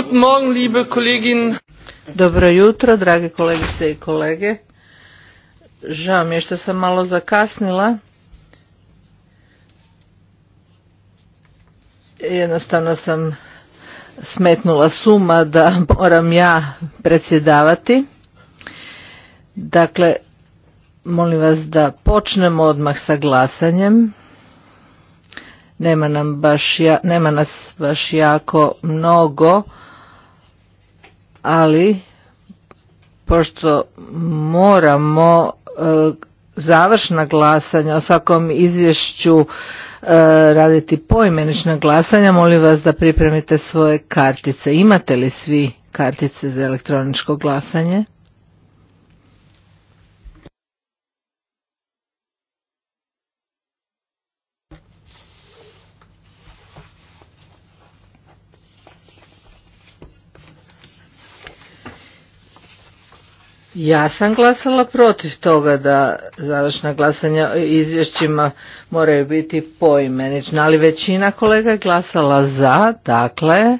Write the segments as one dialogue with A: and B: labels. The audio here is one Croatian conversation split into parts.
A: Guten Morgen, liebe Kolleginnen. Dobro jutro, drage kolegice i kolege. Žao mi je što sam malo zakasnila. Jednostavno sam smetnula suma da moram ja predsjedavati. Dakle, molim vas da počnemo odmah sa glasanjem. Nema, nam baš ja, nema nas baš jako mnogo ali pošto moramo e, završna glasanja o svakom izvješću e, raditi poimenična glasanja, molim vas da pripremite svoje kartice. Imate li svi kartice za elektroničko glasanje? Ja sam glasala protiv toga da završna glasanja izvješćima moraju biti poimenična, ali većina kolega je glasala za, dakle,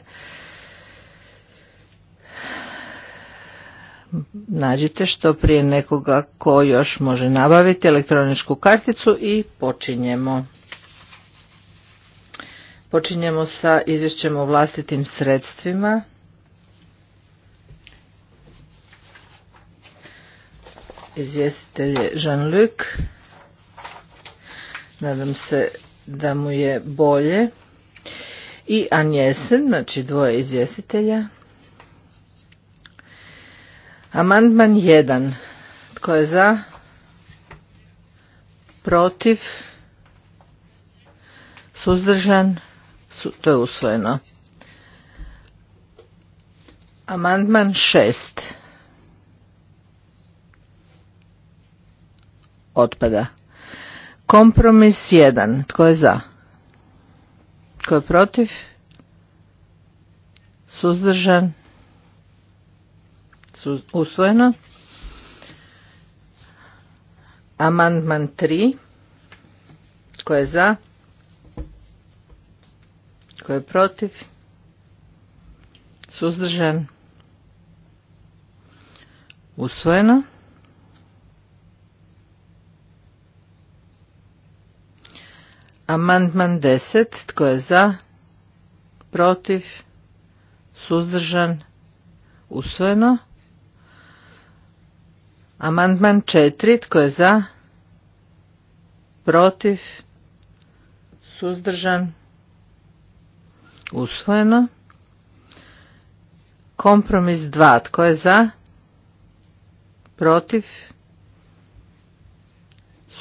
A: nađite što prije nekoga ko još može nabaviti elektroničku karticu i počinjemo. Počinjemo sa izvješćem o vlastitim sredstvima. Izvjestitelj je Jean-Luc. Nadam se da mu je bolje. I Anjesen, znači dvoje izvjestitelja. Amandman 1. Tko je za? Protiv? Suzdržan? to je usvojeno. Amandman 6. otpada. Kompromis 1. Tko je za? Tko je protiv? Suzdržan? usvojeno. Amandman 3. Tko je za? Tko je protiv? Suzdržan? Usvojeno. Amandman 10. Tko je za? Protiv? Suzdržan? Usvojeno. Amandman 4. Tko je za? Protiv? Suzdržan? Usvojeno. Kompromis 2. Tko je za? Protiv?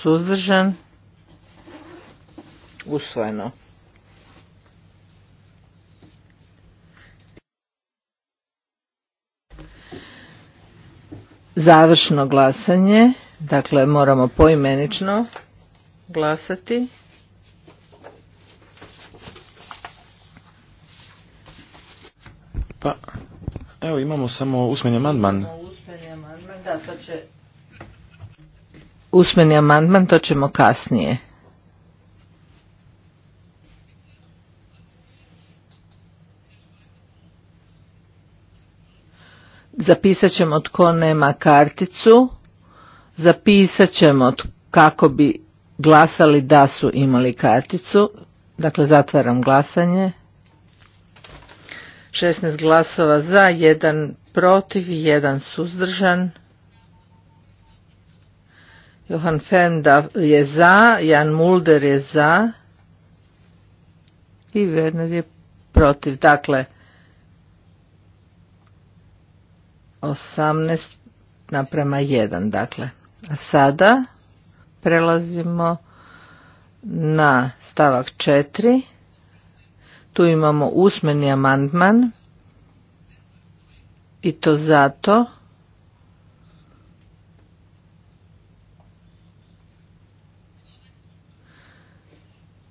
A: Suzdržan? usvojeno. Završno glasanje, dakle moramo poimenično glasati.
B: Pa, evo imamo samo usmeni amandman.
A: Usmeni amandman, da, to će... Usmeni amandman, to ćemo kasnije. zapisat ćemo tko nema karticu, zapisat ćemo kako bi glasali da su imali karticu, dakle zatvaram glasanje. 16 glasova za, 1 protiv, 1 suzdržan. Johan Fendav je za, Jan Mulder je za i Werner je protiv. Dakle, 18 naprema 1, dakle. A sada prelazimo na stavak 4. Tu imamo usmeni amandman i to zato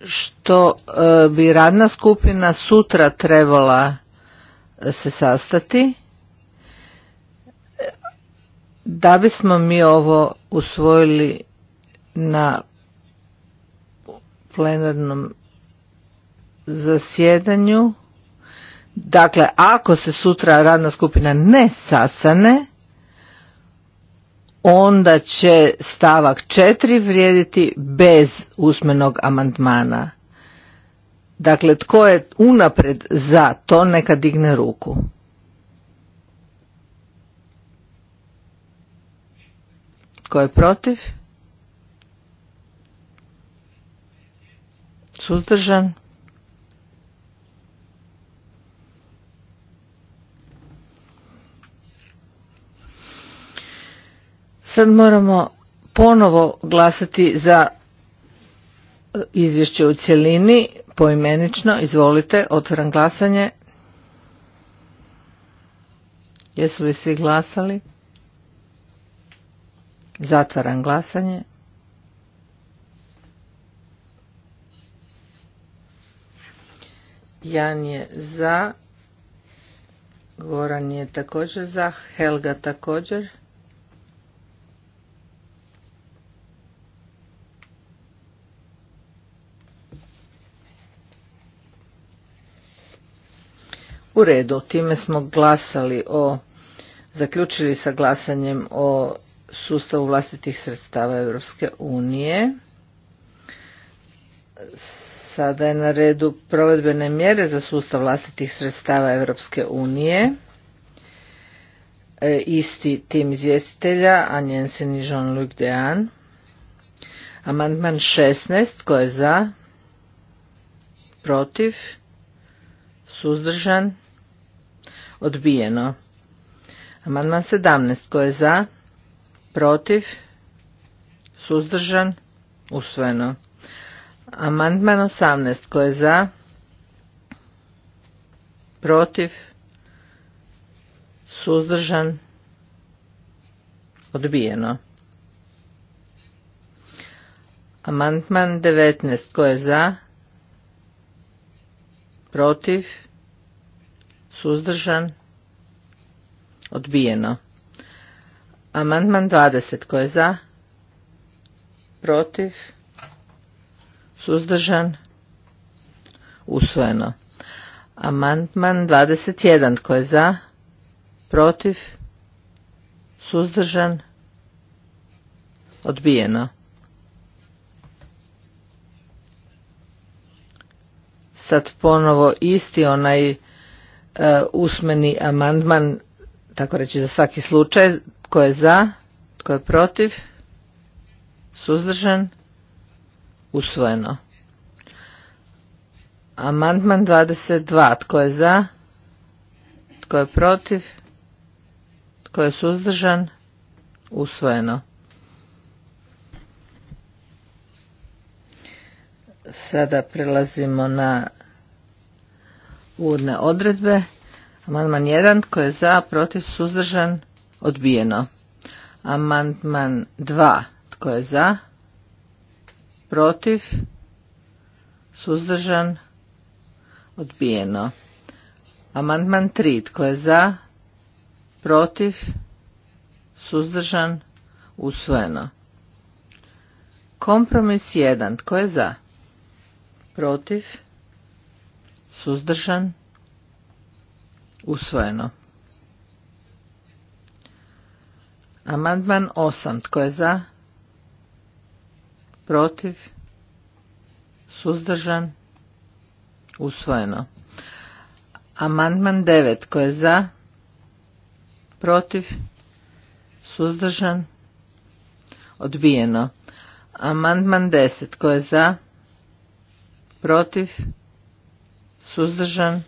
A: što e, bi radna skupina sutra trebala se sastati da bismo mi ovo usvojili na plenarnom zasjedanju, dakle ako se sutra radna skupina ne sastane, onda će stavak 4 vrijediti bez usmenog amandmana. Dakle, tko je unapred za to, neka digne ruku. Tko je protiv? Suzdržan? Sad moramo ponovo glasati za e, izvješće u cjelini, poimenično, izvolite, otvoram glasanje. Jesu li svi glasali? Zatvaram glasanje. Jan je za. Goran je također za. Helga također. U redu, time smo glasali o, zaključili sa glasanjem o sustavu vlastitih sredstava Europske unije. Sada je na redu provedbene mjere za sustav vlastitih sredstava Europske unije. E, isti tim izvjestitelja, Anjensen i Jean-Luc Dean. Amandman 16, ko je za? Protiv? Suzdržan? Odbijeno. Amandman 17, ko je za? protiv, suzdržan, usvojeno. Amandman 18 tko je za, protiv, suzdržan, odbijeno. Amandman 19 Tko je za, protiv, suzdržan, odbijeno. Amandman 20. tko je za? Protiv? Suzdržan? Usvojeno. Amandman 21. tko je za? Protiv? Suzdržan? Odbijeno. Sad ponovo isti onaj e, usmeni amandman, tako reći za svaki slučaj, tko je za? Tko je protiv? Suzdržan? Usvojeno. Amandman 22. Tko je za? Tko je protiv? Tko je suzdržan? Usvojeno. Sada prelazimo na uvodne odredbe. Amandman 1. Tko je za? Protiv? Suzdržan? Odbijeno. Amandman 2. Tko je za? Protiv? Suzdržan? Odbijeno. Amandman 3. Tko je za? Protiv? Suzdržan? Usvojeno. Kompromis 1. Tko je za? Protiv? Suzdržan? Usvojeno. Amandman 8. Tko je za? Protiv? Suzdržan? Usvojeno. Amandman 9. Tko je za? Protiv? Suzdržan? Odbijeno. Amandman 10. Tko je za? Protiv? Suzdržan?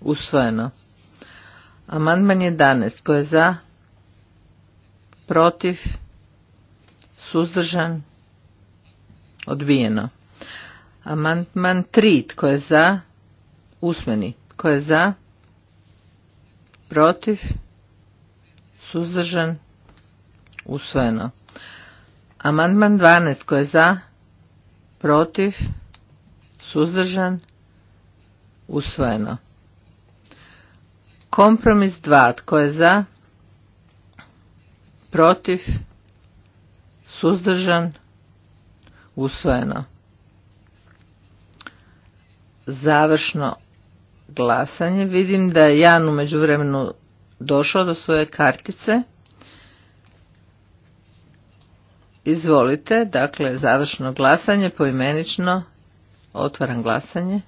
A: Usvojeno. Amandman 11. Ko je za? Protiv? Suzdržan? Odbijeno. Amandman 3. Tko je za? Usmeni. Tko je za? Protiv? Suzdržan? Usvojeno. Amandman 12. Tko je za? Protiv? Suzdržan? Usvojeno. Kompromis 2. Tko je za? Protiv? Suzdržan? Usvojeno. Završno glasanje. Vidim da je Jan u međuvremenu došao do svoje kartice. Izvolite, dakle, završno glasanje, poimenično, otvaram glasanje.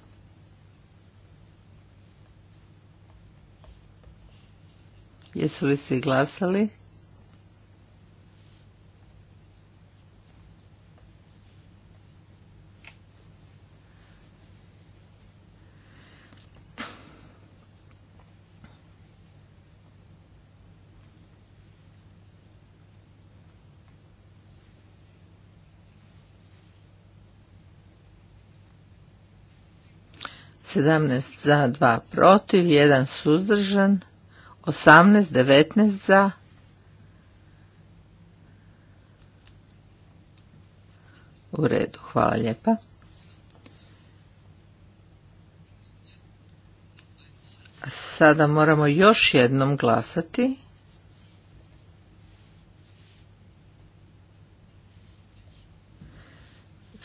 A: Jesu li svi glasali? Sedamnaest za dva protiv, jedan suzdržan. 18, 19 za. U redu, hvala lijepa. Sada moramo još jednom glasati.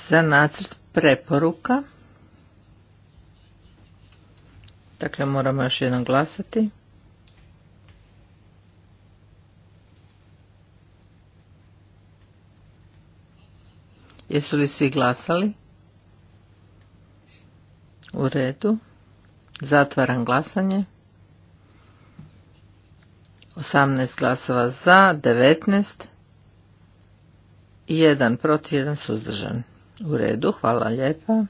A: Za nacrt preporuka. Dakle, moramo još jednom glasati. Jesu li svi glasali? U redu. Zatvaram glasanje. 18 glasova za, 19 i 1 protiv, jedan suzdržan. U redu, hvala lijepa.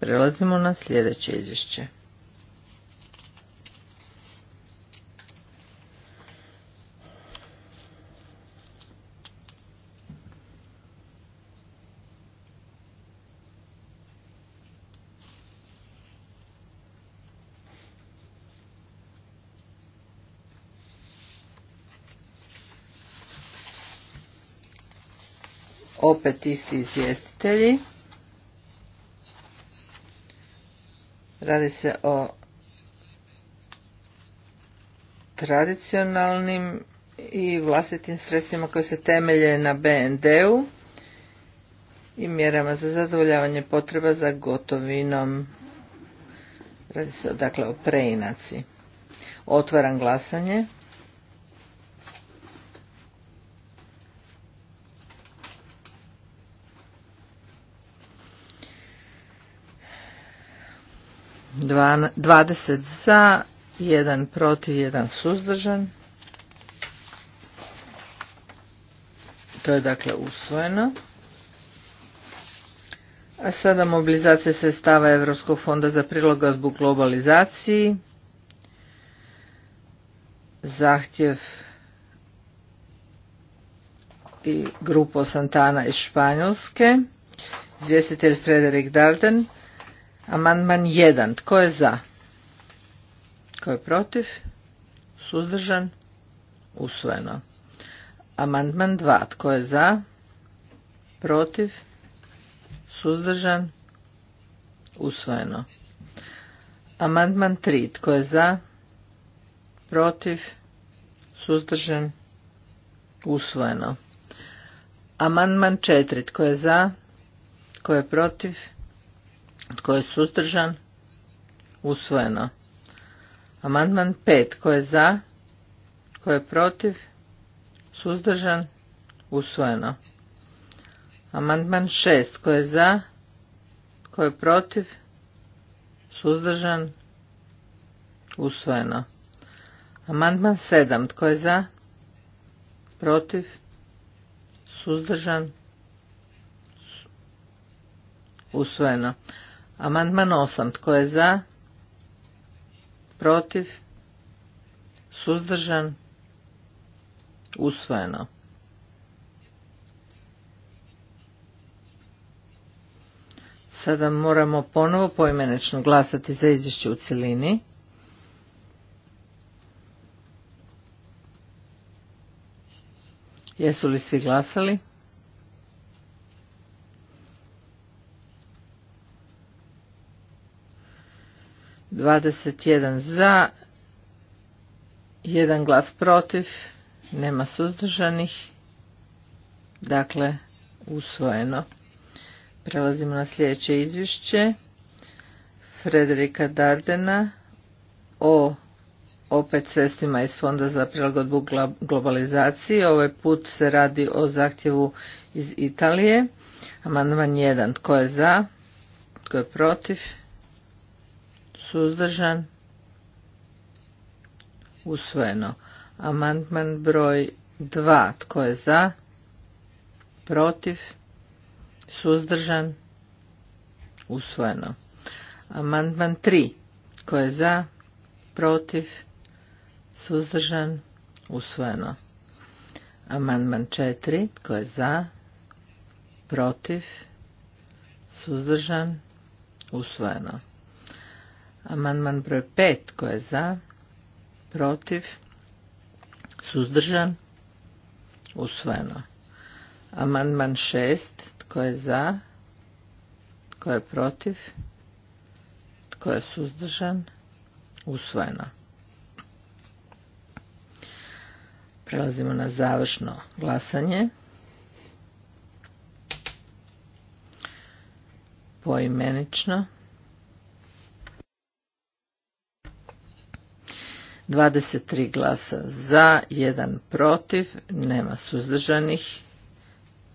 A: Prelazimo na sljedeće izvješće. opet isti izvjestitelji. Radi se o tradicionalnim i vlastitim sredstvima koje se temelje na BND-u i mjerama za zadovoljavanje potreba za gotovinom. Radi se dakle o preinaci. Otvaram glasanje. 20 za, 1 protiv, 1 suzdržan. To je dakle usvojeno. A sada mobilizacija sredstava Europskog fonda za prilagodbu globalizaciji. Zahtjev i grupo Santana iz Španjolske. Izvjestitelj Frederik Darden. Amandman 1. Tko je za? Tko je protiv? Suzdržan? Usvojeno. Amandman 2. Tko je za? Protiv? Suzdržan? Usvojeno. Amandman 3. Tko je za? Protiv? Suzdržan? Usvojeno. Amandman 4. Tko je za? Tko je protiv? Tko je suzdržan? Usvojeno. Amandman 5. Tko je za? Tko je protiv? Suzdržan? Usvojeno. Amandman 6. Tko je za? Tko je protiv? Suzdržan? Usvojeno. Amandman 7. Tko je za? Protiv? Suzdržan? Usvojeno. Amandman 8. Tko je za? Protiv? Suzdržan? Usvojeno. Sada moramo ponovo poimenečno glasati za izvješće u cjelini. Jesu li svi glasali? 21 za, jedan glas protiv, nema suzdržanih, dakle usvojeno. Prelazimo na sljedeće izvješće Frederika Dardena o opet sestima iz Fonda za prilagodbu globalizaciji. Ovaj put se radi o zahtjevu iz Italije. Amandman 1. Tko je za? Tko je protiv? suzdržan, usvojeno. Amandman broj 2, tko je za, protiv, suzdržan, usvojeno. Amandman 3, tko je za, protiv, suzdržan, usvojeno. Amandman 4, tko je za, protiv, suzdržan, usvojeno. Amandman broj 5 tko je za, protiv, suzdržan, usvojeno. Amandman 6 tko je za, tko je protiv, tko je suzdržan, usvojeno. Prelazimo na završno glasanje. Poimenično. 23 glasa za, 1 protiv, nema suzdržanih.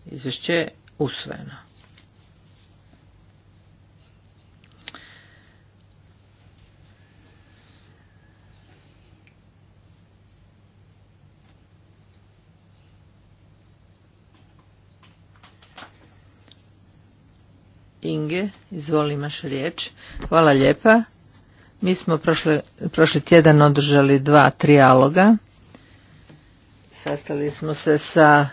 A: Izvješće je usvojeno. Inge, izvoli imaš riječ. Hvala lijepa. Mi smo prošli tjedan održali dva trijaloga. Sastali smo se sa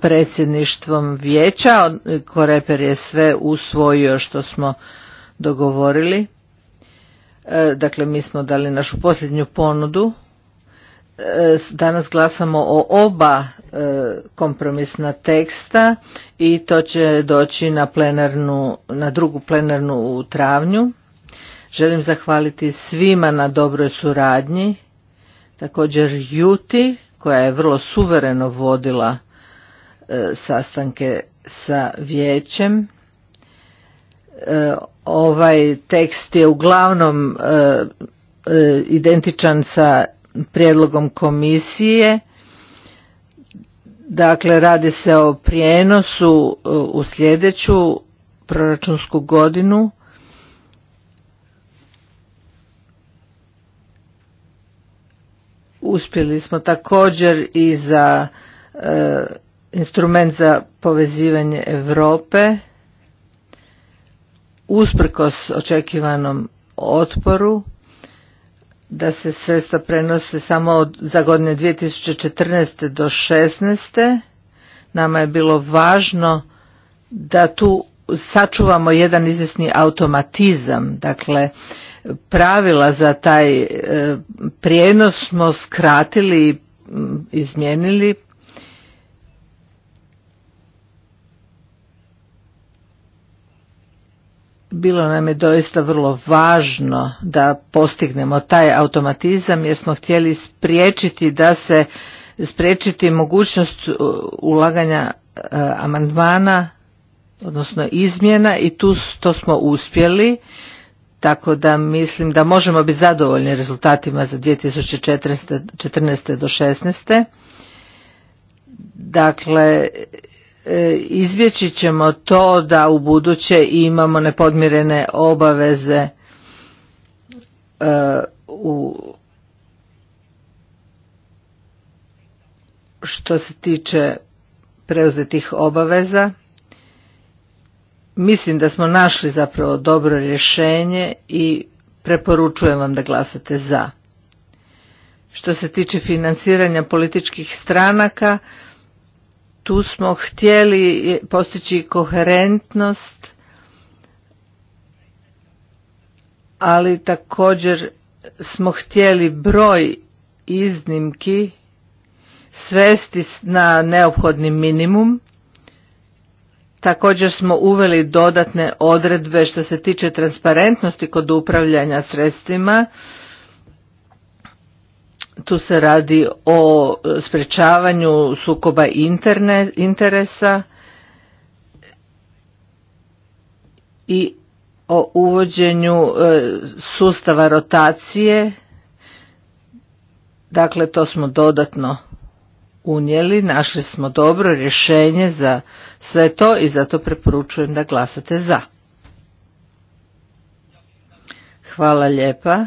A: predsjedništvom vijeća. Koreper je sve usvojio što smo dogovorili. E, dakle, mi smo dali našu posljednju ponudu Danas glasamo o oba e, kompromisna teksta i to će doći na, plenarnu, na drugu plenarnu u travnju. Želim zahvaliti svima na dobroj suradnji, također Juti koja je vrlo suvereno vodila e, sastanke sa vijećem. E, ovaj tekst je uglavnom identičan sa prijedlogom komisije. Dakle, radi se o prijenosu e, u sljedeću proračunsku godinu. Uspjeli smo također i za e, instrument za povezivanje Europe usprkos očekivanom otporu da se sredstva prenose samo od, za godine 2014. do 2016. Nama je bilo važno da tu sačuvamo jedan izvjesni automatizam, dakle pravila za taj e, prijenos smo skratili i izmijenili bilo nam je doista vrlo važno da postignemo taj automatizam jer smo htjeli spriječiti da se spriječiti mogućnost uh, ulaganja uh, amandmana odnosno izmjena i tu to smo uspjeli tako da mislim da možemo biti zadovoljni rezultatima za 2014. do 2016. Dakle, E, izbjeći ćemo to da u buduće imamo nepodmirene obaveze e, u što se tiče preuzetih obaveza mislim da smo našli zapravo dobro rješenje i preporučujem vam da glasate za što se tiče financiranja političkih stranaka tu smo htjeli postići koherentnost ali također smo htjeli broj iznimki svesti na neophodni minimum također smo uveli dodatne odredbe što se tiče transparentnosti kod upravljanja sredstvima tu se radi o e, sprečavanju sukoba interesa i o uvođenju e, sustava rotacije dakle to smo dodatno unijeli našli smo dobro rješenje za sve to i zato preporučujem da glasate za hvala lijepa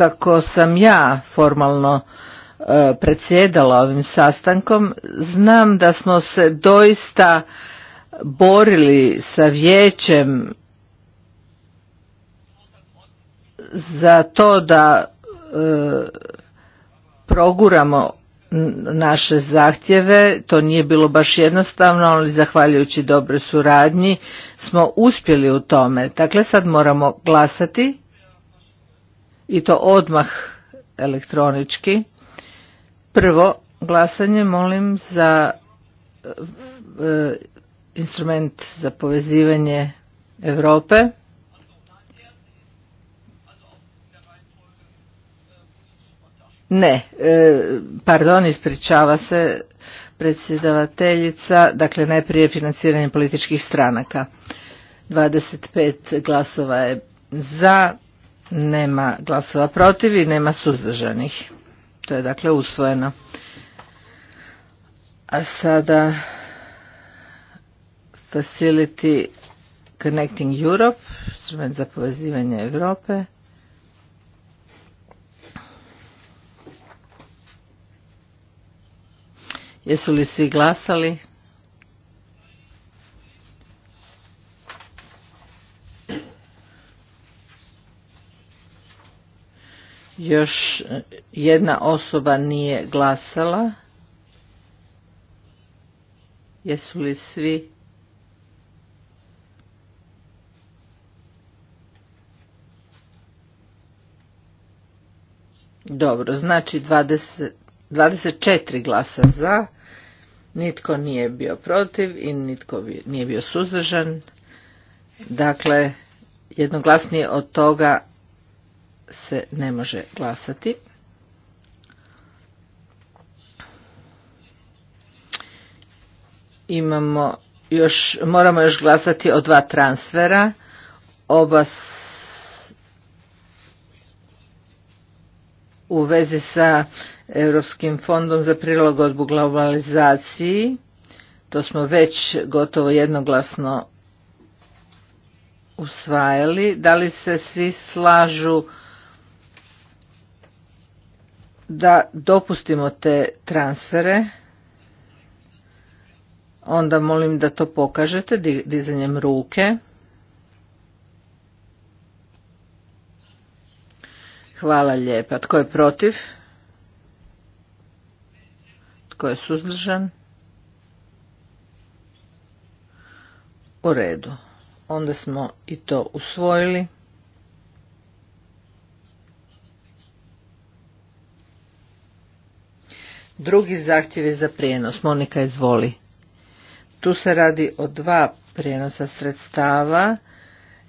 A: Kako sam ja formalno e, predsjedala ovim sastankom, znam da smo se doista borili sa vijećem za to da e, proguramo naše zahtjeve, to nije bilo baš jednostavno, ali zahvaljujući dobroj suradnji smo uspjeli u tome. Dakle, sad moramo glasati i to odmah elektronički. Prvo glasanje molim za e, instrument za povezivanje Europe. Ne, e, pardon, ispričava se predsjedavateljica, dakle najprije financiranje političkih stranaka. 25 glasova je za, nema glasova protiv i nema suzdržanih. To je dakle usvojeno. A sada Facility Connecting Europe, instrument za povezivanje Europe. Jesu li svi glasali? Još jedna osoba nije glasala. Jesu li svi? Dobro, znači 20, 24 glasa za, nitko nije bio protiv i nitko nije bio suzdržan. Dakle, jednoglasnije od toga se ne može glasati. Imamo još, moramo još glasati o dva transfera. Oba s, u vezi sa Europskim fondom za prilagodbu globalizaciji. To smo već gotovo jednoglasno usvajali. Da li se svi slažu da dopustimo te transfere, onda molim da to pokažete dizanjem ruke. Hvala lijepa. Tko je protiv? Tko je suzdržan? U redu. Onda smo i to usvojili. Drugi zahtjev je za prijenos. Monika, izvoli. Tu se radi o dva prijenosa sredstava.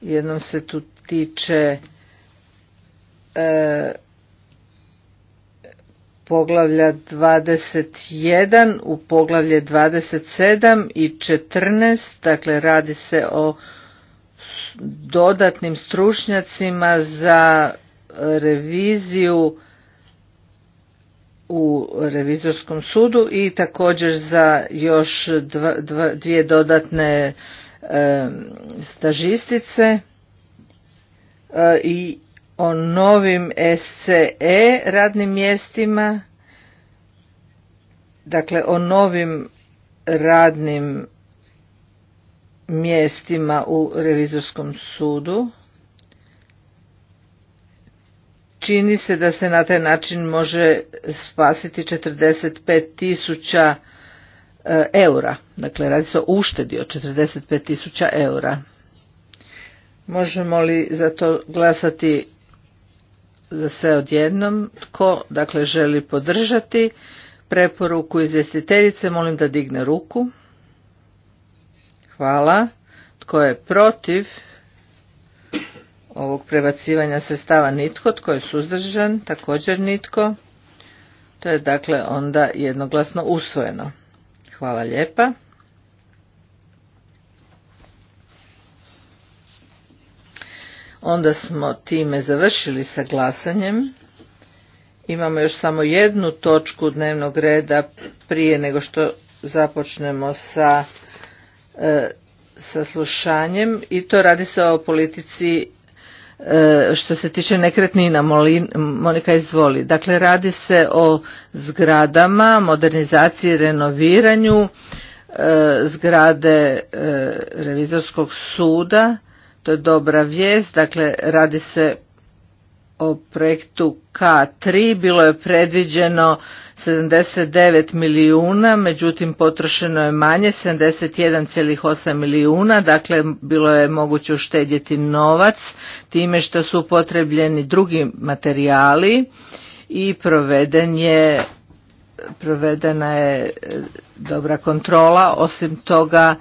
A: Jednom se tu tiče e, poglavlja 21 u poglavlje 27 i 14. Dakle, radi se o dodatnim stručnjacima za reviziju u revizorskom sudu i također za još dva, dvije dodatne stažistice e, i o novim SCE radnim mjestima, dakle o novim radnim mjestima u revizorskom sudu čini se da se na taj način može spasiti 45 tisuća e, eura. Dakle, radi se o uštedi od 45 tisuća eura. Možemo li za to glasati za sve odjednom? Tko, dakle, želi podržati preporuku izvjestiteljice? Molim da digne ruku. Hvala. Tko je protiv? ovog prebacivanja sredstava nitko, tko je suzdržan, također nitko. To je dakle onda jednoglasno usvojeno. Hvala lijepa. Onda smo time završili sa glasanjem. Imamo još samo jednu točku dnevnog reda prije nego što započnemo sa e, saslušanjem i to radi se o politici E, što se tiče nekretnina, Monika izvoli. Dakle, radi se o zgradama, modernizaciji, renoviranju e, zgrade e, revizorskog suda. To je dobra vijest. Dakle, radi se o projektu K3. Bilo je predviđeno 79 milijuna, međutim potrošeno je manje, 71,8 milijuna, dakle bilo je moguće uštedjeti novac time što su upotrebljeni drugi materijali i proveden je, provedena je e, dobra kontrola, osim toga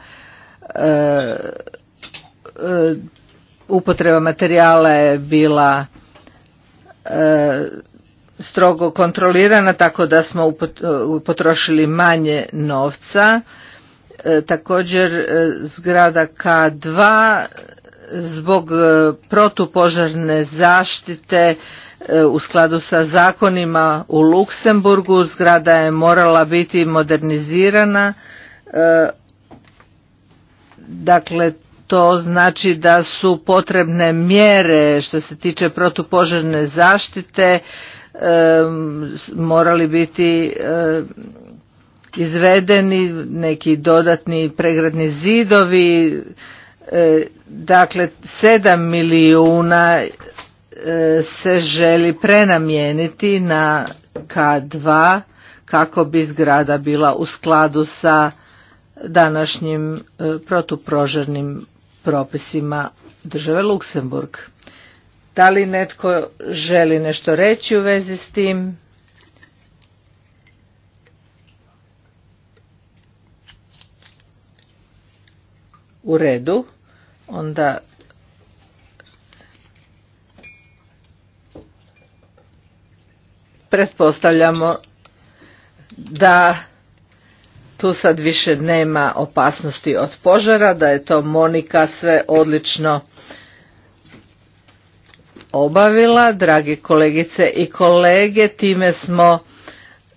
A: e, e, upotreba materijala je bila strogo kontrolirana tako da smo e, potrošili manje novca. E, također e, zgrada K2 zbog protupožarne zaštite u skladu sa zakonima u Luksemburgu zgrada je morala biti modernizirana. Dakle, to znači da su potrebne mjere što se tiče protupožarne zaštite morali biti izvedeni neki dodatni pregradni zidovi e, dakle 7 milijuna e, se želi prenamijeniti na K2 kako bi zgrada bila u skladu sa današnjim e, protuprožarnim propisima države Luksemburg. Da li netko želi nešto reći u vezi s tim? U redu. Onda pretpostavljamo da tu sad više nema opasnosti od požara, da je to Monika sve odlično obavila. Dragi kolegice i kolege, time smo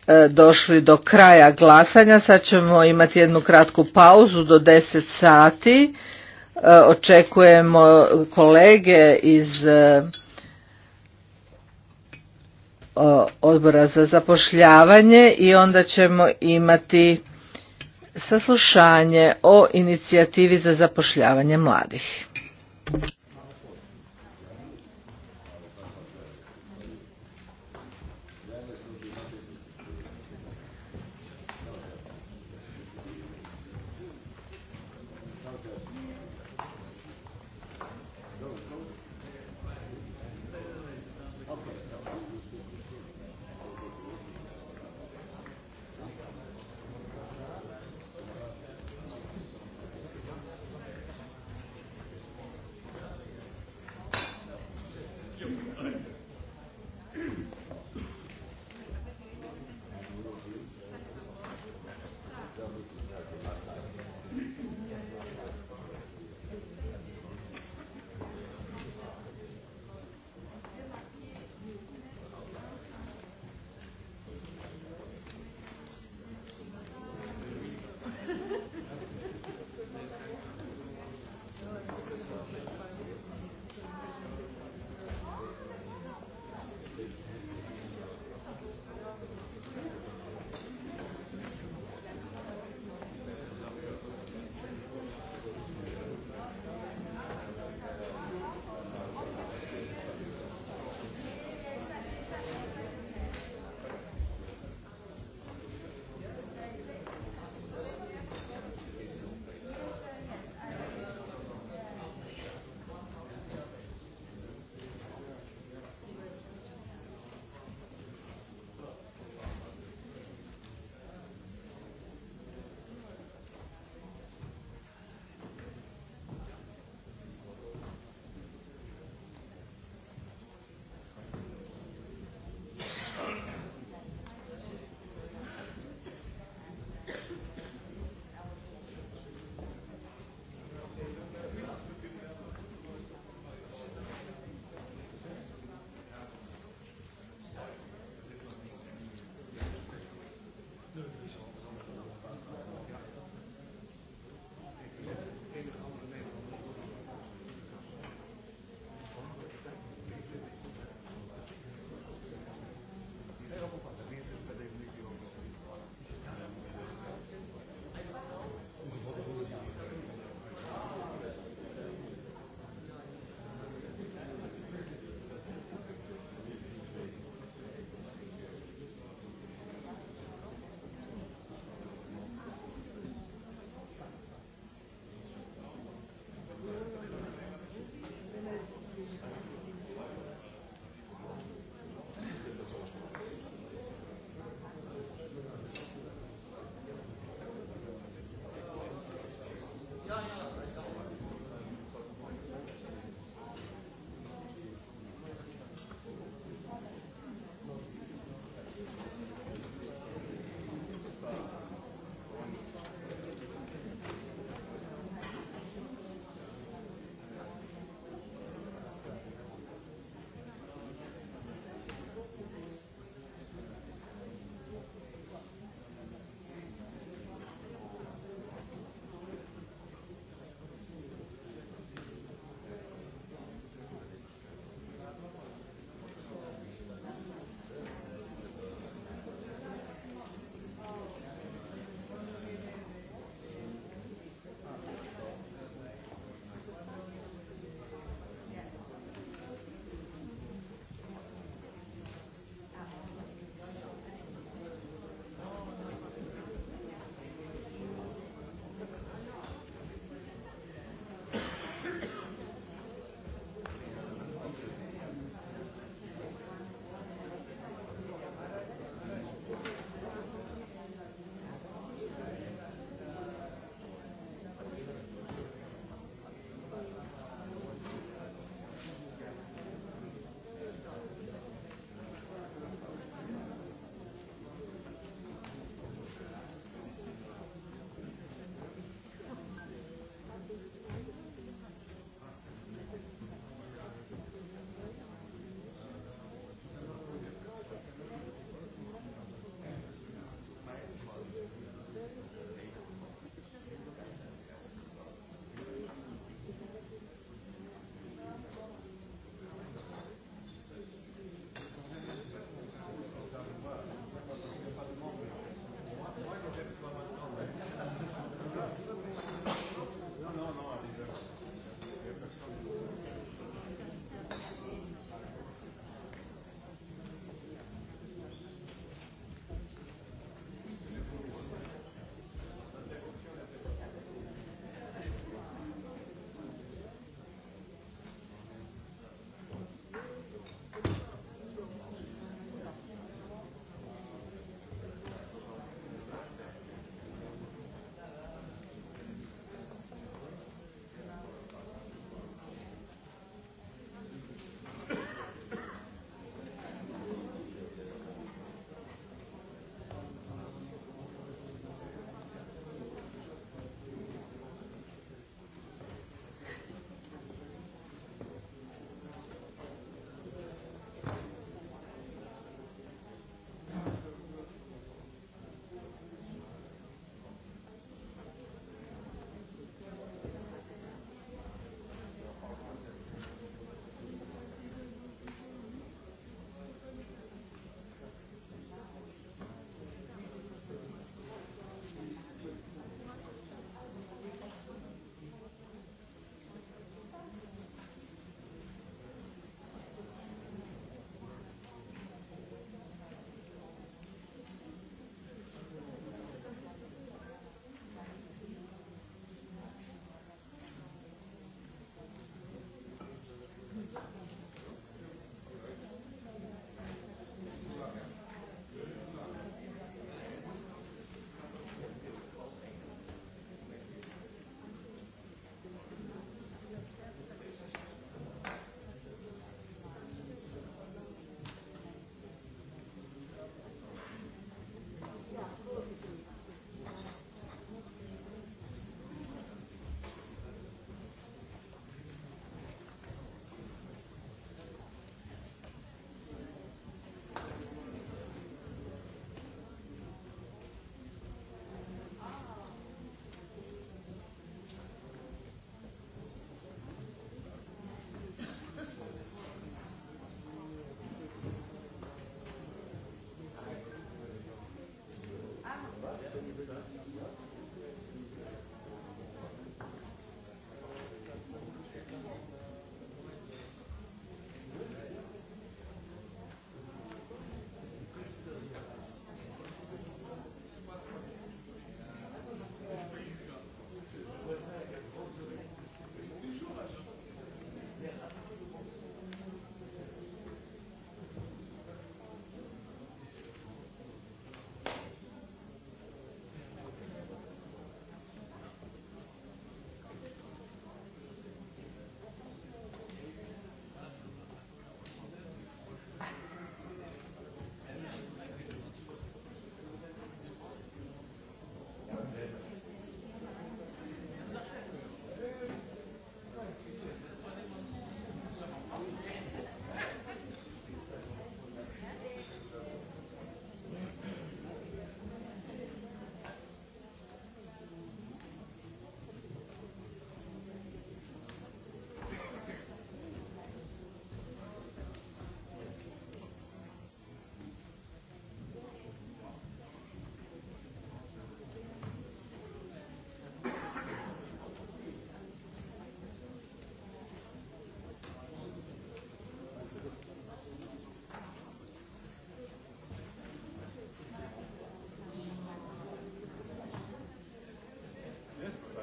A: e, došli do kraja glasanja. Sad ćemo imati jednu kratku pauzu do 10 sati. E, očekujemo kolege iz e, odbora za zapošljavanje i onda ćemo imati saslušanje o inicijativi za zapošljavanje mladih.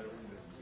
A: taj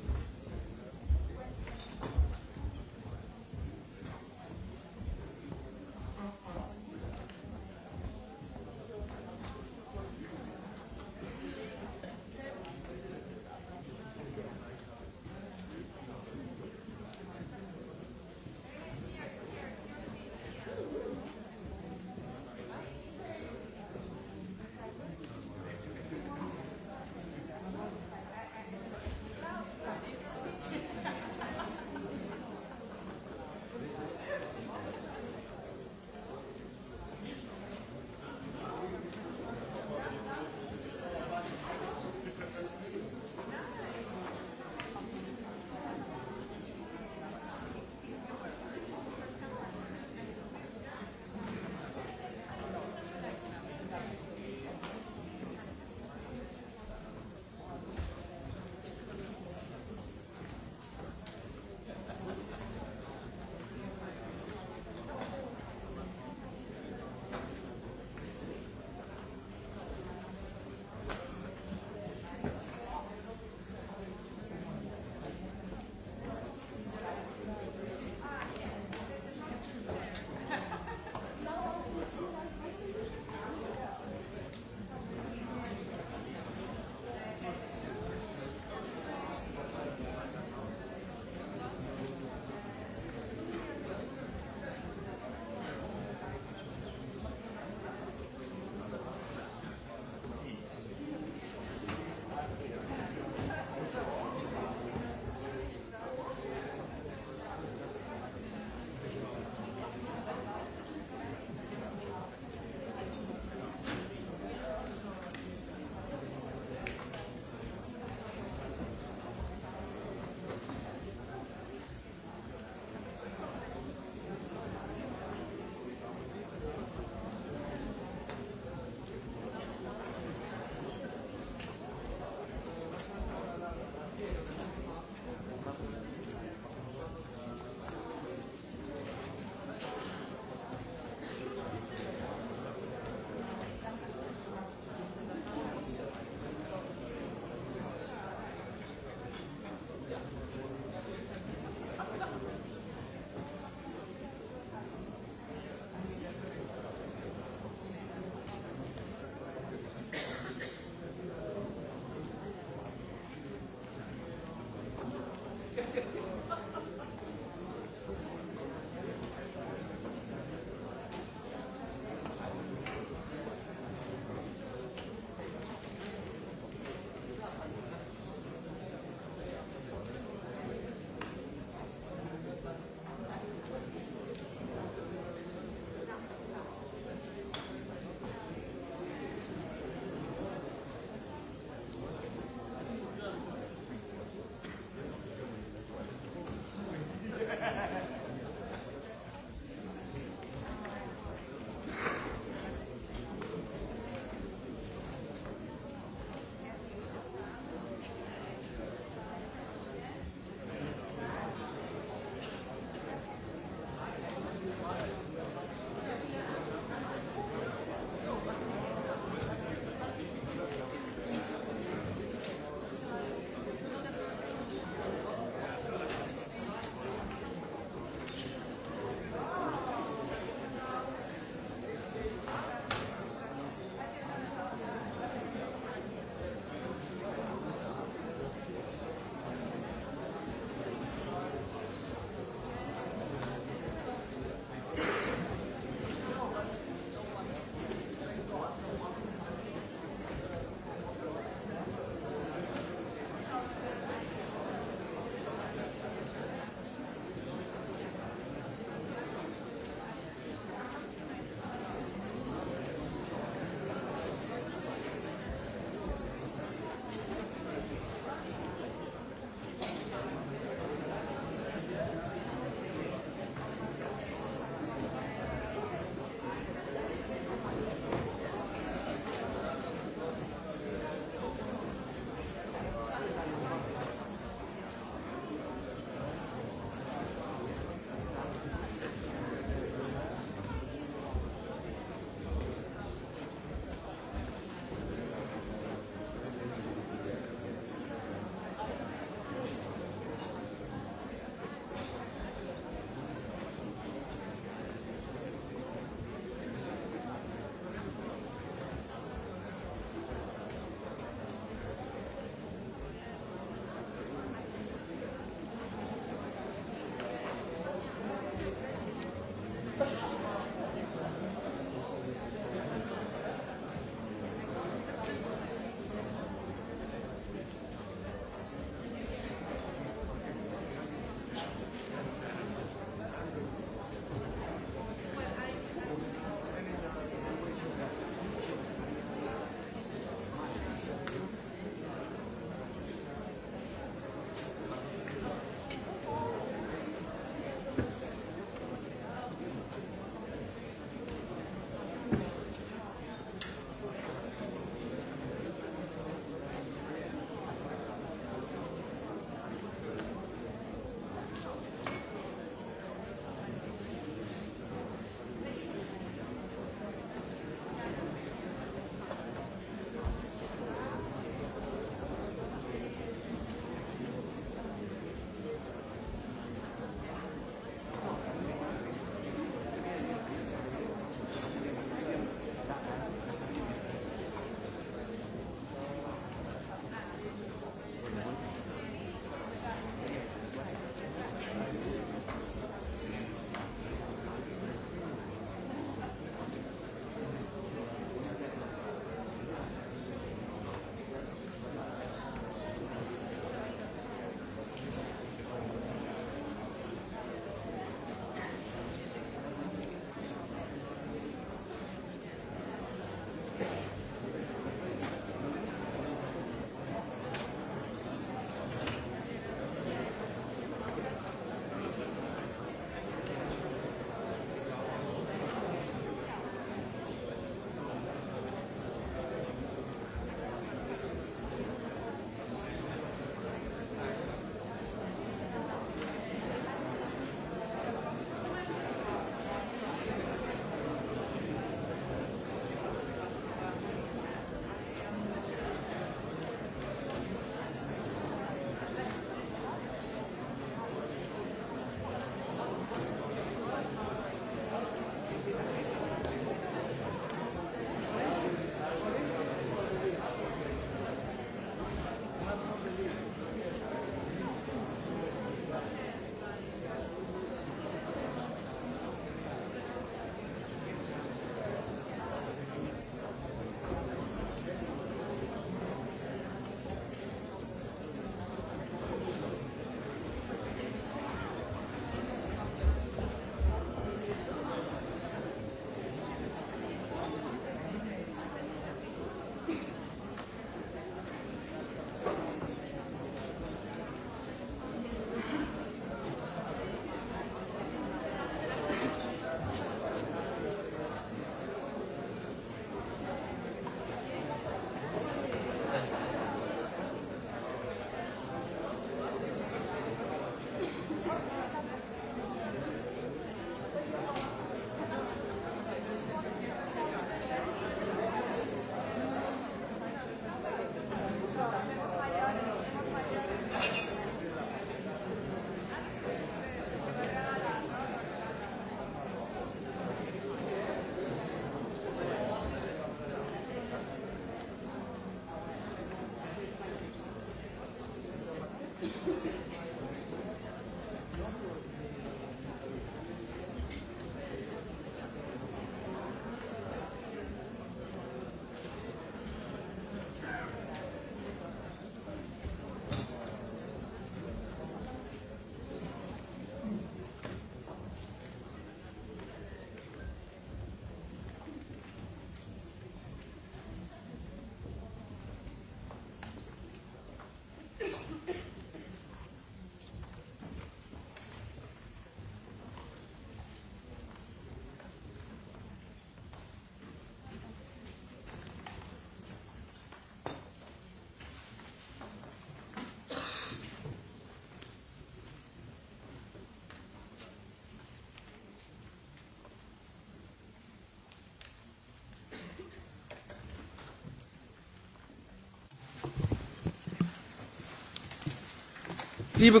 A: liebe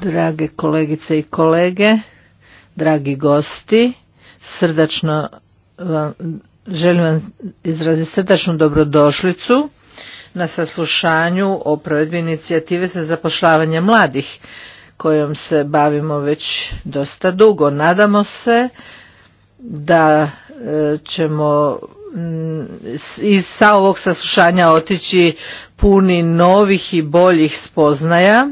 A: drage kolegice i kolege, dragi gosti, srdačno vam, želim vam izraziti srdačnu dobrodošlicu na saslušanju o provedbi inicijative za zapošljavanje mladih kojom se bavimo već dosta dugo. Nadamo se da e, ćemo iz sa ovog saslušanja otići puni novih i boljih spoznaja.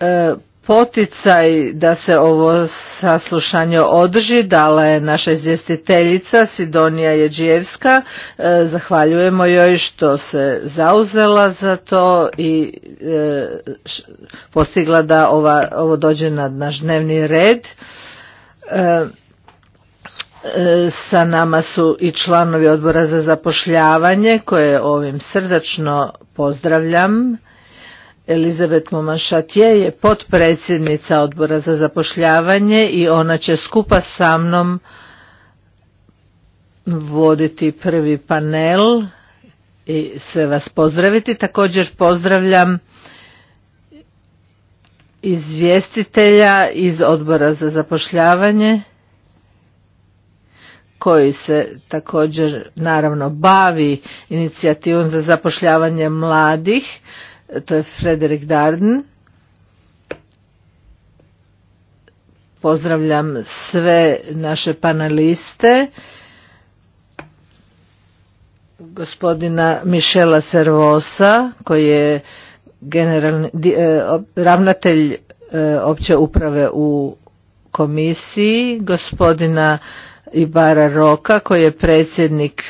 A: E, poticaj da se ovo saslušanje održi dala je naša izvjestiteljica Sidonija Jeđijevska. E, zahvaljujemo joj što se zauzela za to i e, postigla da ovo dođe na naš dnevni red. E, sa nama su i članovi odbora za zapošljavanje koje ovim srdačno pozdravljam. Elizabet Momanšatje je potpredsjednica odbora za zapošljavanje i ona će skupa sa mnom voditi prvi panel i sve vas pozdraviti. Također pozdravljam izvjestitelja iz odbora za zapošljavanje koji se također naravno bavi inicijativom za zapošljavanje mladih, to je Frederik Darden. Pozdravljam sve naše paneliste, gospodina Mišela Servosa koji je generalni, e, ravnatelj e, opće uprave u komisiji, gospodina Ibara Roka koji je predsjednik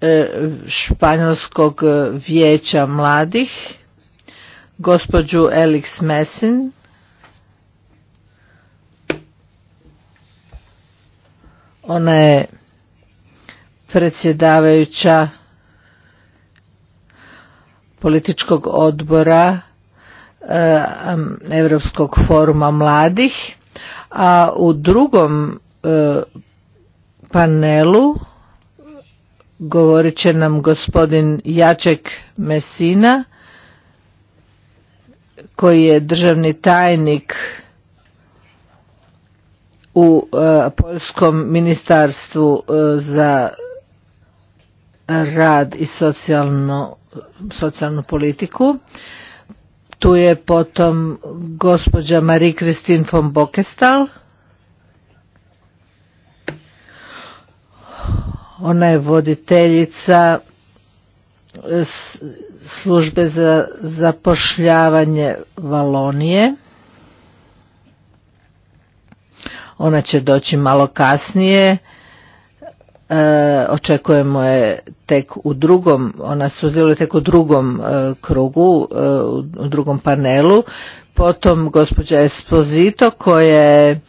A: e, Španjolskog vijeća mladih, gospođu Elix Messin, ona je predsjedavajuća političkog odbora Europskog foruma mladih a u drugom e, panelu govorit će nam gospodin Jaček Mesina koji je državni tajnik u e, Poljskom ministarstvu e, za rad i socijalnu politiku tu je potom gospođa Marie-Christine von Bokestal. Ona je voditeljica e, službe za zapošljavanje Valonije. Ona će doći malo kasnije E, očekujemo je tek u drugom, ona sudjeluje tek u drugom e, krugu, e, u drugom panelu. Potom gospođa Esposito koja je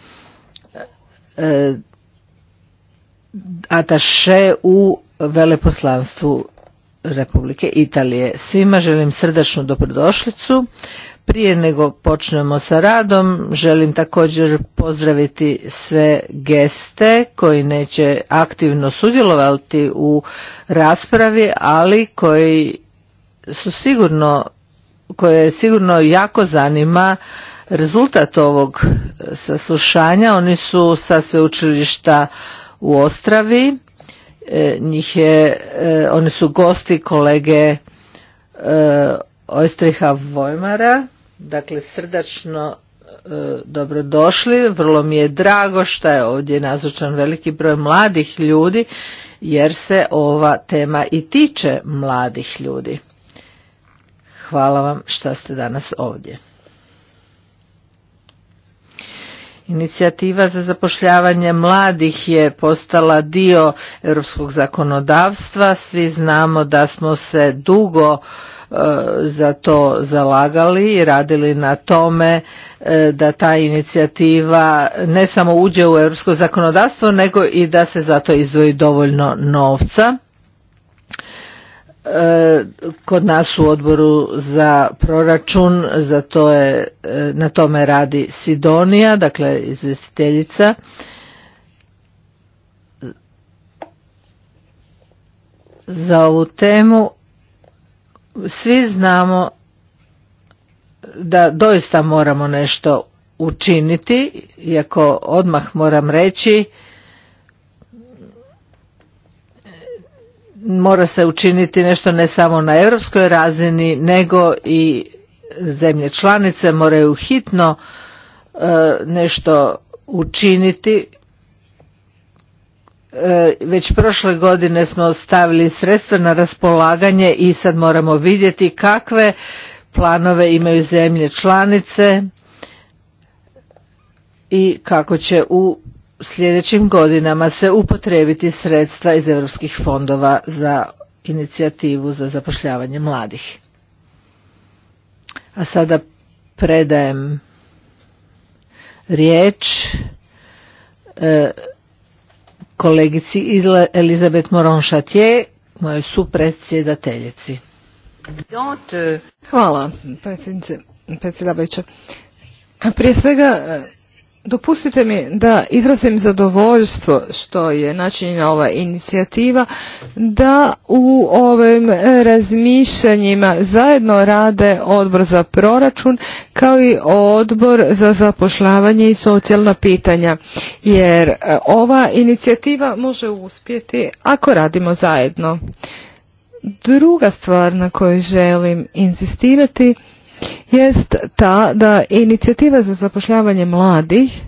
A: ataše u veleposlanstvu Republike Italije. Svima želim srdačnu dobrodošlicu. Prije nego počnemo sa radom, želim također pozdraviti sve geste koji neće aktivno sudjelovati u raspravi, ali koji su sigurno, koje sigurno jako zanima rezultat ovog saslušanja. Oni su sa sveučilišta u Ostravi, e, njih je, e, oni su gosti kolege e, ostriha Vojmara Dakle, srdačno e, dobrodošli. Vrlo mi je drago što je ovdje nazočan veliki broj mladih ljudi jer se ova tema i tiče mladih ljudi. Hvala vam što ste danas ovdje. Inicijativa za zapošljavanje mladih je postala dio europskog zakonodavstva. Svi znamo da smo se dugo E, za to zalagali i radili na tome e, da ta inicijativa ne samo uđe u europsko zakonodavstvo nego i da se za to izdvoji dovoljno novca. E, kod nas u odboru za proračun za to je, na tome radi Sidonija, dakle izvjestiteljica. Za ovu temu svi znamo da doista moramo nešto učiniti, iako odmah moram reći, mora se učiniti nešto ne samo na europskoj razini, nego i zemlje članice moraju hitno e, nešto učiniti E, već prošle godine smo stavili sredstva na raspolaganje i sad moramo vidjeti kakve planove imaju zemlje članice i kako će u sljedećim godinama se upotrebiti sredstva iz europskih fondova za inicijativu za zapošljavanje mladih. A sada predajem riječ e, kolegici Elizabeth moron moji mojoj supredsjedateljici. Hvala,
C: predsjedavajuća. Prije svega Dopustite mi da izrazim zadovoljstvo što je načinjena ova inicijativa da u ovim razmišljanjima zajedno rade odbor za proračun kao i odbor za zapošljavanje i socijalna pitanja jer e, ova inicijativa može uspjeti ako radimo zajedno. Druga stvar na kojoj želim insistirati jest ta da inicijativa za zapošljavanje mladih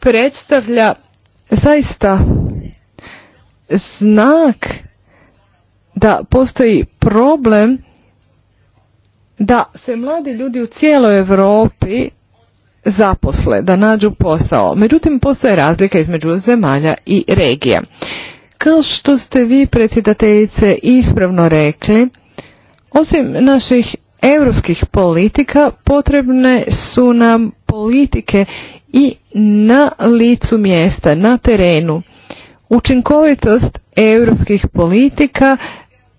C: predstavlja zaista znak da postoji problem da se mladi ljudi u cijeloj Europi zaposle, da nađu posao. Međutim, postoje razlika između zemalja i regije. Kao što ste vi, predsjedateljice, ispravno rekli, osim naših europskih politika potrebne su nam politike i na licu mjesta, na terenu. Učinkovitost europskih politika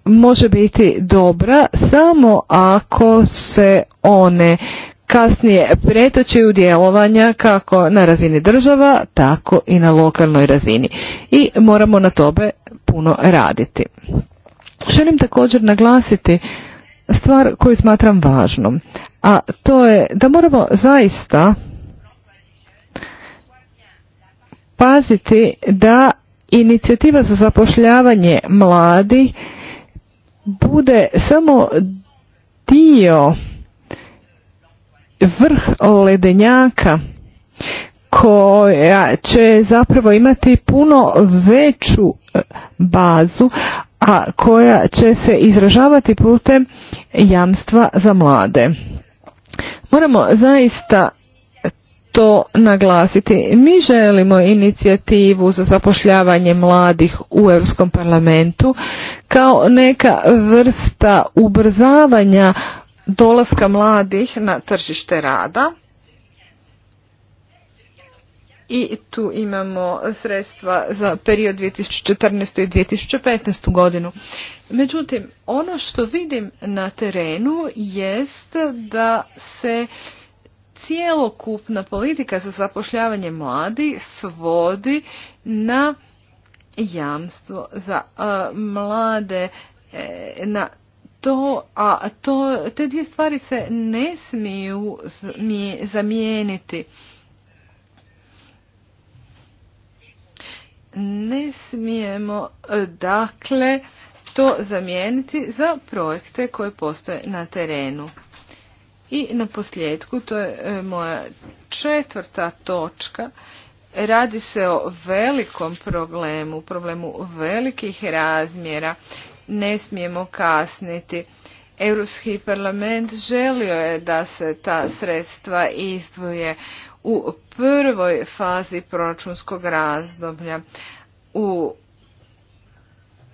C: može biti dobra samo ako se one kasnije pretoče u djelovanja kako na razini država, tako i na lokalnoj razini. I moramo na tobe puno raditi. Želim također naglasiti stvar koju smatram važnom, a to je da moramo zaista paziti da inicijativa za zapošljavanje mladi bude samo dio vrh ledenjaka koja će zapravo imati puno veću e, bazu, a koja će se izražavati putem jamstva za mlade. Moramo zaista to naglasiti. Mi želimo inicijativu za zapošljavanje mladih u Europskom parlamentu kao neka vrsta ubrzavanja dolaska mladih na tržište rada. I tu imamo sredstva za period 2014. i 2015. godinu. Međutim, ono što vidim na terenu jest da se cijelokupna politika za zapošljavanje mladi svodi na jamstvo za mlade e, na to, a to, te dvije stvari se ne smiju zamijeniti. Ne smijemo e, dakle to zamijeniti za projekte koje postoje na terenu. I na posljedku, to je e, moja četvrta točka, radi se o velikom problemu, problemu velikih razmjera ne smijemo kasniti. Europski parlament želio je da se ta sredstva izdvoje u prvoj fazi proračunskog razdoblja. U,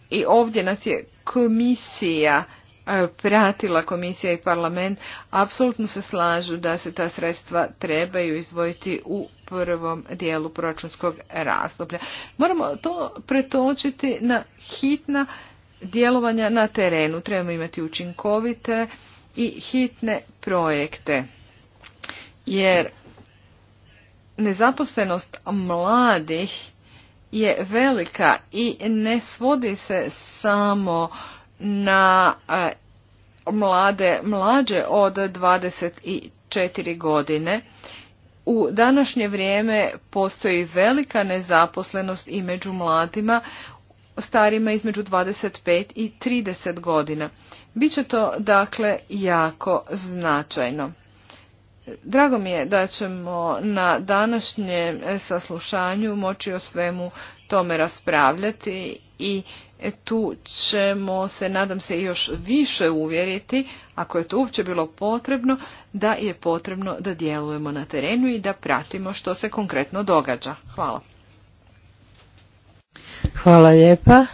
C: I ovdje nas je komisija e, pratila komisija i parlament apsolutno se slažu da se ta sredstva trebaju izdvojiti u prvom dijelu proračunskog razdoblja. Moramo to pretočiti na hitna djelovanja na terenu. Trebamo imati učinkovite i hitne projekte. Jer nezaposlenost mladih je velika i ne svodi se samo na e, mlade mlađe od 24 godine. U današnje vrijeme postoji velika nezaposlenost i među mladima starima između 25 i 30 godina. Biće to dakle jako značajno. Drago mi je da ćemo na današnjem e, saslušanju moći o svemu tome raspravljati i e, tu ćemo se, nadam se, još više uvjeriti, ako je to uopće bilo potrebno, da je potrebno da djelujemo na terenu i da pratimo što se konkretno događa. Hvala.
A: Hvala lijepa.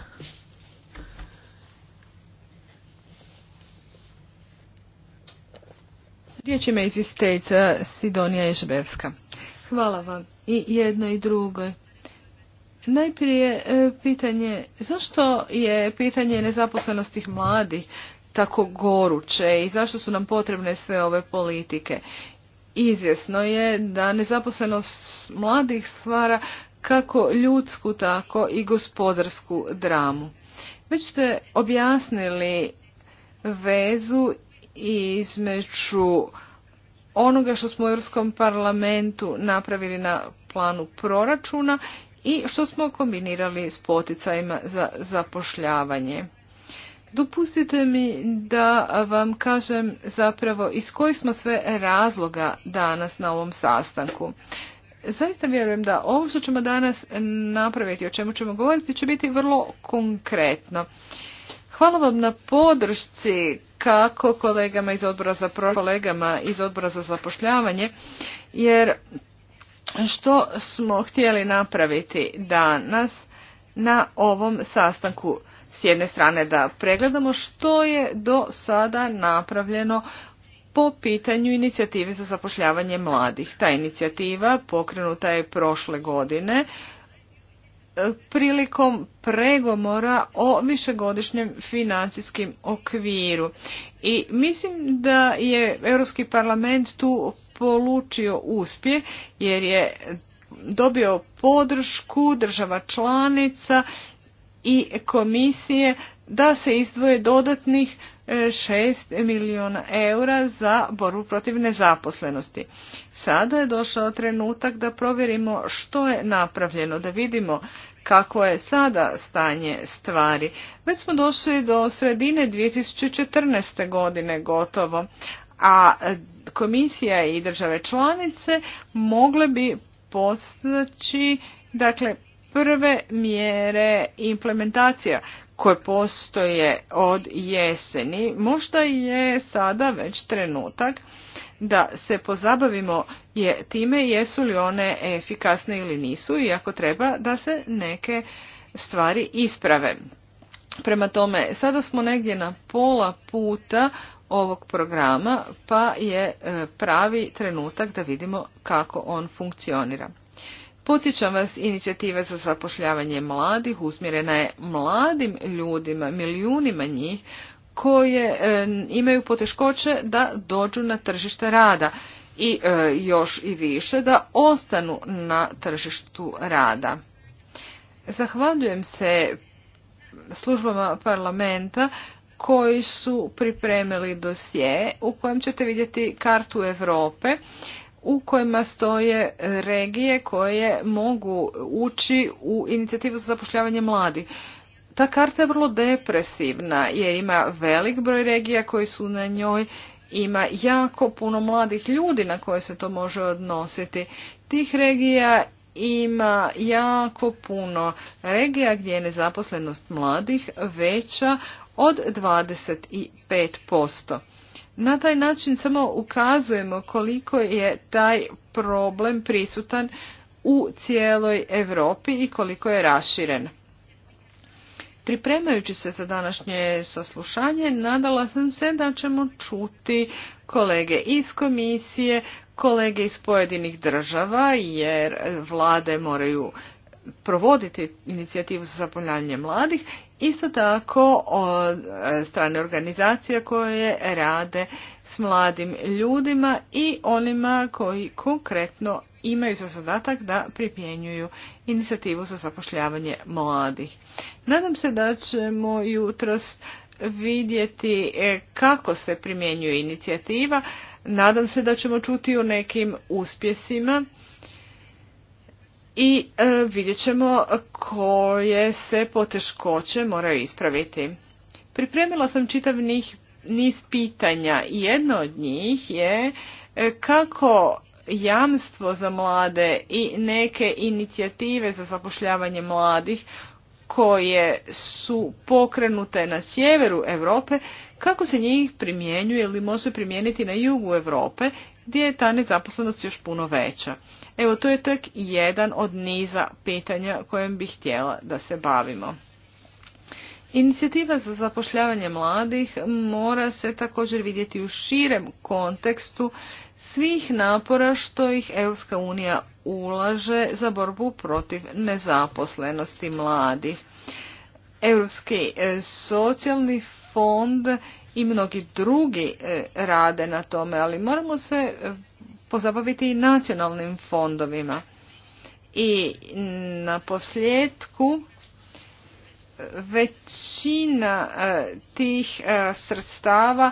C: Riječ ima izvjestiteljica Sidonija Ježbevska. Hvala vam i jedno i drugo. Najprije e, pitanje, zašto je pitanje nezaposlenosti mladih tako goruće i zašto su nam potrebne sve ove politike? Izvjesno je da nezaposlenost mladih stvara kako ljudsku, tako i gospodarsku dramu. Već ste objasnili vezu između onoga što smo u Europskom parlamentu napravili na planu proračuna i što smo kombinirali s poticajima za zapošljavanje. Dopustite mi da vam kažem zapravo iz kojih smo sve razloga danas na ovom sastanku. Zaista vjerujem da ovo što ćemo danas napraviti, o čemu ćemo govoriti, će biti vrlo konkretno. Hvala vam na podršci kako kolegama iz odbora za pro, kolegama iz odbora za zapošljavanje, jer što smo htjeli napraviti danas na ovom sastanku s jedne strane da pregledamo što je do sada napravljeno po pitanju inicijative za zapošljavanje mladih. Ta inicijativa pokrenuta je prošle godine e, prilikom pregomora o višegodišnjem financijskim okviru. I mislim da je Europski parlament tu polučio uspjeh jer je dobio podršku država članica i komisije da se izdvoje dodatnih 6 milijuna eura za borbu protiv nezaposlenosti. Sada je došao trenutak da provjerimo što je napravljeno, da vidimo kako je sada stanje stvari. Već smo došli do sredine 2014. godine gotovo, a komisija i države članice mogle bi postaći dakle prve mjere implementacija koje postoje od jeseni, možda je sada već trenutak da se pozabavimo je time jesu li one efikasne ili nisu i ako treba da se neke stvari isprave. Prema tome, sada smo negdje na pola puta ovog programa, pa je e, pravi trenutak da vidimo kako on funkcionira. Podsjećam vas, inicijativa za zapošljavanje mladih usmjerena je mladim ljudima, milijunima njih, koje e, imaju poteškoće da dođu na tržište rada i e, još i više da ostanu na tržištu rada. Zahvaljujem se službama parlamenta koji su pripremili dosje u kojem ćete vidjeti kartu Europe u kojima stoje regije koje mogu ući u inicijativu za zapošljavanje mladih. Ta karta je vrlo depresivna jer ima velik broj regija koji su na njoj, ima jako puno mladih ljudi na koje se to može odnositi. Tih regija ima jako puno regija gdje je nezaposlenost mladih veća od 25%. Na taj način samo ukazujemo koliko je taj problem prisutan u cijeloj Europi i koliko je raširen. Pripremajući se za današnje saslušanje, nadala sam se da ćemo čuti kolege iz komisije, kolege iz pojedinih država, jer vlade moraju provoditi inicijativu za zapošljavanje mladih, isto tako od e, strane organizacija koje rade s mladim ljudima i onima koji konkretno imaju za zadatak da primjenjuju inicijativu za zapošljavanje mladih. Nadam se da ćemo jutros vidjeti e, kako se primjenjuje inicijativa. Nadam se da ćemo čuti o nekim uspjesima i e, vidjet ćemo koje se poteškoće moraju ispraviti. Pripremila sam čitav niz pitanja i jedno od njih je e, kako jamstvo za mlade i neke inicijative za zapošljavanje mladih koje su pokrenute na sjeveru Europe, kako se njih primjenjuje ili može primijeniti na jugu Europe gdje je ta nezaposlenost još puno veća. Evo, to je tek jedan od niza pitanja kojem bih htjela da se bavimo. Inicijativa za zapošljavanje mladih mora se također vidjeti u širem kontekstu svih napora što ih Europska unija ulaže za borbu protiv nezaposlenosti mladih. Europski e, socijalni fond i mnogi drugi e, rade na tome, ali moramo se pozabaviti i nacionalnim fondovima. I na posljedku većina e, tih e, sredstava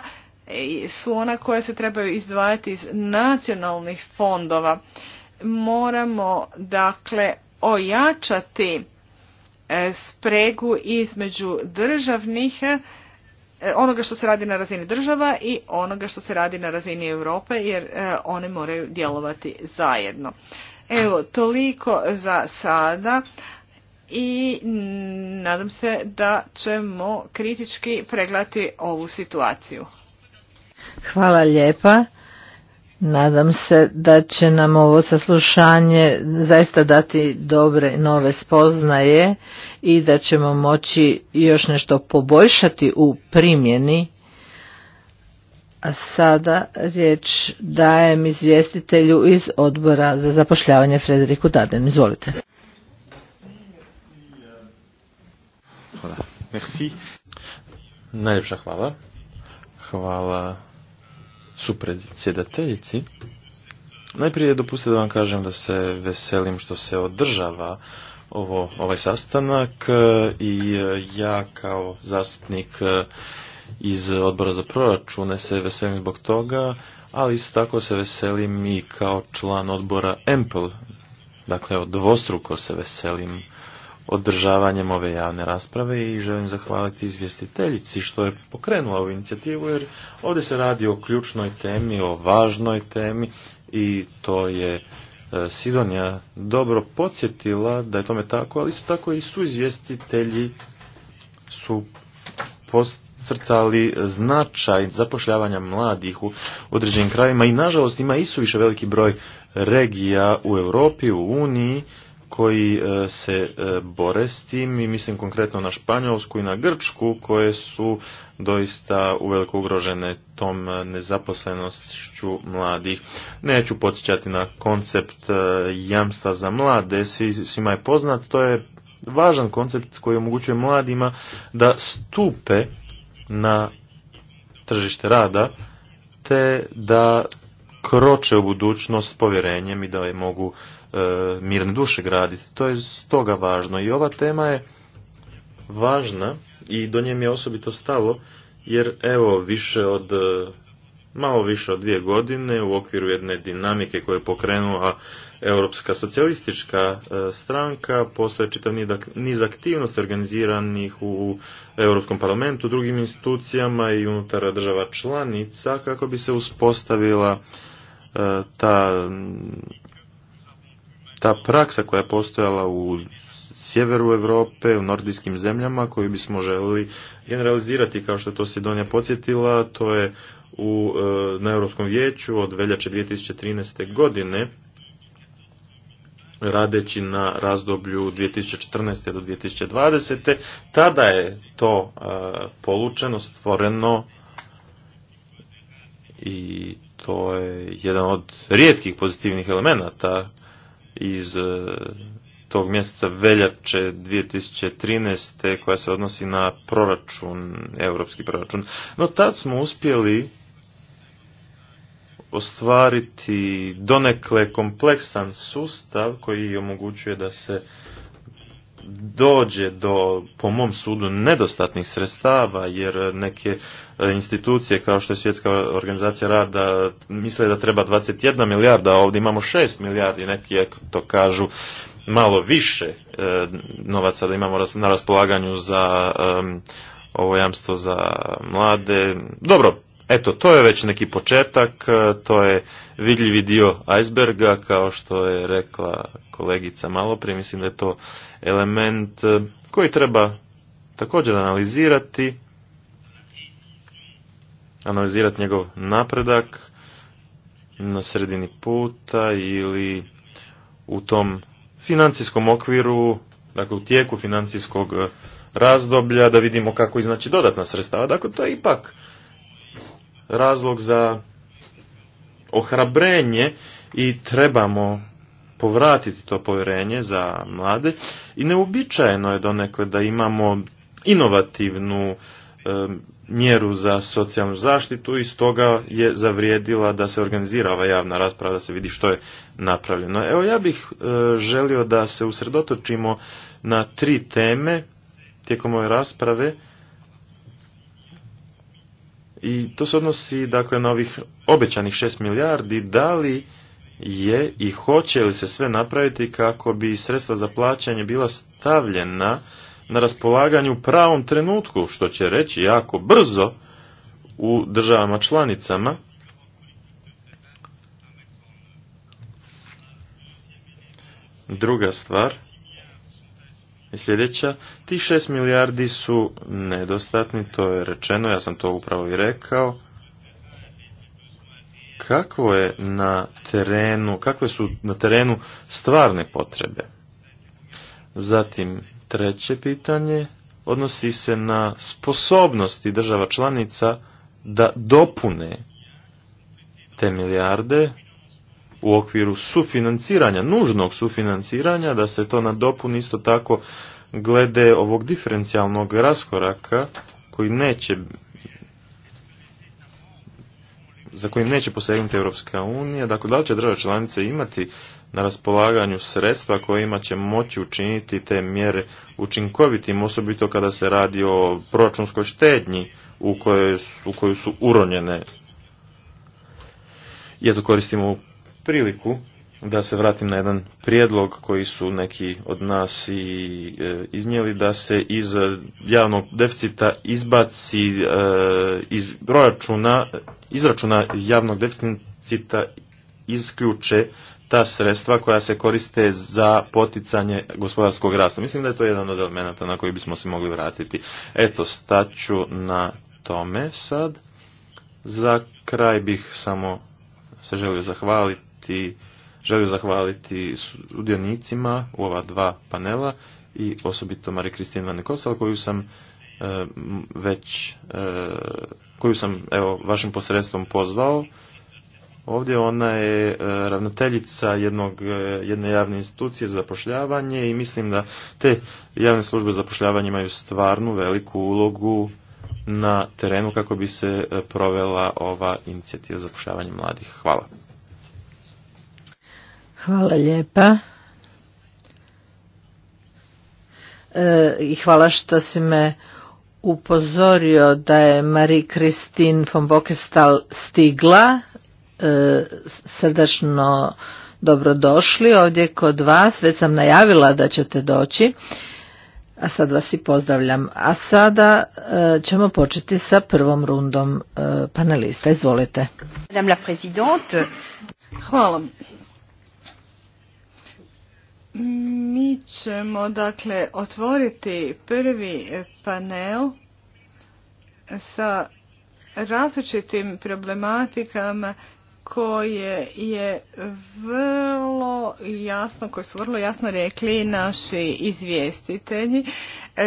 C: su ona koja se trebaju izdvajati iz nacionalnih fondova. Moramo dakle ojačati e, spregu između državnih E, onoga što se radi na razini država i onoga što se radi na razini Europe jer e, one moraju djelovati zajedno. Evo, toliko za sada i nadam se da ćemo kritički pregledati ovu situaciju.
A: Hvala lijepa. Nadam se da će nam ovo saslušanje zaista dati dobre nove spoznaje i da ćemo moći još nešto poboljšati u primjeni. A sada riječ dajem izvjestitelju iz odbora za zapošljavanje Frederiku Daden. Izvolite.
B: Hvala. Merci. hvala. Hvala predsjedateljici Najprije dopustite da vam kažem da se veselim što se održava ovo, ovaj sastanak i ja kao zastupnik iz odbora za proračune se veselim zbog toga, ali isto tako se veselim i kao član odbora EMPL. Dakle, dvostruko se veselim održavanjem ove javne rasprave i želim zahvaliti izvjestiteljici što je pokrenula ovu inicijativu jer ovdje se radi o ključnoj temi, o važnoj temi i to je e, Sidonija dobro podsjetila da je tome tako, ali isto tako i su izvjestitelji su postrcali značaj zapošljavanja mladih u određenim krajima i nažalost ima i suviše veliki broj regija u Europi, u Uniji koji e, se e, bore s tim i mislim konkretno na Španjolsku i na Grčku koje su doista uveliko ugrožene tom e, nezaposlenošću mladih. Neću podsjećati na koncept jamstva za mlade, svima je poznat, to je važan koncept koji omogućuje mladima da stupe na tržište rada te da kroče u budućnost s povjerenjem i da je mogu E, mirne duše graditi. To je stoga važno. I ova tema je važna i do nje mi je osobito stalo, jer evo više od e, malo više od dvije godine u okviru jedne dinamike koje je pokrenula Europska socijalistička e, stranka, postoje čitav niz aktivnosti organiziranih u Europskom parlamentu, drugim institucijama i unutar država članica kako bi se uspostavila ta ta praksa koja je postojala u sjeveru Europe, u nordijskim zemljama koju bismo željeli generalizirati kao što je to Sidonija podsjetila, to je u, e, na Europskom vijeću od veljače 2013. godine radeći na razdoblju 2014. do 2020. Tada je to e, polučeno, stvoreno i to je jedan od rijetkih pozitivnih elemenata iz e, tog mjeseca veljače 2013. koja se odnosi na proračun, europski proračun. No tad smo uspjeli ostvariti donekle kompleksan sustav koji omogućuje da se dođe do, po mom sudu, nedostatnih sredstava, jer neke e, institucije kao što je Svjetska organizacija rada misle da treba 21 milijarda, a ovdje imamo 6 milijardi, neki to kažu malo više e, novaca da imamo na raspolaganju za ovo jamstvo za mlade. Dobro, Eto, to je već neki početak, e, to je vidljivi dio iceberga, kao što je rekla kolegica malo mislim da je to element e, koji treba također analizirati, analizirati njegov napredak na sredini puta ili u tom financijskom okviru, dakle u tijeku financijskog e, razdoblja, da vidimo kako iznači dodatna sredstava. Dakle, to je ipak razlog za ohrabrenje i trebamo povratiti to povjerenje za mlade i neobičajeno je donekle da imamo inovativnu e, mjeru za socijalnu zaštitu i stoga je zavrijedila da se organizira ova javna rasprava da se vidi što je napravljeno. Evo ja bih e, želio da se usredotočimo na tri teme tijekom ove rasprave i to se odnosi dakle na ovih obećanih šest milijardi, da li je i hoće li se sve napraviti kako bi sredstva za plaćanje bila stavljena na raspolaganju u pravom trenutku, što će reći jako brzo u državama članicama. Druga stvar, i sljedeća. Ti šest milijardi su nedostatni, to je rečeno, ja sam to upravo i rekao. Kako je na terenu, kakve su na terenu stvarne potrebe? Zatim, treće pitanje odnosi se na sposobnosti država članica da dopune te milijarde u okviru sufinanciranja, nužnog sufinanciranja, da se to nadopuni isto tako glede ovog diferencijalnog raskoraka koji neće za kojim neće posegnuti Europska unija, dakle da li će države članice imati na raspolaganju sredstva kojima će moći učiniti te mjere učinkovitim, osobito kada se radi o proračunskoj štednji u kojoj, koju su uronjene. Ja to koristimo u priliku da se vratim na jedan prijedlog koji su neki od nas i e, iznijeli da se iz javnog deficita izbaci e, iz proračuna izračuna javnog deficita isključe ta sredstva koja se koriste za poticanje gospodarskog rasta. Mislim da je to jedan od elemenata na koji bismo se mogli vratiti. Eto, staću na tome sad. Za kraj bih samo se želio zahvaliti zahvaliti, želio zahvaliti sudionicima u ova dva panela i osobito Mari Kristine Van koju sam e, već e, koju sam evo vašim posredstvom pozvao ovdje ona je e, ravnateljica jednog, jedne javne institucije za zapošljavanje i mislim da te javne službe za imaju stvarnu veliku ulogu na terenu kako bi se provela ova inicijativa za mladih. Hvala.
A: Hvala lijepa. E, I hvala što si me upozorio da je Marie Christine von Bokestal stigla. E, srdačno srdačno dobrodošli ovdje kod vas. Već sam najavila da ćete doći. A sad vas i pozdravljam. A sada e, ćemo početi sa prvom rundom panelista. Izvolite.
C: Madame la Hvala mi ćemo dakle otvoriti prvi panel sa različitim problematikama koje je vrlo jasno, koje su vrlo jasno rekli naši izvjestitelji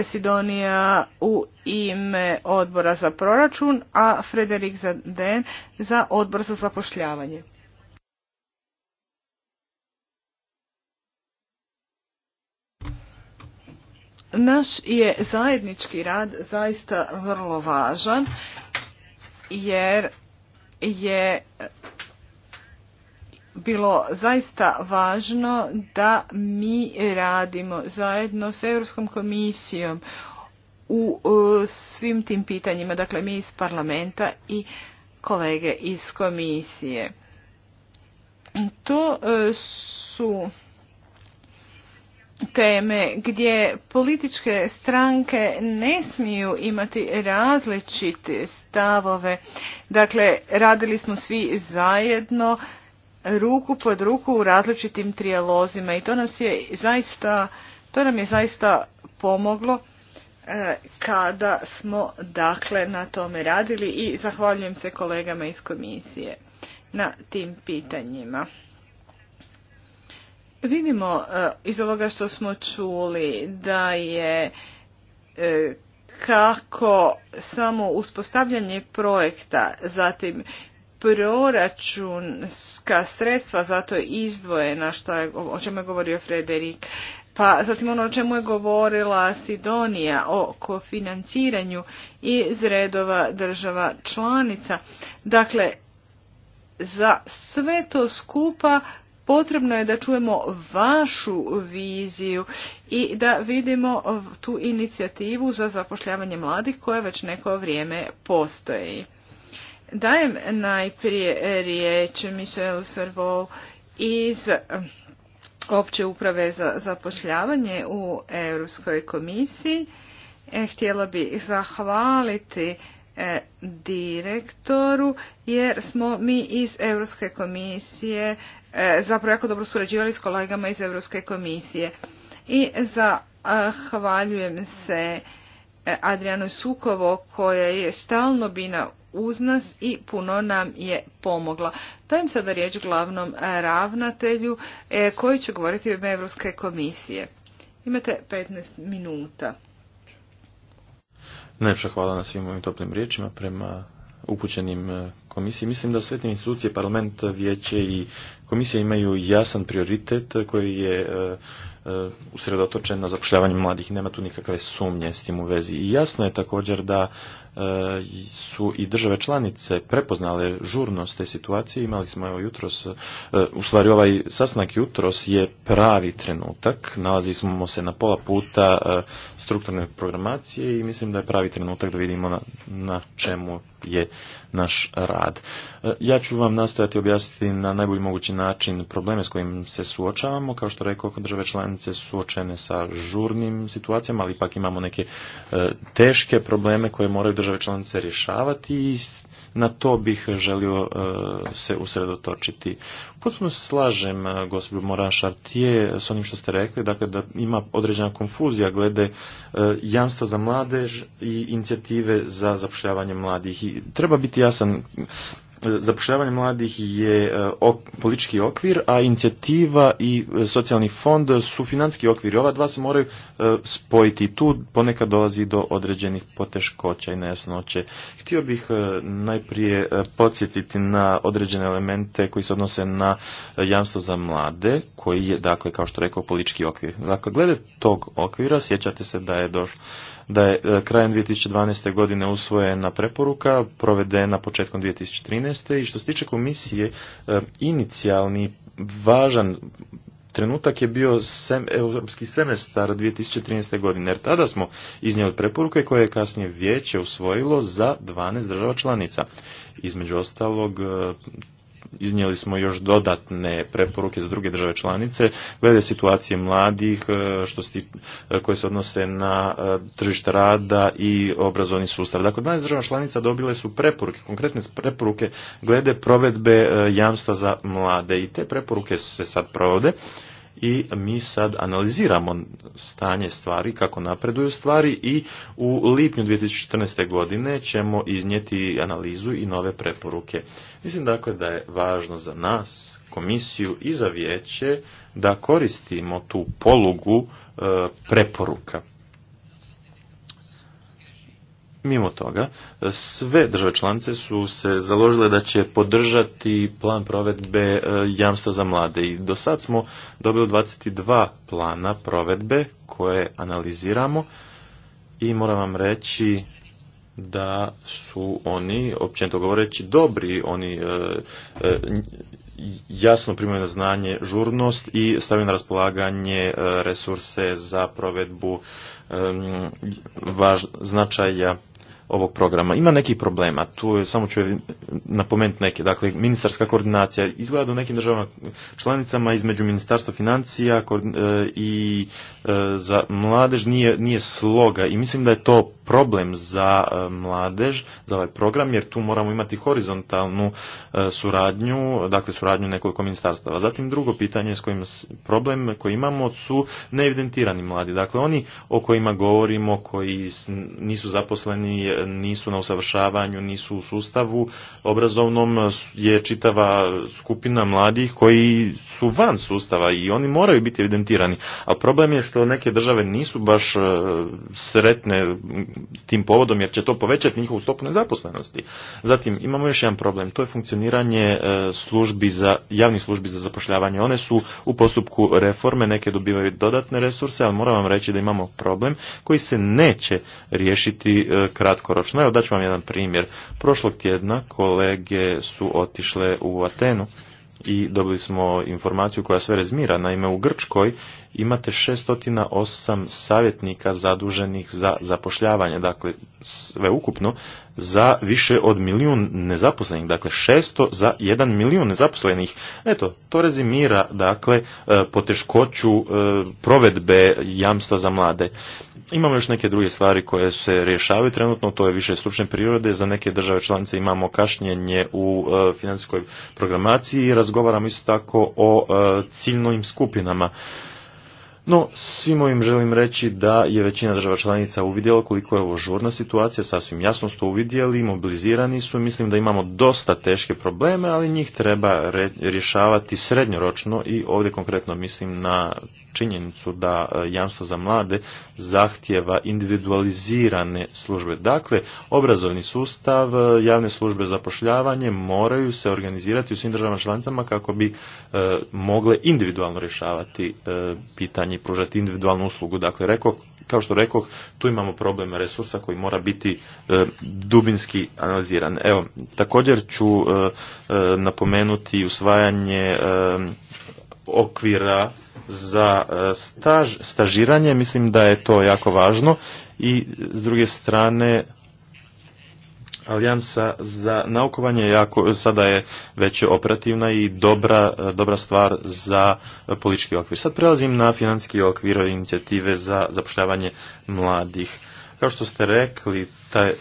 C: Sidonija u ime odbora za proračun, a Frederik Zaden za odbor za zapošljavanje. Naš je zajednički rad zaista vrlo važan jer je bilo zaista važno da mi radimo zajedno s Europskom komisijom u svim tim pitanjima, dakle mi iz parlamenta i kolege iz komisije. To e, su teme gdje političke stranke ne smiju imati različite stavove. Dakle, radili smo svi zajedno ruku pod ruku u različitim trijalozima i to nas je zaista, to nam je zaista pomoglo e, kada smo dakle na tome radili i zahvaljujem se kolegama iz komisije na tim pitanjima. Vidimo e, iz ovoga što smo čuli da je e, kako samo uspostavljanje projekta, zatim proračunska sredstva zato izdvojena, o čemu je govorio Frederik, pa zatim ono o čemu je govorila Sidonija o kofinanciranju iz redova država članica. Dakle, za sve to skupa potrebno je da čujemo vašu viziju i da vidimo tu inicijativu za zapošljavanje mladih koja već neko vrijeme postoji. Dajem najprije riječ Michel Servo iz opće uprave za zapošljavanje u Europskoj komisiji. E, htjela bih zahvaliti e, direktoru jer smo mi iz Europske komisije E, zapravo jako dobro surađivali s kolegama iz Europske komisije. I zahvaljujem se e, Adrianu Sukovo koja je stalno bina uz nas i puno nam je pomogla. Dajem sada riječ glavnom ravnatelju e, koji će govoriti u ime Evropske komisije. Imate 15 minuta.
B: Najpša hvala na svim mojim toplim riječima prema upućenim Komisije Mislim da sve te institucije, parlament, vijeće i komisija imaju jasan prioritet koji je e, e, usredotočen na zapošljavanje mladih. Nema tu nikakve sumnje s tim u vezi. I jasno je također da su i države članice prepoznale žurnost te situacije. Imali smo evo jutros, e, u stvari ovaj sastanak jutros je pravi trenutak. Nalazi smo se na pola puta e, strukturne programacije i mislim da je pravi trenutak da vidimo na, čemu je naš rad. E, ja ću vam nastojati objasniti na najbolji mogući način probleme s kojim se suočavamo. Kao što rekao, države članice su suočene sa žurnim situacijama, ali ipak imamo neke teške probleme koje moraju države članice rješavati i na to bih želio e, se usredotočiti. Potpuno se slažem, e, gospođo Moran Šartije, s onim što ste rekli, dakle da ima određena konfuzija glede e, jamstva za mladež i inicijative za zapošljavanje mladih. I treba biti jasan, zapošljavanje mladih je e, politički okvir, a inicijativa i e, socijalni fond su financijski okvir. Ova dva se moraju e, spojiti. Tu ponekad dolazi do određenih poteškoća i nejasnoće. Htio bih najprije podsjetiti na određene elemente koji se odnose na jamstvo za mlade, koji je, dakle, kao što rekao, politički okvir. Dakle, glede tog okvira, sjećate se da je došlo da je e, krajem 2012. godine usvojena preporuka, provedena početkom 2013. i što se tiče komisije, e, inicijalni važan trenutak je bio europski semestar 2013. godine, jer tada smo iznijeli preporuke koje je kasnije vijeće usvojilo za 12 država članica. Između ostalog, e, iznijeli smo još dodatne preporuke za druge države članice glede situacije mladih e, što e, koje se odnose na e, tržište rada i obrazovni sustav. Dakle, 12 država članica dobile su preporuke, konkretne preporuke glede provedbe jamstva za mlade i te preporuke se sad provode i mi sad analiziramo stanje stvari, kako napreduju stvari i u lipnju 2014. godine ćemo iznijeti analizu i nove preporuke. Mislim dakle da je važno za nas, komisiju i za vijeće da koristimo tu polugu e, preporuka. Mimo toga, sve države članice su se založile da će podržati plan provedbe e, jamstva za mlade i do sad smo dobili 22 plana provedbe koje analiziramo i moram vam reći da su oni, općenito govoreći, dobri, oni e, e, jasno primaju na znanje žurnost i stavljaju na raspolaganje resurse za provedbu značaja ovog programa. Ima nekih problema, tu je, samo ću napomenuti neke. Dakle, ministarska koordinacija izgleda u nekim državama članicama između ministarstva financija e, i e, za mladež nije, nije sloga i mislim da je to problem za e, mladež, za ovaj program, jer tu moramo imati horizontalnu suradnju, dakle suradnju nekoliko ministarstava. Zatim drugo pitanje s kojim problem koji imamo su neevidentirani mladi. Dakle, oni o kojima govorimo, koji nisu zaposleni, nisu na usavršavanju, nisu u sustavu obrazovnom je čitava skupina mladih koji su van sustava i oni moraju biti evidentirani. A problem je što neke države nisu baš e, sretne tim povodom jer će to povećati njihovu stopu nezaposlenosti. Zatim imamo još jedan problem, to je funkcioniranje e, službi za, javnih službi za zapošljavanje. One su u postupku reforme, neke dobivaju dodatne resurse, ali moram vam reći da imamo problem koji se neće riješiti e, kratko kratkoročno. Evo daću vam jedan primjer. Prošlog tjedna kolege su otišle u Atenu i dobili smo informaciju koja sve rezmira. Naime, u Grčkoj imate 608 savjetnika zaduženih za zapošljavanje, dakle sve ukupno za više od milijun nezaposlenih, dakle 600 za 1 milijun nezaposlenih. Eto, to rezimira dakle e, poteškoću e, provedbe jamstva za mlade. Imamo još neke druge stvari koje se rješavaju trenutno, to je više stručne prirode, za neke države članice imamo kašnjenje u e, financijskoj programaciji i razgovaramo isto tako o ciljnim skupinama. No, svim ovim želim reći da je većina država članica uvidjela koliko je ovo žurna situacija, sasvim jasno su uvidjeli, mobilizirani su, mislim da imamo dosta teške probleme, ali njih treba rješavati srednjoročno i ovdje konkretno mislim na činjenicu da e, jamstvo za mlade zahtjeva individualizirane službe. Dakle, obrazovni sustav, e, javne službe za moraju se organizirati u svim državama članicama kako bi e, mogle individualno rješavati pitanje pružati individualnu uslugu. Dakle, reko, kao što rekoh, tu imamo problem resursa koji mora biti e, dubinski analiziran. Evo, također ću e, e, napomenuti usvajanje okvira za staž, stažiranje, mislim da je to jako važno i s druge strane Alijansa za naukovanje jako, sada je već operativna i dobra, dobra stvar za politički okvir. Sad prelazim na financijski okvir inicijative za zapošljavanje mladih. Kao što ste rekli, taj,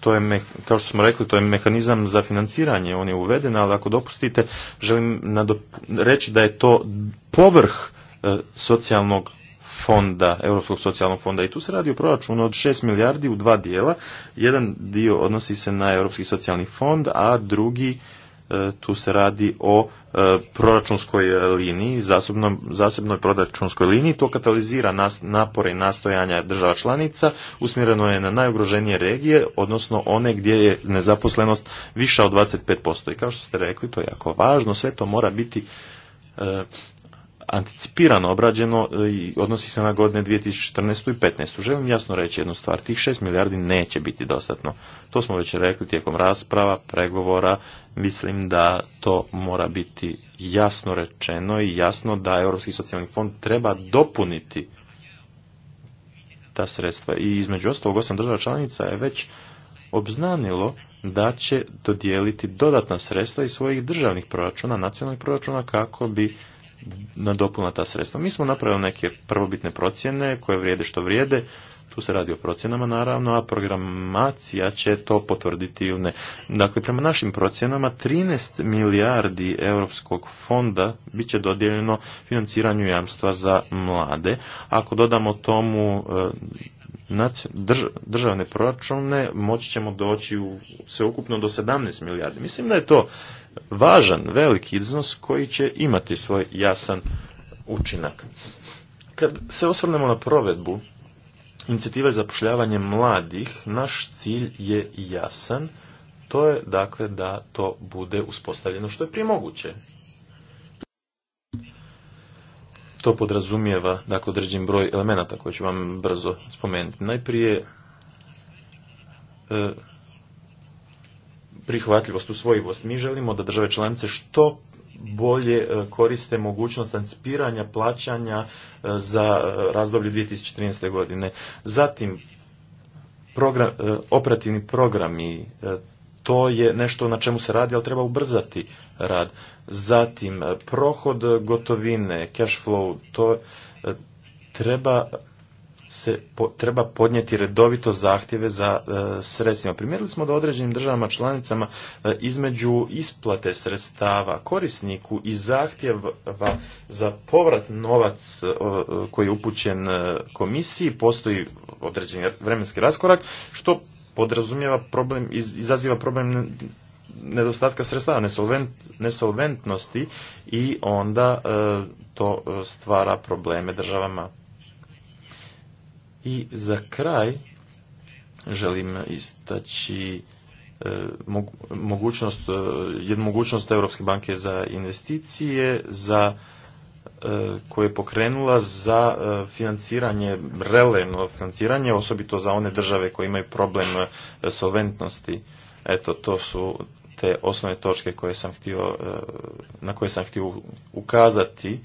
B: to je kao što smo rekli, to je mehanizam za financiranje, on je uveden, ali ako dopustite, želim reći da je to povrh e, socijalnog fonda, Europskog socijalnog fonda i tu se radi o proračunu od 6 milijardi u dva dijela. Jedan dio odnosi se na Europski socijalni fond, a drugi e, tu se radi o e, proračunskoj e, liniji, zasebnoj zasebnoj proračunskoj liniji. To katalizira napore i nastojanja država članica, usmjereno je na najugroženije regije, odnosno one gdje je nezaposlenost viša od 25%. I kao što ste rekli, to je jako važno, sve to mora biti anticipirano obrađeno e, i odnosi se na godine 2014. i 2015. Želim jasno reći jednu stvar, tih 6 milijardi neće biti dostatno. To smo već rekli tijekom rasprava, pregovora, mislim da to mora biti jasno rečeno i jasno da Europski socijalni fond treba dopuniti ta sredstva. I između ostalog osam država članica je već obznanilo da će dodijeliti dodatna sredstva iz svojih državnih proračuna, nacionalnih proračuna kako bi nadopuna ta sredstva. Mi smo napravili neke prvobitne procjene koje vrijede što vrijede. Tu se radi o procjenama naravno, a programacija će to potvrditi ili ne. Dakle, prema našim procjenama 13 milijardi Europskog fonda bit će dodijeljeno financiranju jamstva za mlade. Ako dodamo tomu e, Znači, državne proračune moći ćemo doći u sveukupno do 17 milijardi. Mislim da je to važan, veliki iznos koji će imati svoj jasan učinak. Kad se osvrnemo na provedbu inicijative za zapošljavanje mladih, naš cilj je jasan, to je dakle da to bude uspostavljeno što je primoguće. to podrazumijeva dakle, određen broj elemenata koje ću vam brzo spomenuti. Najprije e, prihvatljivost, usvojivost. Mi želimo da države članice što bolje e, koriste mogućnost anticipiranja plaćanja e, za e, razdoblje 2013. godine. Zatim, program, operativni programi to je nešto na čemu se radi, ali treba ubrzati rad. Zatim, e, prohod gotovine, cash flow, to e, treba se treba podnijeti redovito zahtjeve za e, sredstvima. Primjerili smo da određenim državama članicama između isplate sredstava korisniku i zahtjeva za povrat novac koji je upućen komisiji postoji određeni vremenski raskorak što podrazumijeva problem, izaziva problem nedostatka sredstava, nesolvent, nesolventnosti i onda e, to e, stvara probleme državama. I za kraj želim istaći e, mogućnost, jednu mogućnost Europske banke za investicije, za E, koje je pokrenula za e, financiranje, relevno financiranje, osobito za one države koje imaju problem e, solventnosti. Eto, to su te osnovne točke koje sam htio, na koje sam htio ukazati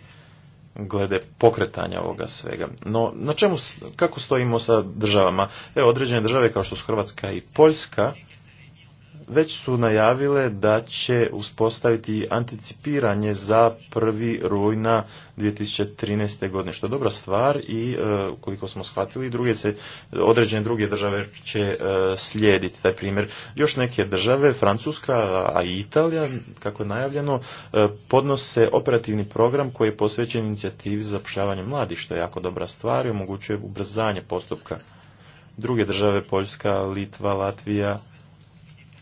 B: glede pokretanja ovoga svega. No, na čemu, kako stojimo sa državama? Evo, određene države kao što su Hrvatska i Poljska, već su najavile da će uspostaviti anticipiranje za 1. rujna 2013. godine, što je dobra stvar i e, koliko smo shvatili, druge se, određene druge države će e, slijediti taj primjer. Još neke države, Francuska, a i Italija, kako je najavljeno, e, podnose operativni program koji je posvećen inicijativi za zapošljavanje mladih, što je jako dobra stvar i omogućuje ubrzanje postupka. Druge države, Poljska, Litva, Latvija,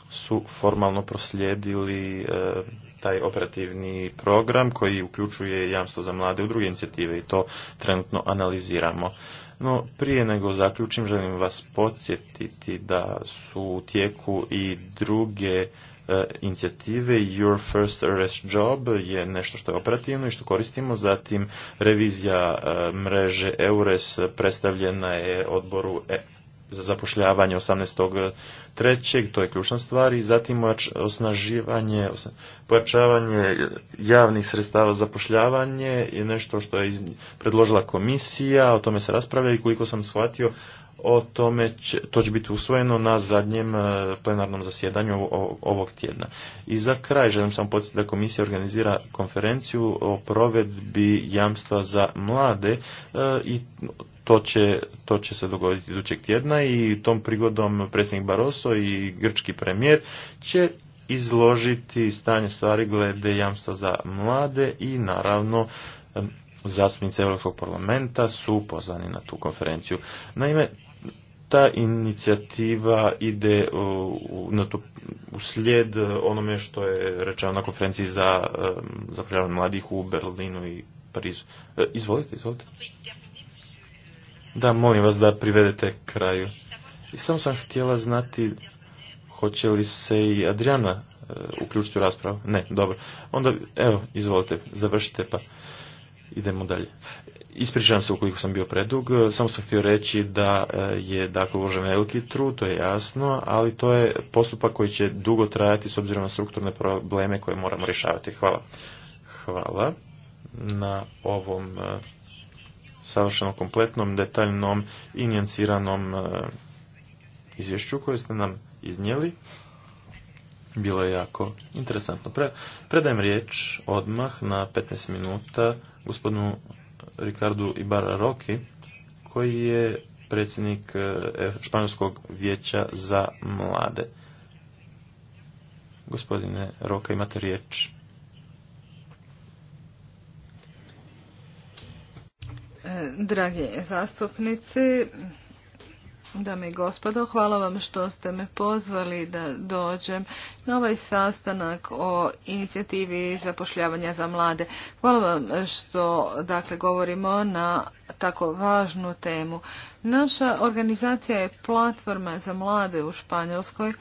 B: su formalno proslijedili e, taj operativni program koji uključuje jamstvo za mlade u druge inicijative i to trenutno analiziramo. No, prije nego zaključim, želim vas podsjetiti da su u tijeku i druge e, inicijative Your First Arrest Job je nešto što je operativno i što koristimo. Zatim revizija e, mreže EURES predstavljena je odboru za zapošljavanje 18.3. To je ključna stvar i zatim osnaživanje, pojačavanje javnih sredstava za zapošljavanje je nešto što je predložila komisija, o tome se raspravlja i koliko sam shvatio o tome će, to će biti usvojeno na zadnjem e, plenarnom zasjedanju ovog tjedna. I za kraj želim samo podsjetiti da komisija organizira konferenciju o provedbi jamstva za mlade e, i to će, to će se dogoditi idućeg tjedna i tom prigodom predsjednik Barroso i grčki premijer će izložiti stanje stvari glede jamstva za mlade i naravno e, zastupnici Europskog parlamenta su pozvani na tu konferenciju. Naime, ta inicijativa ide na to, u slijed e, onome što je rečeno na konferenciji za e, zapošljavanje mladih u Berlinu i Parizu. E, izvolite, izvolite. Da, molim vas da privedete kraju. I samo sam htjela znati hoće li se i Adriana uključiti u raspravu. Ne, dobro. Onda, evo, izvolite, završite pa. Idemo dalje. Ispričavam se ukoliko sam bio predug, samo sam htio reći da e, je dakle uložen veliki trud, to je jasno, ali to je postupak koji će dugo trajati s obzirom na strukturne probleme koje moramo rješavati. Hvala. Hvala na ovom e, savršeno kompletnom, detaljnom i e, izvješću koje ste nam iznijeli. Bilo je jako interesantno. Pre, predajem riječ odmah na 15 minuta gospodinu Ricardu Ibarra Roki, koji je predsjednik eh, Španjolskog vijeća za mlade. Gospodine Roka, imate riječ.
C: Eh, dragi zastupnici, Dame i gospodo, hvala vam što ste me pozvali da dođem na ovaj sastanak o inicijativi zapošljavanja za mlade. Hvala vam što dakle, govorimo na tako važnu temu. Naša organizacija je platforma za mlade u Španjolskoj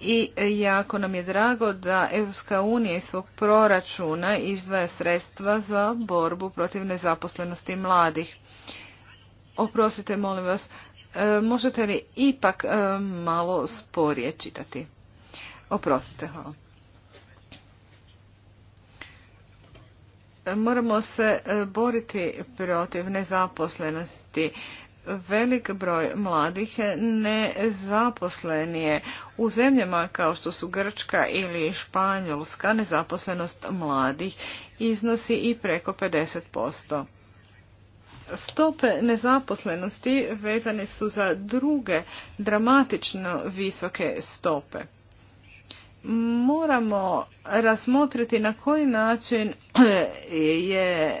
C: i jako nam je drago da EU unija iz svog proračuna izdvaja sredstva za borbu protiv nezaposlenosti mladih. Oprostite, molim vas, E, možete li ipak e, malo sporije čitati? Oprostite, hvala. Moramo se e, boriti protiv nezaposlenosti. Velik broj mladih nezaposlen U zemljama kao što su Grčka ili Španjolska nezaposlenost mladih iznosi i preko 50%. Stope nezaposlenosti vezane su za druge dramatično visoke stope. Moramo razmotriti na koji način je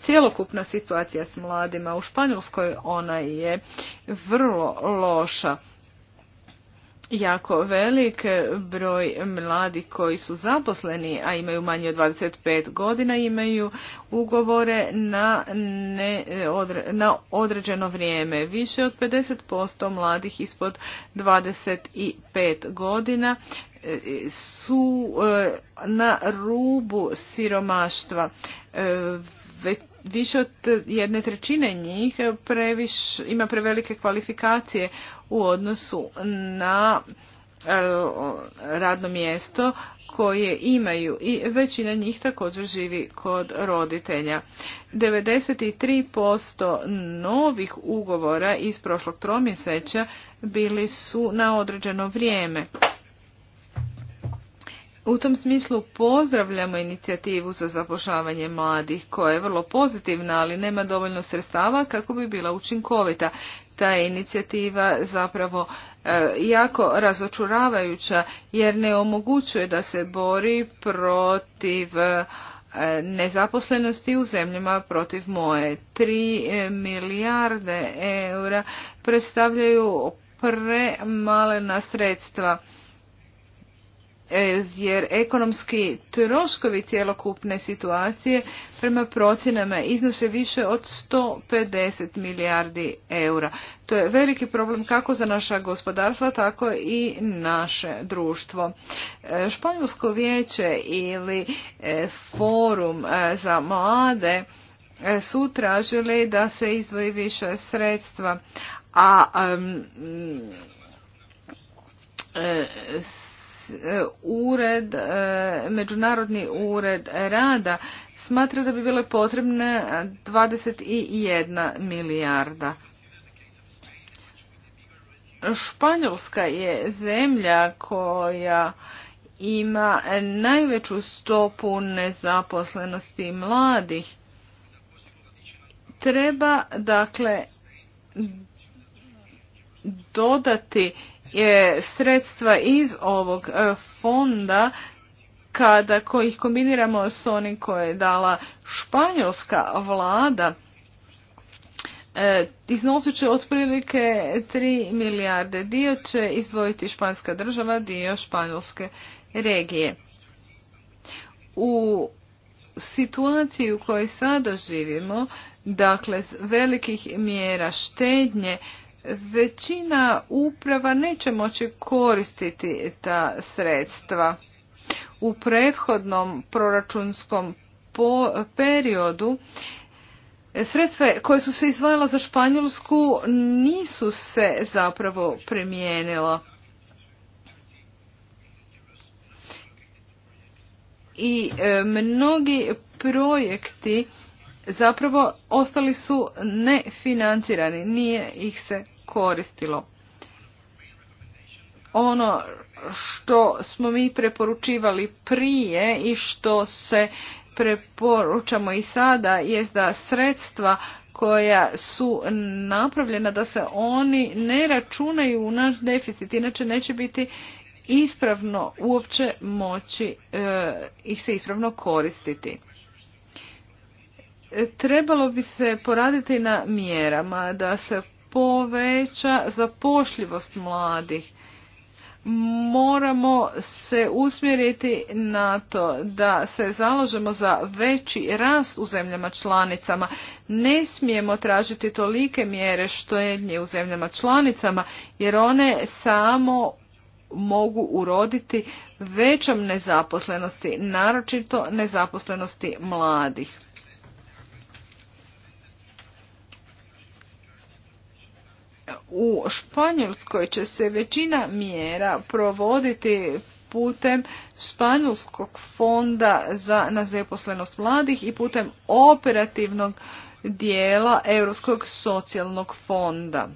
C: cjelokupna situacija s mladima. U Španjolskoj ona je vrlo loša jako velik broj mladih koji su zaposleni, a imaju manje od 25 godina, imaju ugovore na, određeno vrijeme. Više od 50% mladih ispod 25 godina e, su e, na rubu siromaštva. E, Već više od jedne trećine njih previš, ima prevelike kvalifikacije u odnosu na e, radno mjesto koje imaju i većina njih također živi kod roditelja. 93% novih ugovora iz prošlog tromjeseća bili su na određeno vrijeme. U tom smislu pozdravljamo inicijativu za zapošljavanje mladih koja je vrlo pozitivna, ali nema dovoljno sredstava kako bi bila učinkovita. Ta je inicijativa zapravo e, jako razočuravajuća jer ne omogućuje da se bori protiv e, nezaposlenosti u zemljama protiv moje. 3 e, milijarde eura predstavljaju premalena sredstva E, jer ekonomski troškovi cjelokupne situacije prema procjenama iznose više od 150 milijardi eura. To je veliki problem kako za naša gospodarstva, tako i naše društvo. E, Španjolsko vijeće ili e, forum za mlade su tražili da se izdvoji više sredstva, a E, ured, e, Međunarodni ured rada smatra da bi bile potrebne 21 milijarda. Španjolska je zemlja koja ima najveću stopu nezaposlenosti mladih. Treba dakle dodati sredstva iz ovog e, fonda kada kojih kombiniramo s onim koje je dala španjolska vlada e, iznosit će otprilike 3 milijarde. Dio će izdvojiti španska država, dio španjolske regije. U situaciji u kojoj sada živimo, dakle velikih mjera štednje, većina uprava neće moći koristiti ta sredstva. U prethodnom proračunskom periodu e, sredstva koje su se izdvajala za Španjolsku nisu se zapravo primijenila. I e, mnogi projekti zapravo ostali su nefinancirani, nije ih se koristilo. Ono što smo mi preporučivali prije i što se preporučamo i sada je da sredstva koja su napravljena da se oni ne računaju u naš deficit, inače neće biti ispravno uopće moći e, ih se ispravno koristiti. E, trebalo bi se poraditi na mjerama da se poveća zapošljivost mladih. Moramo se usmjeriti na to da se založemo za veći rast u zemljama članicama. Ne smijemo tražiti tolike mjere štednje u zemljama članicama jer one samo mogu uroditi većom nezaposlenosti, naročito nezaposlenosti mladih. U Španjolskoj će se većina mjera provoditi putem Španjolskog fonda za nezaposlenost mladih i putem operativnog dijela Europskog socijalnog fonda.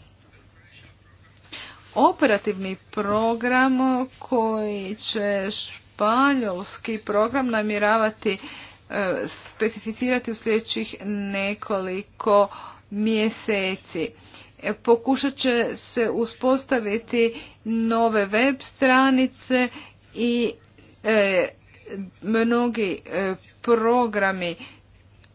C: Operativni program koji će španjolski program namjeravati e, specificirati u sljedećih nekoliko mjeseci pokušat će se uspostaviti nove web stranice i e, mnogi e, programi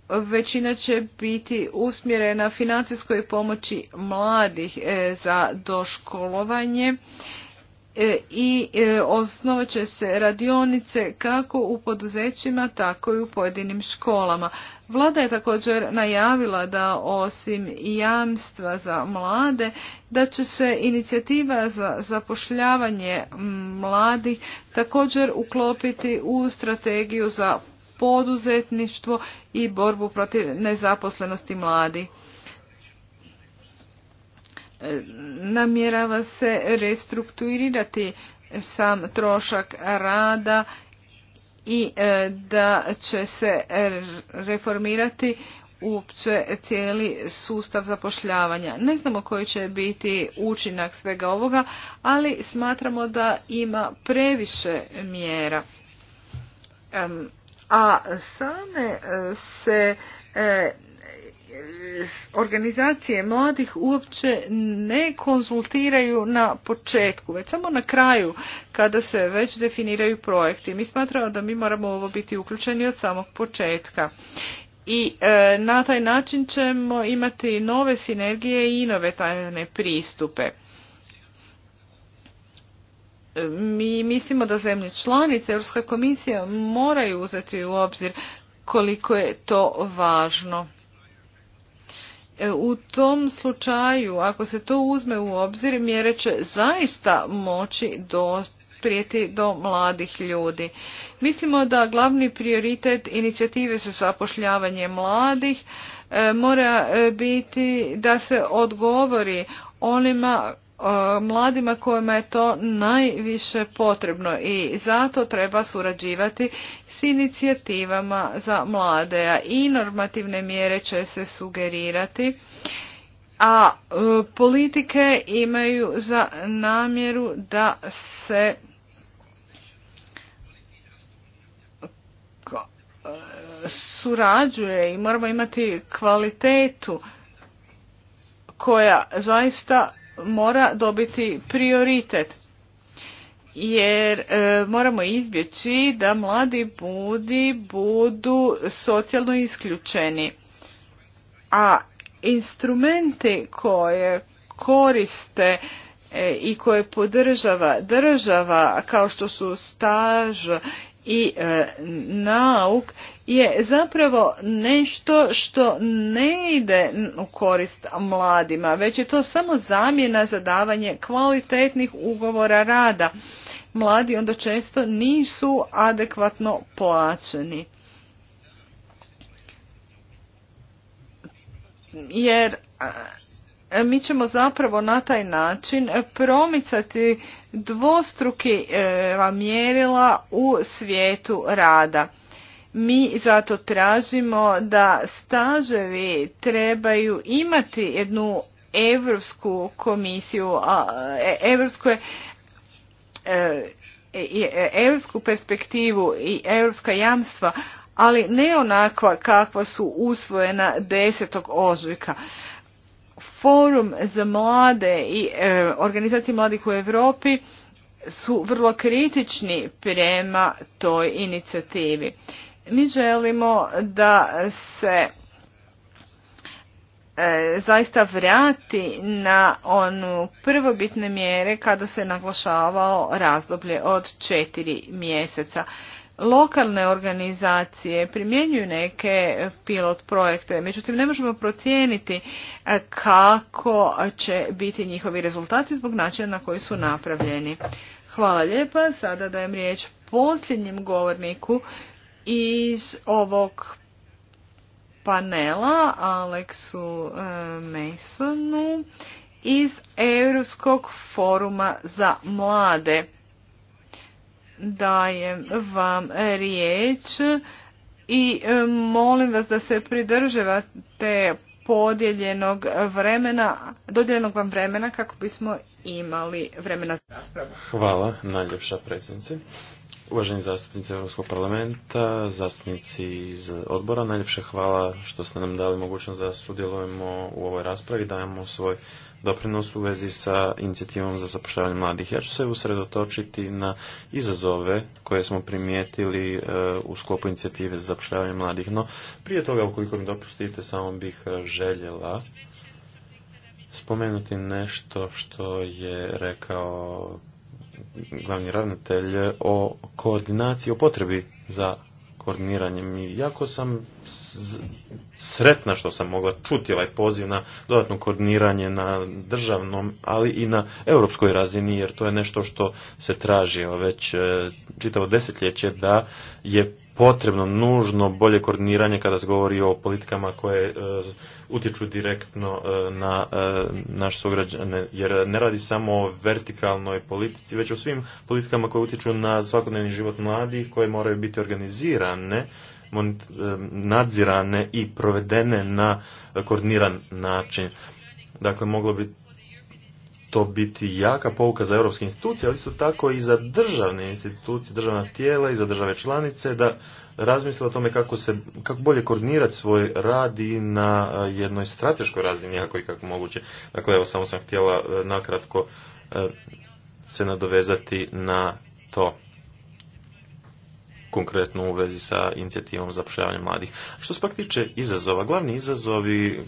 C: većina će biti usmjerena financijskoj pomoći mladih e, za doškolovanje E, i e, osnovaće će se radionice kako u poduzećima, tako i u pojedinim školama. Vlada je također najavila da osim jamstva za mlade, da će se inicijativa za zapošljavanje mladih također uklopiti u strategiju za poduzetništvo i borbu protiv nezaposlenosti mladih namjerava se restrukturirati sam trošak rada i e, da će se reformirati uopće cijeli sustav zapošljavanja. Ne znamo koji će biti učinak svega ovoga, ali smatramo da ima previše mjera. A same e, se e, organizacije mladih uopće ne konzultiraju na početku, već samo na kraju kada se već definiraju projekti. Mi smatramo da mi moramo ovo biti uključeni od samog početka. I e, na taj način ćemo imati nove sinergije i tajne pristupe. E, mi mislimo da zemlje članice, Europska komisija moraju uzeti u obzir koliko je to važno E, u tom slučaju, ako se to uzme u obzir, mjere će zaista moći prijeti do mladih ljudi. Mislimo da glavni prioritet inicijative za zapošljavanje mladih e, mora e, biti da se odgovori onima mladima kojima je to najviše potrebno i zato treba surađivati s inicijativama za mlade, i normativne mjere će se sugerirati, a e, politike imaju za namjeru da se e, surađuje i moramo imati kvalitetu koja zaista mora dobiti prioritet jer e, moramo izbjeći da mladi budi budu socijalno isključeni. A instrumenti koje koriste e, i koje podržava država kao što su staž i e, nauk je zapravo nešto što ne ide u korist mladima, već je to samo zamjena za davanje kvalitetnih ugovora rada mladi onda često nisu adekvatno plaćeni. Jer mi ćemo zapravo na taj način promicati dvostruki e, mjerila u svijetu rada. Mi zato tražimo da staževi trebaju imati jednu Europsku komisiju, je... E, europsku perspektivu i europska jamstva, ali ne onakva kakva su usvojena 10. ožujka. Forum za mlade i e, organizacije mladih u Europi su vrlo kritični prema toj inicijativi. Mi želimo da se E, zaista vrati na onu prvobitne mjere kada se naglašavao razdoblje od četiri mjeseca. Lokalne organizacije primjenjuju neke pilot projekte, međutim ne možemo procijeniti e, kako će biti njihovi rezultati zbog načina na koji su napravljeni. Hvala lijepa, sada dajem riječ posljednjem govorniku iz ovog panela Aleksu e, Masonu iz Europskog foruma za mlade. Dajem vam riječ i e, molim vas da se pridržavate podijeljenog vremena, dodijeljenog vam vremena kako bismo imali vremena za
A: raspravu.
B: Hvala najljepša predsjednice. Uvaženi zastupnici Europskog parlamenta, zastupnici iz odbora, najljepše hvala što ste nam dali mogućnost da sudjelujemo u ovoj raspravi, dajemo svoj doprinos u vezi sa inicijativom za zapošljavanje mladih. Ja ću se usredotočiti na izazove koje smo primijetili e, u sklopu inicijative za zapošljavanje mladih. No, prije toga, ukoliko mi dopustite, samo bih e, željela spomenuti nešto što je rekao glavni ravnatelj eh, o koordinaciji, o potrebi za koordiniranjem. I jako sam sretna što sam mogla čuti ovaj poziv na dodatno koordiniranje na državnom, ali i na europskoj razini, jer to je nešto što se traži već e, čitavo desetljeće da je potrebno nužno bolje koordiniranje kada se govori o politikama koje e, utječu direktno e, na naše sugrađane, jer ne radi samo o vertikalnoj politici, već o svim politikama koje utječu na svakodnevni život mladih, koje moraju biti organizirane nadzirane i provedene na koordiniran način. Dakle, moglo bi to biti jaka pouka za europske institucije, ali isto tako i za državne institucije, državna tijela i za države članice da razmisle o tome kako, se, kako bolje koordinirati svoj rad i na eh, jednoj strateškoj razini ako i kako moguće. Dakle, evo samo sam htjela eh, nakratko eh, se nadovezati na to konkretno u vezi sa inicijativom zapošljavanja mladih. Što se pak tiče izazova, glavni izazovi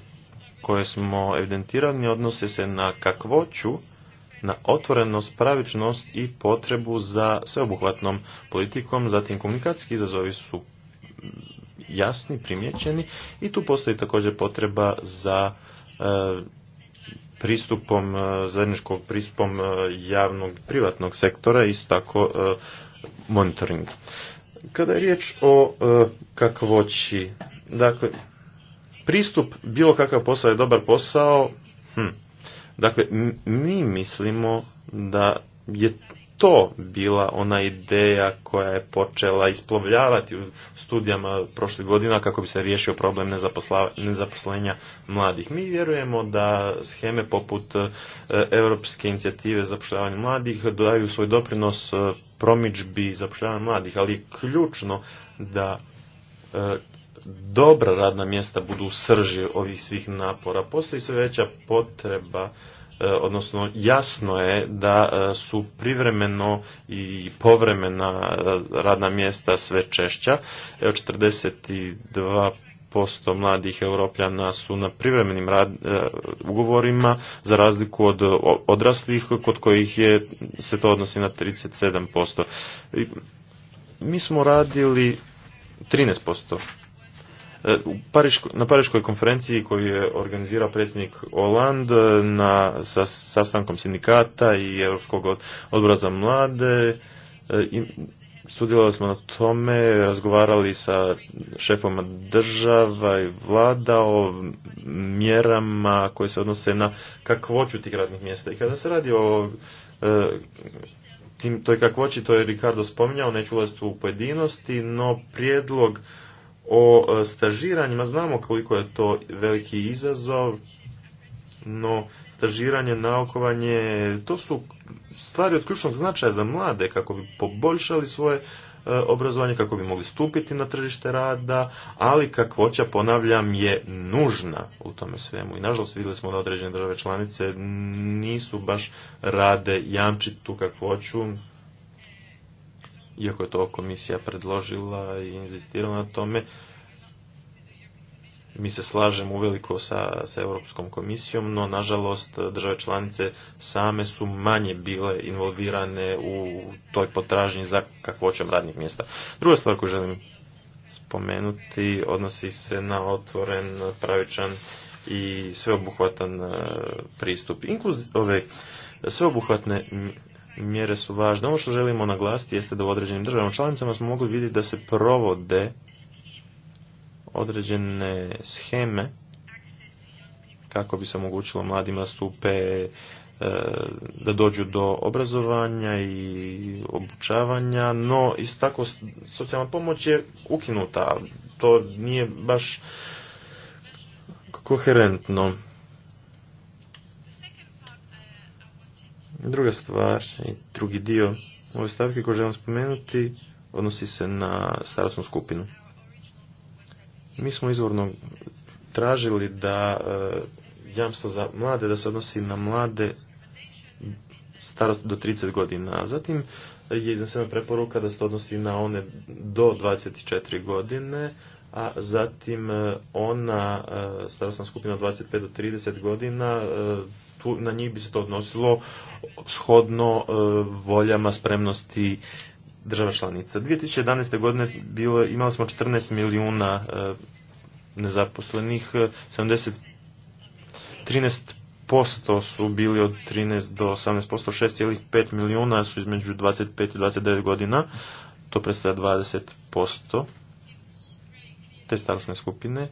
B: koje smo evidentirani odnose se na kakvoću, na otvorenost, pravičnost i potrebu za sveobuhvatnom politikom, zatim komunikacijski izazovi su jasni, primjećeni i tu postoji također potreba za e, pristupom, e, zajedničkog pristupom e, javnog privatnog sektora, isto tako monitoringa. monitoring. Kada je riječ o e, kakvoći, dakle, pristup bilo kakav posao je dobar posao, hm, dakle, mi mislimo da je to bila ona ideja koja je počela isplovljavati u studijama prošlih godina kako bi se riješio problem nezaposlenja mladih. Mi vjerujemo da scheme poput e, Europske inicijative za zapošljavanje mladih dodaju svoj doprinos e, promičbi zapošljavanja mladih, ali je ključno da e, dobra radna mjesta budu u srži ovih svih napora. Postoji sve veća potreba E, odnosno jasno je da e, su privremeno i povremena e, radna mjesta sve češća. Evo 42 posto mladih europljana su na privremenim ugovorima za razliku od odraslih kod kojih je, se to odnosi na 37%. mi smo radili 13% E, na Pariškoj konferenciji koju je organizirao predsjednik Oland e, na, sa sastankom sindikata i Europskog odbora za mlade e, i sudjelovali smo na tome, razgovarali sa šefoma država i vlada o mjerama koje se odnose na kakvoću tih radnih mjesta. I kada se radi o toj kakvoći, to je Ricardo spominjao, neću ulaziti u pojedinosti, no prijedlog o e, stažiranjima znamo koliko je to veliki izazov, no stažiranje, naukovanje, to su stvari od ključnog značaja za mlade kako bi poboljšali svoje e, obrazovanje, kako bi mogli stupiti na tržište rada, ali kakvoća, ponavljam, je nužna u tome svemu. I nažalost vidjeli smo da određene države članice nisu baš rade jamčiti tu kakvoću, iako je to komisija predložila i inzistirala na tome, mi se slažemo uveliko sa, sa Europskom komisijom, no nažalost države članice same su manje bile involvirane u toj potražnji za kakvoćem radnih mjesta. Druga stvar koju želim spomenuti odnosi se na otvoren, pravičan i sveobuhvatan e, pristup. Inkluz, sveobuhvatne mjere su važne. Ono što želimo naglasiti jeste da u određenim državama članicama smo mogli vidjeti da se provode određene scheme kako bi se omogućilo mladima stupe e, da dođu do obrazovanja i obučavanja, no isto tako socijalna pomoć je ukinuta. To nije baš koherentno. Druga stvar i drugi dio ove stavke koje želim spomenuti odnosi se na starostnu skupinu. Mi smo izvorno tražili da e, jamstvo za mlade, da se odnosi na mlade starost do 30 godina. A zatim je iznesena preporuka da se odnosi na one do 24 godine, a zatim e, ona e, starostna skupina od 25 do 30 godina e, tu, na njih bi se to odnosilo shodno voljama spremnosti država članica. 2011. godine bilo, imali smo 14 milijuna nezaposlenih, 70, 13 su bili od 13 do 18 posto, 6,5 milijuna su između 25 i 29 godina, to predstavlja 20 te starosne skupine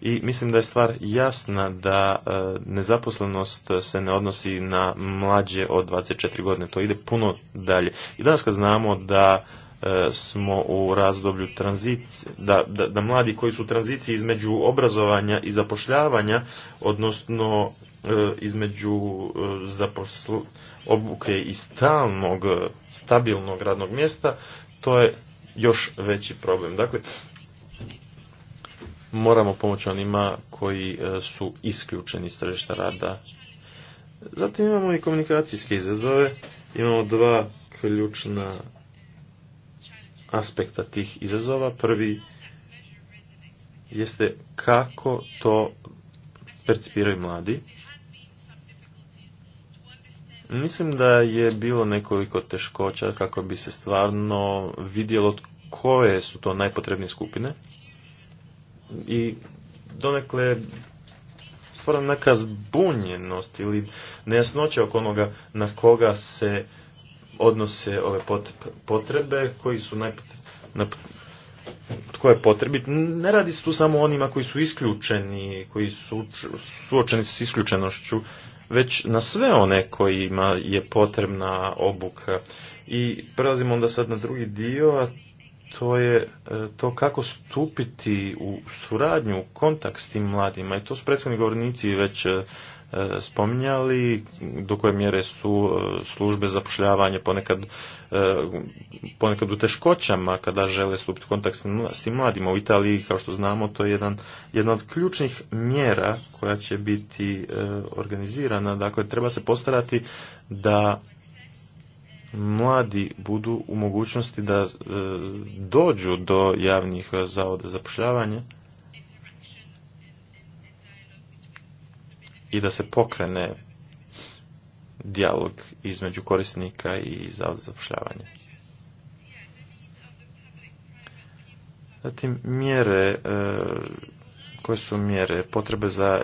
B: i mislim da je stvar jasna da e, nezaposlenost se ne odnosi na mlađe od 24 godine, to ide puno dalje. I danas kad znamo da e, smo u razdoblju tranzicije, da, mladi koji su u tranziciji između obrazovanja i zapošljavanja, odnosno e, između obuke i stalnog, stabilnog radnog mjesta, to je još veći problem. Dakle, moramo pomoći onima koji e, su isključeni iz tržišta rada. Zatim imamo i komunikacijske izazove. Imamo dva ključna aspekta tih izazova. Prvi jeste kako to percipiraju mladi. Mislim da je bilo nekoliko teškoća kako bi se stvarno vidjelo koje su to najpotrebnije skupine i donekle stvoran neka zbunjenost ili nejasnoća oko onoga na koga se odnose ove potrebe koji su tko je potrebit. Ne radi se tu samo onima koji su isključeni, koji su suočeni s isključenošću, već na sve one kojima je potrebna obuka. I prelazimo onda sad na drugi dio, a to je e, to kako stupiti u suradnju, u kontakt s tim mladima. I to su prethodni govornici već e, e, spominjali, do koje mjere su službe zapošljavanja ponekad, ponekad u teškoćama kada žele stupiti u kontakt s tim mladima. U Italiji, kao što znamo, to je jedan, jedna od ključnih mjera koja će biti organizirana. Dakle, treba se postarati da mladi budu u mogućnosti da e, dođu do javnih e, zavoda za i da se pokrene dijalog između korisnika i zavoda za Zatim mjere e, koje su mjere potrebe za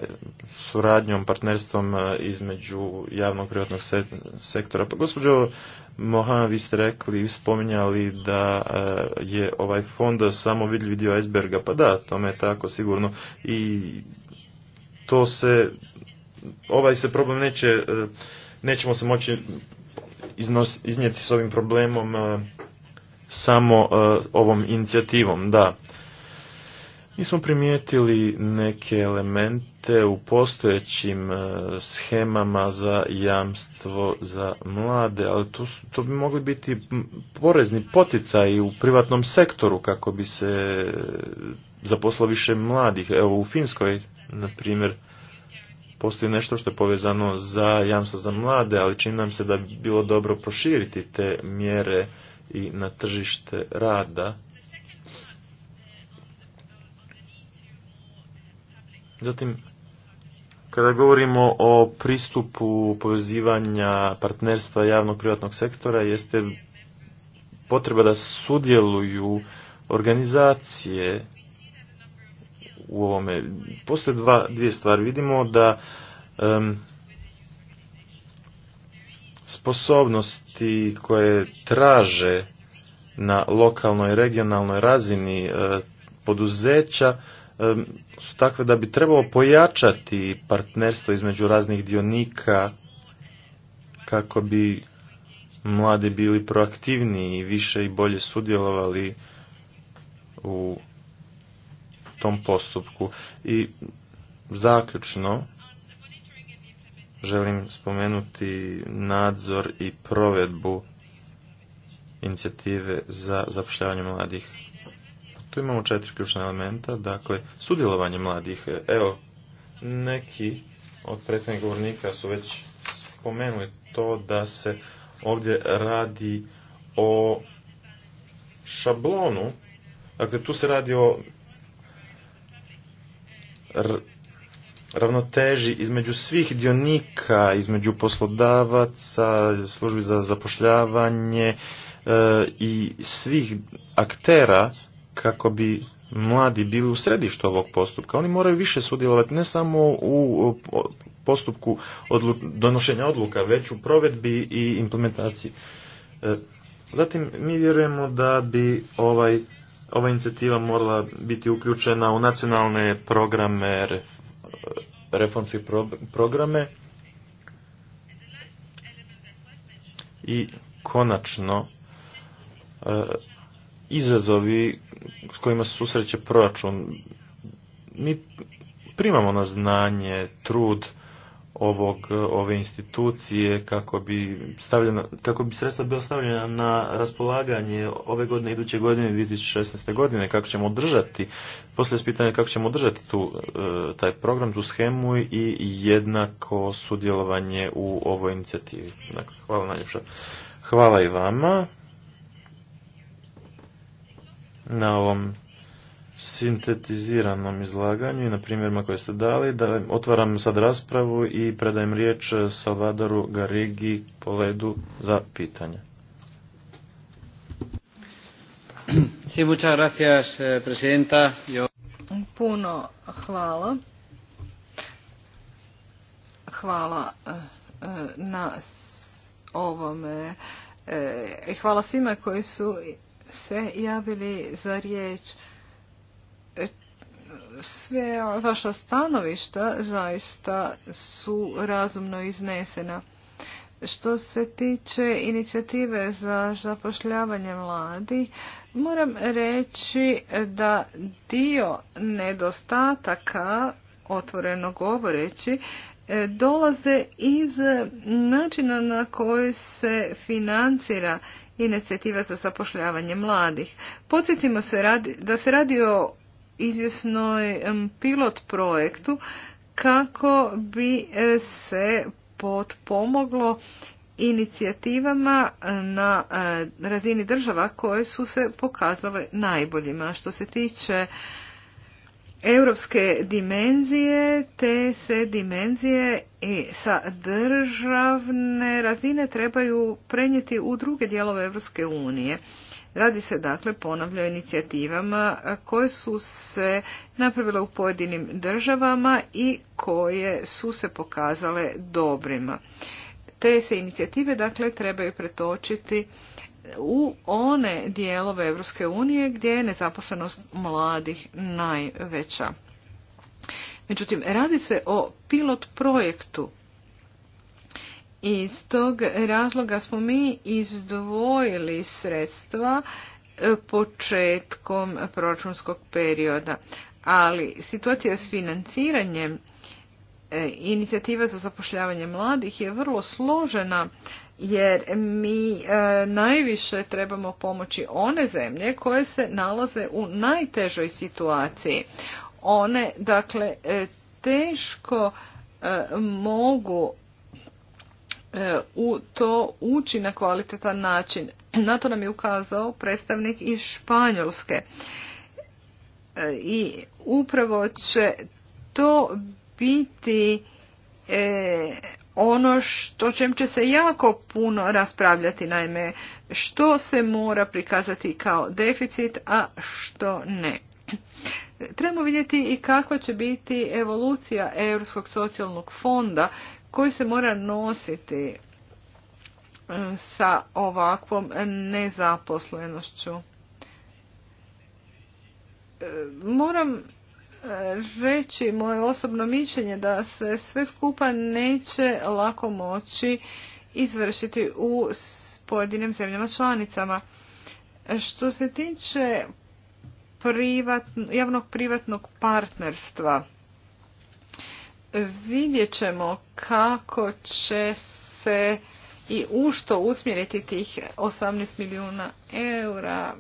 B: suradnjom, partnerstvom e, između javnog privatnog sektora? Pa gospođo Mohan, vi ste rekli, i spominjali da e, je ovaj fond samo vidljiv dio iceberga, pa da, tome je tako sigurno i to se, ovaj se problem neće, e, nećemo se moći iznijeti s ovim problemom samo ovom inicijativom, da. Mi smo primijetili neke elemente u postojećim e, schemama za jamstvo za mlade, ali to, su, to bi mogli biti porezni poticaji u privatnom sektoru kako bi se e, zaposlo više mladih. Evo u Finskoj, na primjer, postoji nešto što je povezano za jamstvo za mlade, ali čini nam se da bi bilo dobro proširiti te mjere i na tržište rada Zatim, kada govorimo o pristupu povezivanja partnerstva javnog-privatnog sektora, jeste potreba da sudjeluju organizacije u ovome. Postoje dva, dvije stvari. Vidimo da sposobnosti koje traže na lokalnoj i regionalnoj razini e, poduzeća su takve da bi trebalo pojačati partnerstvo između raznih dionika kako bi mladi bili proaktivniji i više i bolje sudjelovali u tom postupku. I zaključno želim spomenuti nadzor i provedbu inicijative za zapošljavanje mladih. Tu imamo četiri ključna elementa, dakle, sudjelovanje mladih. Evo, neki od prethodnih govornika su već spomenuli to da se ovdje radi o šablonu, dakle, tu se radi o ravnoteži između svih dionika, između poslodavaca, službi za zapošljavanje e, i svih aktera kako bi mladi bili u središtu ovog postupka. Oni moraju više sudjelovati ne samo u postupku odlu donošenja odluka, već u provedbi i implementaciji. E, zatim mi vjerujemo da bi ovaj, ova inicijativa morala biti uključena u nacionalne programe, reformske programe i konačno e, izazovi s kojima se susreće proračun. Mi primamo na znanje trud ovog, ove institucije kako bi, stavljena, kako bi sredstva bila stavljena na raspolaganje ove godine, iduće godine, 2016. godine, kako ćemo održati, poslije pitanje kako ćemo održati tu, e, taj program, tu schemu i jednako sudjelovanje u ovoj inicijativi. Dakle, hvala najljepša. Hvala i vama na ovom sintetiziranom izlaganju i na primjerima koje ste dali. Da otvaram sad raspravu i predajem riječ Salvadoru Garigi Poledu za pitanje. Sí, muchas eh,
C: Puno hvala. Hvala eh, eh, na ovome i hvala svima koji su se javili za riječ. E, sve vaša stanovišta zaista su razumno iznesena. Što se tiče inicijative za zapošljavanje mladi, moram reći da dio nedostataka, otvoreno govoreći, e, dolaze iz načina na koji se financira inicijativa za zapošljavanje mladih. Podsjetimo se radi, da se radi o izvjesnoj pilot projektu kako bi e, se potpomoglo inicijativama e, na e, razini država koje su se pokazale najboljima. Što se tiče europske dimenzije, te se dimenzije i sa državne razine trebaju prenijeti u druge dijelove Europske unije. Radi se dakle ponavlja inicijativama koje su se napravile u pojedinim državama i koje su se pokazale dobrima. Te se inicijative dakle trebaju pretočiti u one dijelove Europske unije gdje je nezaposlenost mladih najveća. Međutim, radi se o pilot projektu. Iz tog razloga smo mi izdvojili sredstva e, početkom proračunskog perioda, ali situacija s financiranjem e, inicijativa za zapošljavanje mladih je vrlo složena jer mi e, najviše trebamo pomoći one zemlje koje se nalaze u najtežoj situaciji. One dakle e, teško e, mogu u to ući na kvalitetan način. Na to nam je ukazao predstavnik iz Španjolske. I upravo će to biti ono što čem će se jako puno raspravljati, naime što se mora prikazati kao deficit, a što ne. Trebamo vidjeti i kakva će biti evolucija Europskog socijalnog fonda koji se mora nositi e, sa ovakvom nezaposlenošću. E, moram reći moje osobno mišljenje da se sve skupa neće lako moći izvršiti u pojedinim zemljama članicama. Što se tiče javnog privatnog partnerstva, vidjet ćemo kako će se i u što usmjeriti tih 18 milijuna eura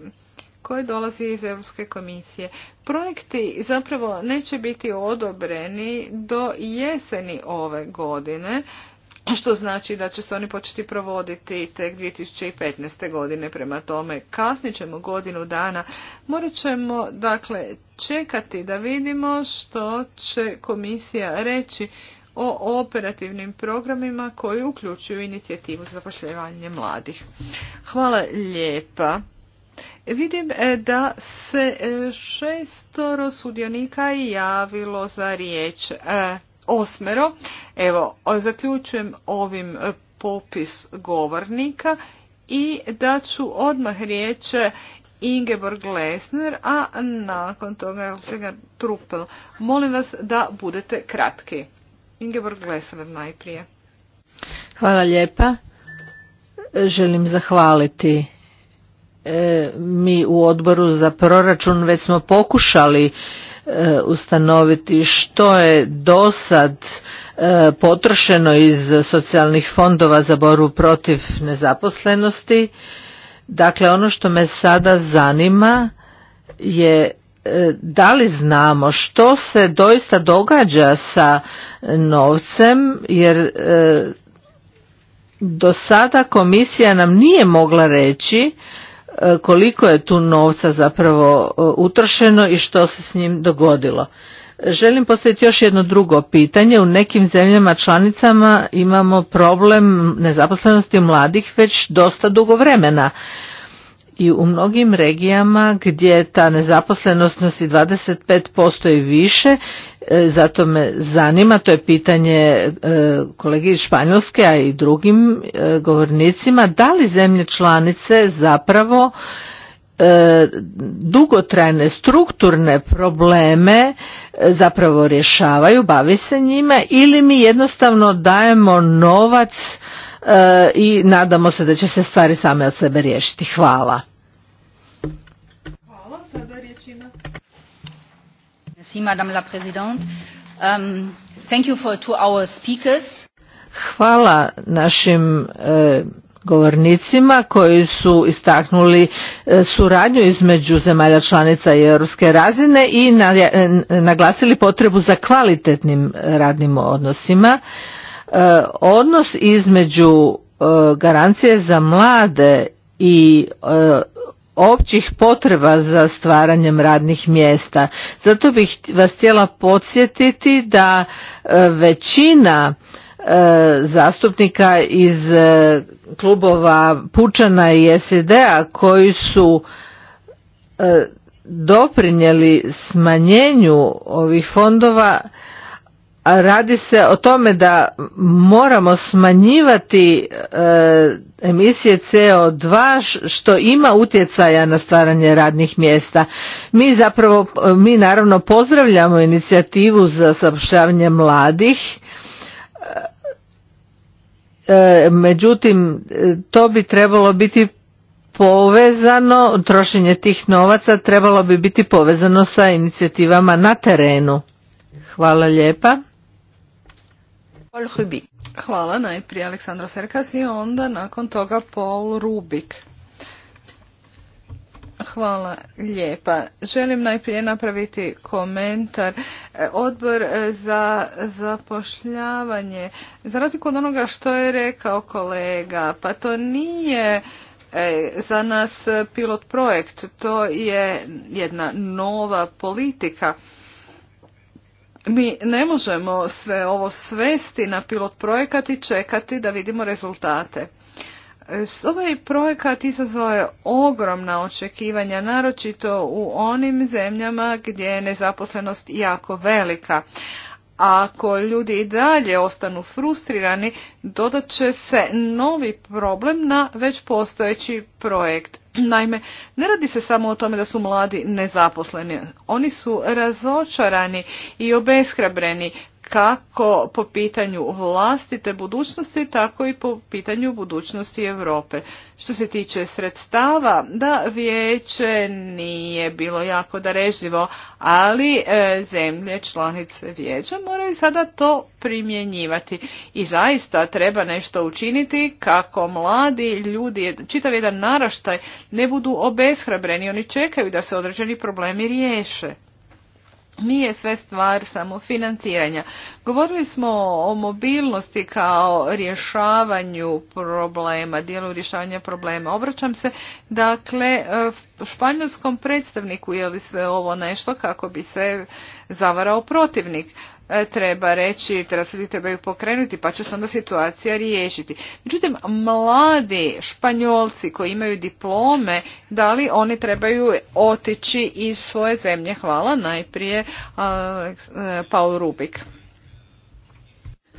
C: koje dolazi iz Europske komisije. Projekti zapravo neće biti odobreni do jeseni ove godine, što znači da će se oni početi provoditi tek 2015. godine. Prema tome kasnit ćemo godinu dana. Morat ćemo dakle, čekati da vidimo što će komisija reći o operativnim programima koji uključuju inicijativu za zapošljavanje mladih. Hvala lijepa. Vidim e, da se e, šestoro sudionika javilo za riječ. E, osmero. Evo, zaključujem ovim popis govornika i da ću odmah riječ Ingeborg Lesner, a nakon toga Truppel. Molim vas da budete kratki. Ingeborg Lesner najprije.
A: Hvala lijepa. Želim zahvaliti E, mi u odboru za proračun već smo pokušali e, ustanoviti što je dosad e, potrošeno iz socijalnih fondova za borbu protiv nezaposlenosti. Dakle, ono što me sada zanima je da li znamo što se doista događa sa novcem, jer do sada komisija nam nije mogla reći E, koliko je tu novca zapravo e, utrošeno i što se s njim dogodilo. Želim postaviti još jedno drugo pitanje. U nekim zemljama članicama imamo problem nezaposlenosti mladih već dosta dugo vremena. I u mnogim regijama gdje ta nezaposlenost nosi 25% i više E, zato me zanima, to je pitanje e, kolegi iz Španjolske, a i drugim e, govornicima, da li zemlje članice zapravo dugotrajne strukturne probleme zapravo rješavaju, bavi se njima ili mi jednostavno dajemo novac i nadamo se da će se stvari same od sebe riješiti. Hvala. Um, Hvala našim e, govornicima koji su istaknuli e, suradnju između zemalja članica i europske razine i e, naglasili potrebu za kvalitetnim radnim odnosima. Odnos između garancije za mlade i općih potreba za stvaranjem radnih mjesta. Zato bih vas htjela podsjetiti da e, većina e, zastupnika iz e, klubova Pučana i SED-a koji su doprinijeli smanjenju ovih fondova radi se o tome da moramo smanjivati e, emisije CO2 što ima utjecaja na stvaranje radnih mjesta. Mi zapravo mi naravno pozdravljamo inicijativu za zapošljavanje mladih. E, e, međutim to bi trebalo biti povezano trošenje tih novaca trebalo bi biti povezano sa inicijativama na terenu. Hvala lijepa.
C: Hvala najprije Aleksandro Serkas i onda nakon toga Paul Rubik. Hvala lijepa. Želim najprije napraviti komentar. E, Odbor e, za zapošljavanje, za razliku od onoga što je rekao kolega, pa to nije e, za nas pilot projekt, to je jedna nova politika mi ne možemo sve ovo svesti na pilot projekat i čekati da vidimo rezultate. Ovaj projekat izazvao je ogromna očekivanja, naročito u onim zemljama gdje je nezaposlenost jako velika, ako ljudi i dalje ostanu frustrirani, dodat će se novi problem na već postojeći projekt. Naime, ne radi se samo o tome da su mladi nezaposleni. Oni su razočarani i obeshrabreni kako po pitanju vlastite budućnosti, tako i po pitanju budućnosti Europe. Što se tiče sredstava, da vijeće nije bilo jako darežljivo, ali e, zemlje članice vijeća moraju sada to primjenjivati. I zaista treba nešto učiniti kako mladi ljudi, čitav jedan naraštaj, ne budu obeshrabreni. Oni čekaju da se određeni problemi riješe nije sve stvar samo financiranja. Govorili smo o mobilnosti kao rješavanju problema, dijelu rješavanja problema. Obraćam se, dakle, španjolskom predstavniku je li sve ovo nešto kako bi se zavarao protivnik. E, treba reći, ljudi trebaju pokrenuti, pa će se onda situacija riješiti. Međutim, mladi španjolci koji imaju diplome, da li oni trebaju otići iz svoje zemlje? Hvala najprije e, Paul Rubik.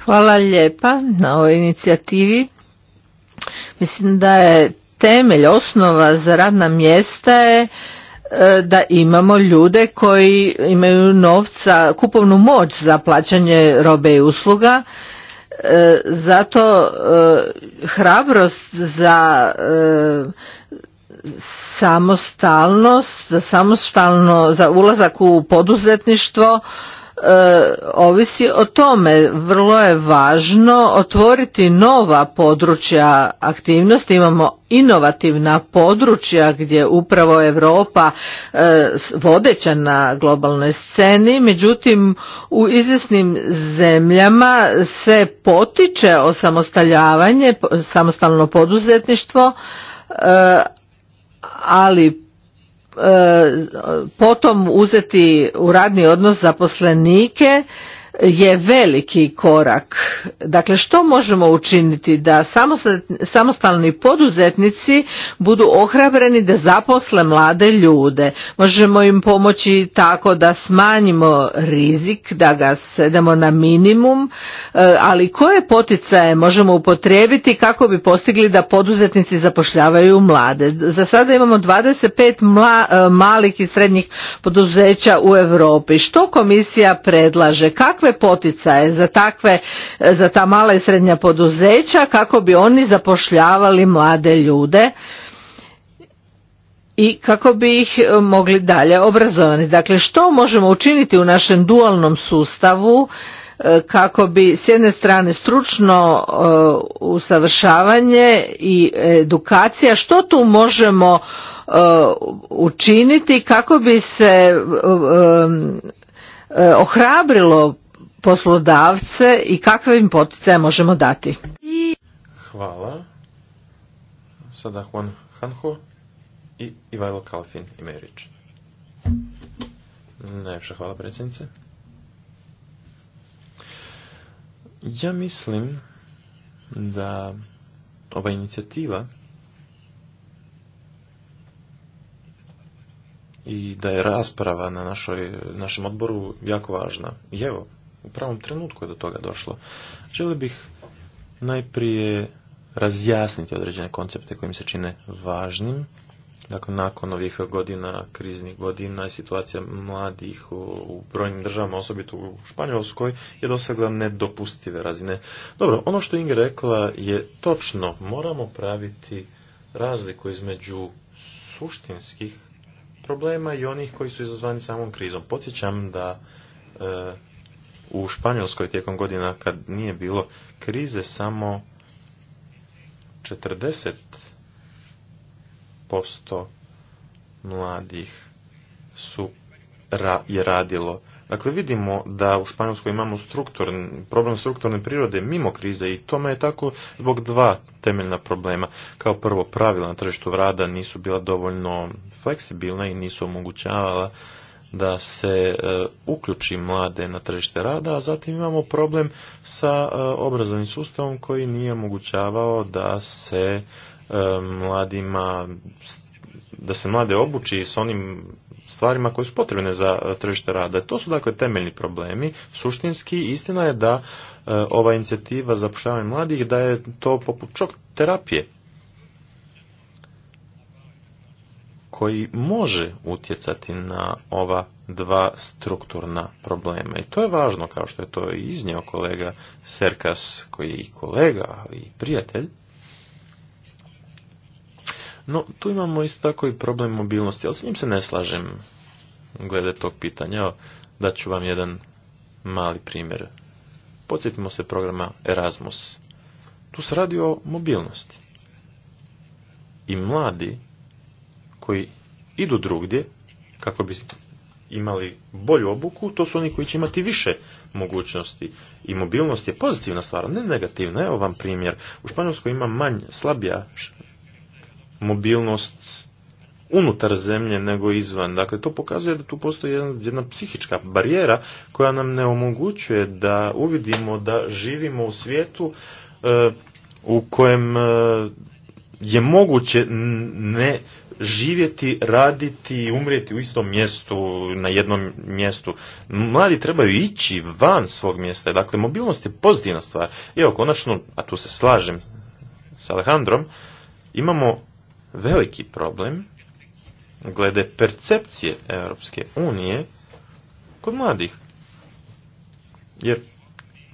A: Hvala lijepa na ovoj inicijativi. Mislim da je temelj, osnova za radna mjesta je E, da imamo ljude koji imaju novca, kupovnu moć za plaćanje robe i usluga. E, zato e, hrabrost za samostalnost, za samostalno za ulazak u poduzetništvo E, ovisi o tome. Vrlo je važno otvoriti nova područja aktivnosti. Imamo inovativna područja gdje upravo Europa e, vodeća na globalnoj sceni, međutim u izvjesnim zemljama se potiče osamostaljavanje, samostalno poduzetništvo, e, ali E, potom uzeti u radni odnos zaposlenike je veliki korak. Dakle, što možemo učiniti da samostalni poduzetnici budu ohrabreni da zaposle mlade ljude? Možemo im pomoći tako da smanjimo rizik, da ga sedemo na minimum, e, ali koje poticaje možemo upotrijebiti kako bi postigli da poduzetnici zapošljavaju mlade? Za sada imamo 25 mla, e, malih i srednjih poduzeća u Europi. Što komisija predlaže? Kakve poticaje za takve, za ta mala i srednja poduzeća kako bi oni zapošljavali mlade ljude i kako bi ih e, mogli dalje obrazovati. Dakle, što možemo učiniti u našem dualnom sustavu e, kako bi s jedne strane stručno e, usavršavanje i edukacija, što tu možemo učiniti kako bi se ohrabrilo poslodavce i kakve im poticaje možemo dati.
B: Hvala. Sada Juan Hanho i Ivajlo Kalfin i Merić. Najljepša hvala predsjednice. Ja mislim da ova inicijativa i da je rasprava na našem odboru jako važna. I evo, u pravom trenutku je do toga došlo. Želio bih najprije razjasniti određene koncepte koji mi se čine važnim. Dakle, nakon ovih godina, kriznih godina, i situacija mladih u brojnim državama, osobito u Španjolskoj, je dosegla nedopustive razine. Dobro, ono što Inge rekla je točno, moramo praviti razliku između suštinskih problema i onih koji su izazvani samom krizom. Podsjećam da e, u Španjolskoj tijekom godina kad nije bilo krize samo 40% mladih su je radilo. Dakle, vidimo da u Španjolskoj imamo problem strukturne prirode mimo krize i tome je tako zbog dva temeljna problema. Kao prvo, pravila na tržištu rada nisu bila dovoljno fleksibilna i nisu omogućavala da se e, uključi mlade na tržište rada, a zatim imamo problem sa e, obrazovnim sustavom koji nije omogućavao da se e, mladima da se mlade obuči s onim stvarima koje su potrebne za tržište rada. To su dakle temeljni problemi. Suštinski istina je da ova inicijativa zapošljavanja mladih da je to poput čok terapije. koji može utjecati na ova dva strukturna problema. I to je važno, kao što je to i iznio kolega Serkas, koji je i kolega, ali i prijatelj. No, tu imamo isto tako i problem mobilnosti, ali s njim se ne slažem glede tog pitanja. daću vam jedan mali primjer. Podsjetimo se programa Erasmus. Tu se radi o mobilnosti. I mladi koji idu drugdje kako bi imali bolju obuku, to su oni koji će imati više mogućnosti. I mobilnost je pozitivna stvar, ne negativna. Evo vam primjer. U Španjolskoj ima manj, slabija mobilnost unutar zemlje nego izvan. Dakle, to pokazuje da tu postoji jedna, psihička barijera koja nam ne omogućuje da uvidimo da živimo u svijetu e, u kojem e, je moguće ne živjeti, raditi i umrijeti u istom mjestu, na jednom mjestu. Mladi trebaju ići van svog mjesta. Dakle, mobilnost je pozitivna stvar. Evo, konačno, a tu se slažem s Alejandrom, imamo veliki problem glede percepcije Europske unije kod mladih. Jer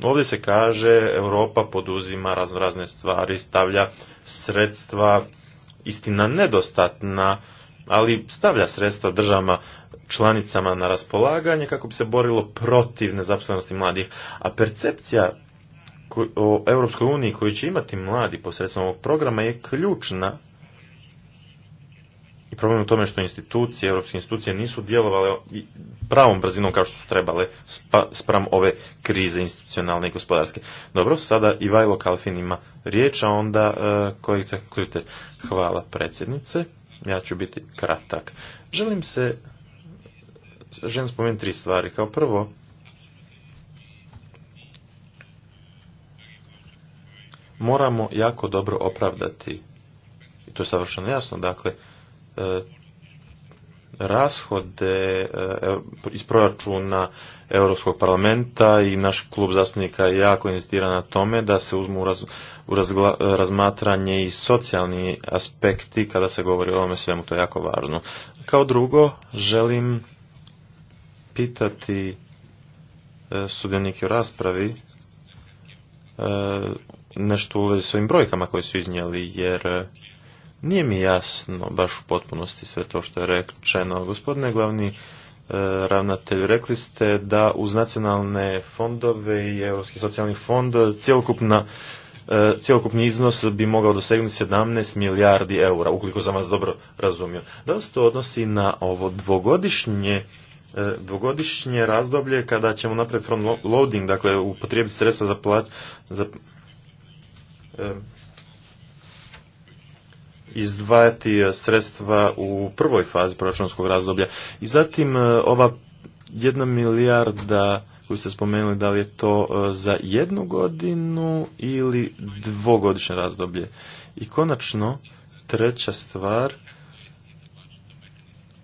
B: ovdje se kaže Europa poduzima razno razne stvari, stavlja sredstva istina nedostatna, ali stavlja sredstva državama članicama na raspolaganje kako bi se borilo protiv nezaposlenosti mladih. A percepcija o Europskoj uniji koju će imati mladi posredstvom ovog programa je ključna problem u tome što institucije, europske institucije nisu djelovale pravom brzinom kao što su trebale spram ove krize institucionalne i gospodarske. Dobro, sada i Vajlo Kalfin ima riječ, a onda kojeg kolegica Hvala predsjednice, ja ću biti kratak. Želim se, želim spomenuti tri stvari. Kao prvo, moramo jako dobro opravdati i to je savršeno jasno, dakle, E, rashode e, e, iz proračuna Europskog parlamenta i naš klub zastupnika jako inzistira na tome da se uzmu u razmatranje i socijalni aspekti kada se govori o ovome svemu, to je jako važno. Kao drugo, želim pitati sudionike u raspravi nešto u vezi s ovim brojkama koje su iznijeli, jer nije mi jasno baš u potpunosti sve to što je rečeno. Gospodine glavni e, ravnatelju, rekli ste da uz nacionalne fondove i Europski socijalni fond cjelokupna e, cjelokupni iznos bi mogao dosegnuti 17 milijardi eura, ukoliko sam vas dobro razumio. Da li se to odnosi na ovo dvogodišnje e, dvogodišnje razdoblje kada ćemo napraviti front loading, dakle upotrijebiti sredstva za, plać... za izdvajati eh, sredstva u prvoj fazi proračunskog razdoblja. I zatim eh, ova jedna milijarda koju ste spomenuli, da li je to eh, za jednu godinu ili dvogodišnje razdoblje. I konačno, treća stvar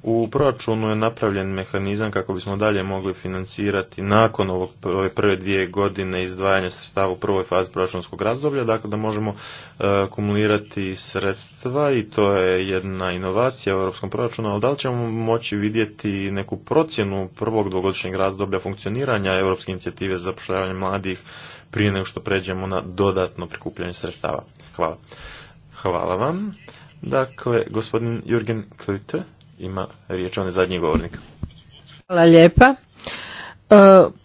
B: u proračunu je napravljen mehanizam kako bismo dalje mogli financirati nakon ovog, ove prve dvije godine izdvajanja sredstava u prvoj fazi proračunskog razdoblja, dakle da možemo e, kumulirati sredstva i to je jedna inovacija u europskom proračunu, ali da li ćemo moći vidjeti neku procjenu prvog dvogodišnjeg razdoblja funkcioniranja europske inicijative za zapošljavanje mladih prije nego što pređemo na dodatno prikupljanje sredstava? Hvala. Hvala vam. Dakle, gospodin Jurgen Klute ima riječ zadnji govornik.
A: Hvala lijepa. E,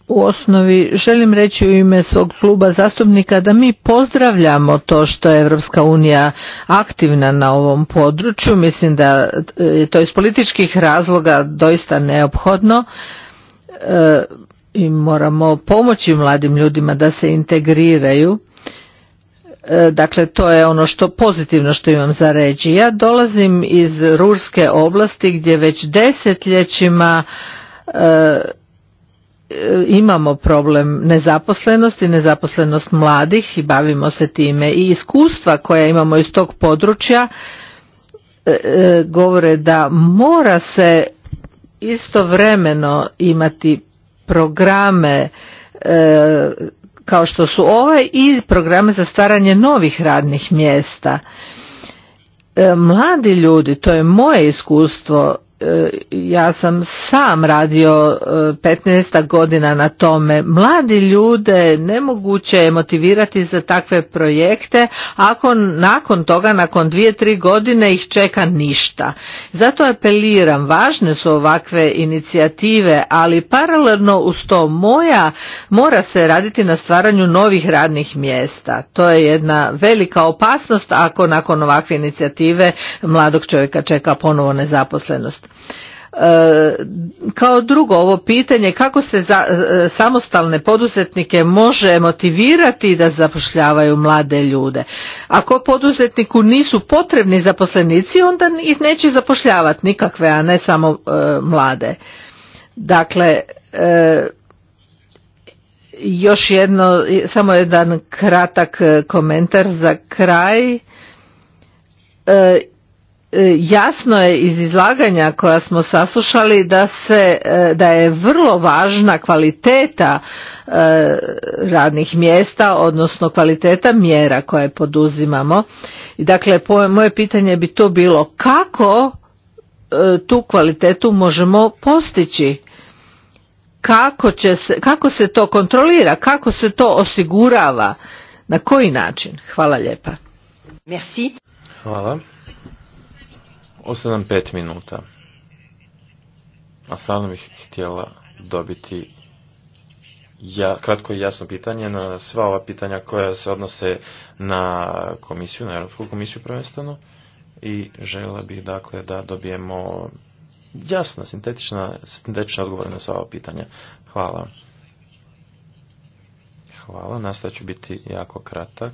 A: u osnovi želim reći u ime svog kluba zastupnika da mi pozdravljamo to što je Europska unija aktivna na ovom području. Mislim da je to iz političkih razloga doista neophodno e, i moramo pomoći mladim ljudima da se integriraju E, dakle, to je ono što pozitivno što imam za reći. Ja dolazim iz Rurske oblasti gdje već desetljećima e, e, imamo problem nezaposlenosti, nezaposlenost mladih i bavimo se time. I iskustva koja imamo iz tog područja govore da mora se istovremeno imati programe kao što su ovaj i programe za stvaranje novih radnih mjesta. E, mladi ljudi, to je moje iskustvo, E, ja sam sam radio 15 e, godina na tome. Mladi ljude nemoguće je motivirati za takve projekte ako nakon toga, nakon dvije, tri godine ih čeka ništa. Zato apeliram, važne su ovakve inicijative, ali paralelno uz to moja mora se raditi na stvaranju novih radnih mjesta. To je jedna velika opasnost ako nakon ovakve inicijative mladog čovjeka čeka ponovo nezaposlenost. E, kao drugo ovo pitanje kako se e, samostalne poduzetnike može motivirati da zapošljavaju mlade ljude ako poduzetniku nisu potrebni zaposlenici onda ih neće zapošljavati nikakve a ne samo e, mlade dakle još jedno samo jedan kratak komentar za kraj jasno je iz izlaganja koja smo saslušali da se e, da je vrlo važna kvaliteta e, radnih mjesta odnosno kvaliteta mjera koje poduzimamo dakle moje pitanje bi to bilo kako e, tu kvalitetu možemo postići kako, će se, kako se to kontrolira kako se to osigurava na koji način hvala lijepa
D: Merci.
B: hvala Ostaje nam pet minuta. A stvarno bih htjela dobiti ja, kratko i jasno pitanje na sva ova pitanja koja se odnose na komisiju, na Europsku komisiju prvenstveno i žela bih dakle da dobijemo jasna, sintetična, sintetična odgovor na sva ova pitanja. Hvala. Hvala, nastavit ću biti jako kratak.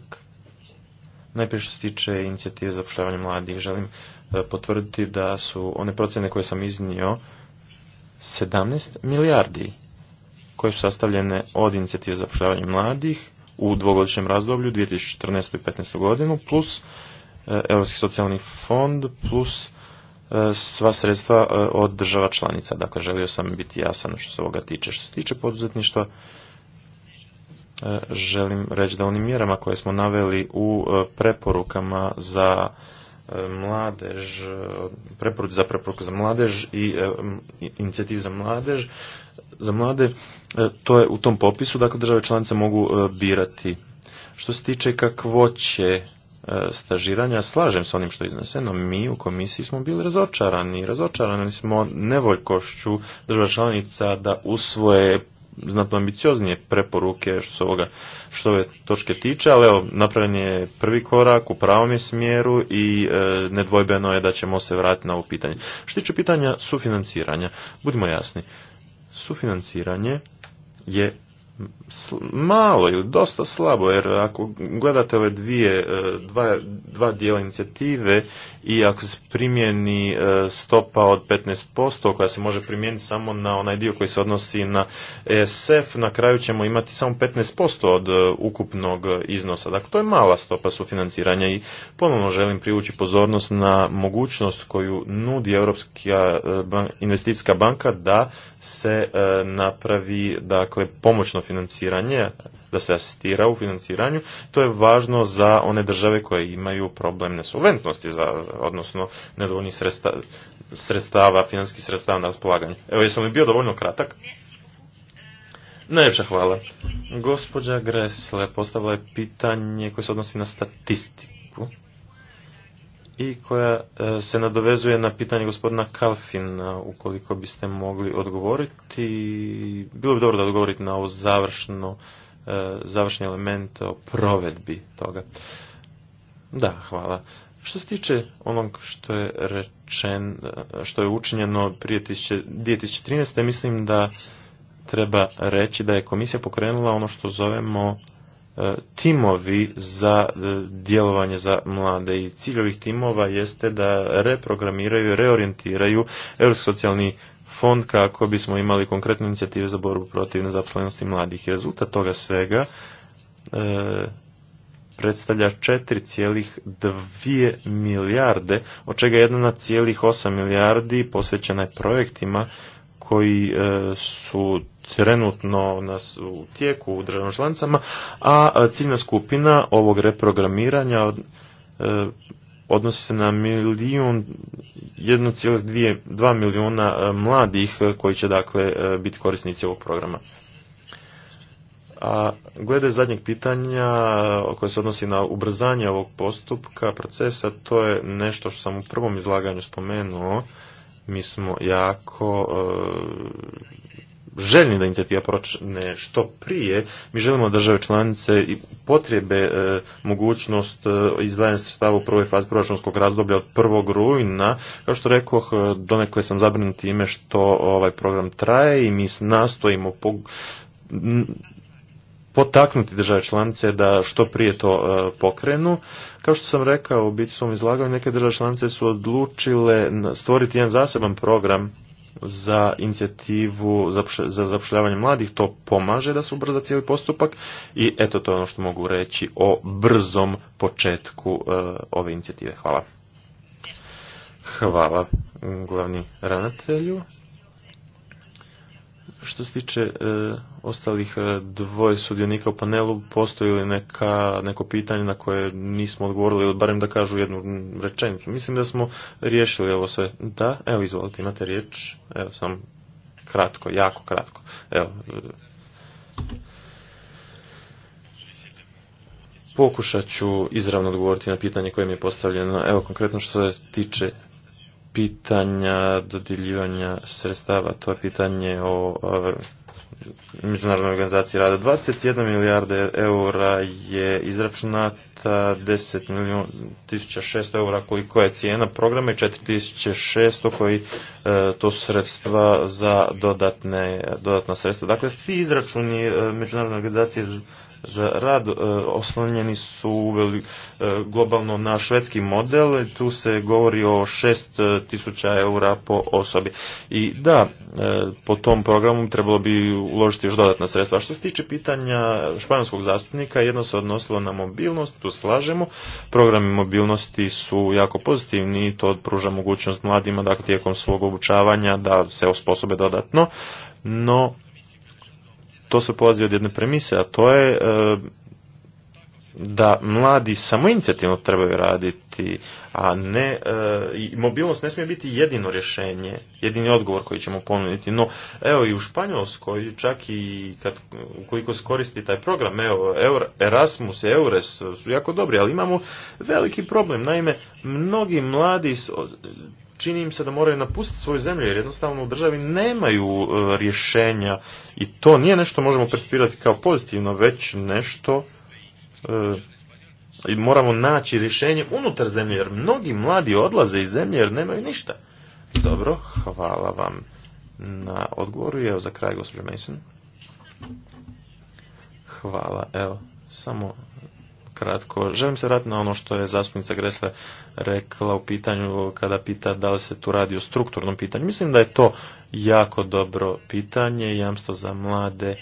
B: Najprije što se tiče inicijative za mladih, želim E, potvrditi da su one procjene koje sam iznio 17 milijardi koje su sastavljene od inicijative za zapošljavanje mladih u dvogodišnjem razdoblju 2014. i 2015. godinu plus e, Europski socijalni fond plus e, sva sredstva od država članica. Dakle, želio sam biti jasan što se ovoga tiče. Što se tiče poduzetništva, želim reći da onim mjerama koje smo naveli u preporukama za mladež, preporuke za preporuke za mladež i e, inicijativ za mladež, za mlade, e, to je u tom popisu, dakle države članice mogu e, birati. Što se tiče kakvoće stažiranja, slažem se onim što je izneseno, mi u komisiji smo bili razočarani, razočarani smo nevoljkošću država članica da usvoje znatno ambicioznije preporuke što se ovoga, što ove točke tiče, ali evo, napravljen je prvi korak u pravom je smjeru i e, nedvojbeno je da ćemo se vratiti na ovo pitanje. Što tiče pitanja sufinanciranja, budimo jasni, sufinanciranje je malo ili dosta slabo, jer ako gledate ove dvije, e, dva, dva dijela inicijative i ako se primjeni e, stopa od 15% koja se može primijeniti samo na onaj dio koji se odnosi na ESF, na kraju ćemo imati samo 15% od e, ukupnog iznosa. Dakle, to je mala stopa sufinanciranja i ponovno želim privući pozornost na mogućnost koju nudi Europska investicijska banka da se napravi dakle, pomoćno financiranje, da se asistira u financiranju, to je važno za one države koje imaju problem nesolventnosti, za, odnosno nedovoljnih sredstava, finanskih sredstava na raspolaganju. Evo, jesam li bio dovoljno kratak? Najljepša hvala. Gospođa Gresle postavila je pitanje koje se odnosi na statistiku i koja e, se nadovezuje na pitanje gospodina Kalfina, ukoliko biste mogli odgovoriti. Bilo bi dobro da odgovorite na ovo završno, e, završni element o provedbi toga. Da, hvala. Što se tiče onog što je rečen, e, što je učinjeno prije 2013. mislim da treba reći da je komisija pokrenula ono što zovemo E, timovi za e, djelovanje za mlade i cilj ovih timova jeste da reprogramiraju, reorientiraju Europski socijalni fond kako bismo imali konkretne inicijative za borbu protiv nezaposlenosti mladih. Rezultat toga svega e, predstavlja 4,2 milijarde, od čega 1,8 milijardi posvećena je projektima koji e, su trenutno nas u tijeku u državnom članicama, a ciljna skupina ovog reprogramiranja e, odnosi se na milijun, 1,2 milijuna e, mladih koji će dakle e, biti korisnici ovog programa. A glede zadnjeg pitanja koje se odnosi na ubrzanje ovog postupka, procesa, to je nešto što sam u prvom izlaganju spomenuo. Mi smo jako željni da inicijativa pročne što prije. Mi želimo države članice i potrebe e, mogućnost e, izdvajanja sredstava u prvoj fazi proračunskog razdoblja od 1. rujna. Kao što rekoh, e, donekle sam zabrinut time što ovaj program traje i mi nastojimo potaknuti države članice da što prije to e, pokrenu. Kao što sam rekao u biti svom izlaganju, neke države članice su odlučile stvoriti jedan zaseban program za inicijativu za zapošljavanje mladih, to pomaže da se ubrza cijeli postupak i eto to je ono što mogu reći o brzom početku e, ove inicijative. Hvala. Hvala glavni ravnatelju. Što se tiče e, ostalih e, dvoje sudionika u panelu, postoji li neka, neko pitanje na koje nismo odgovorili, ili barem da kažu jednu rečenicu? Mislim da smo riješili ovo sve. Da, evo izvolite, imate riječ. Evo, sam kratko, jako kratko. Evo. E, pokušat ću izravno odgovoriti na pitanje koje mi je postavljeno. Evo, konkretno što se tiče pitanja dodjeljivanja sredstava, to je pitanje o Međunarodnoj organizaciji rada. 21 milijarde eura je izračunata, 10 milijuna, 1600 eura koja je cijena programa i 4600 koji e, to su sredstva za dodatne, dodatna sredstva. Dakle, svi izračuni e, Međunarodne organizacije za rad e, osnovljeni su e, globalno na švedski model. Tu se govori o 6000 eura po osobi. I da, e, po tom programu trebalo bi uložiti još dodatna sredstva. Što se tiče pitanja španjolskog zastupnika, jedno se odnosilo na mobilnost, tu slažemo. Programi mobilnosti su jako pozitivni i to pruža mogućnost mladima, da dakle, tijekom svog obučavanja da se osposobe dodatno, no to se polazi od jedne premise, a to je e, da mladi samo inicijativno trebaju raditi, a ne e, i mobilnost ne smije biti jedino rješenje, jedini odgovor koji ćemo ponuditi. No, evo i u Španjolskoj, čak i kad, ukoliko se koristi taj program, evo, Erasmus i Eures su jako dobri, ali imamo veliki problem. Naime, mnogi mladi čini im se da moraju napustiti svoju zemlju jer jednostavno u državi nemaju e, rješenja i to nije nešto možemo pretpirati kao pozitivno, već nešto e, i moramo naći rješenje unutar zemlje jer mnogi mladi odlaze iz zemlje jer nemaju ništa. Dobro, hvala vam na odgovoru evo za kraj gospođa Mason. Hvala, evo, samo kratko. Želim se vratiti na ono što je zastupnica Gresle rekla u pitanju kada pita da li se tu radi o strukturnom pitanju. Mislim da je to jako dobro pitanje, jamstvo za mlade,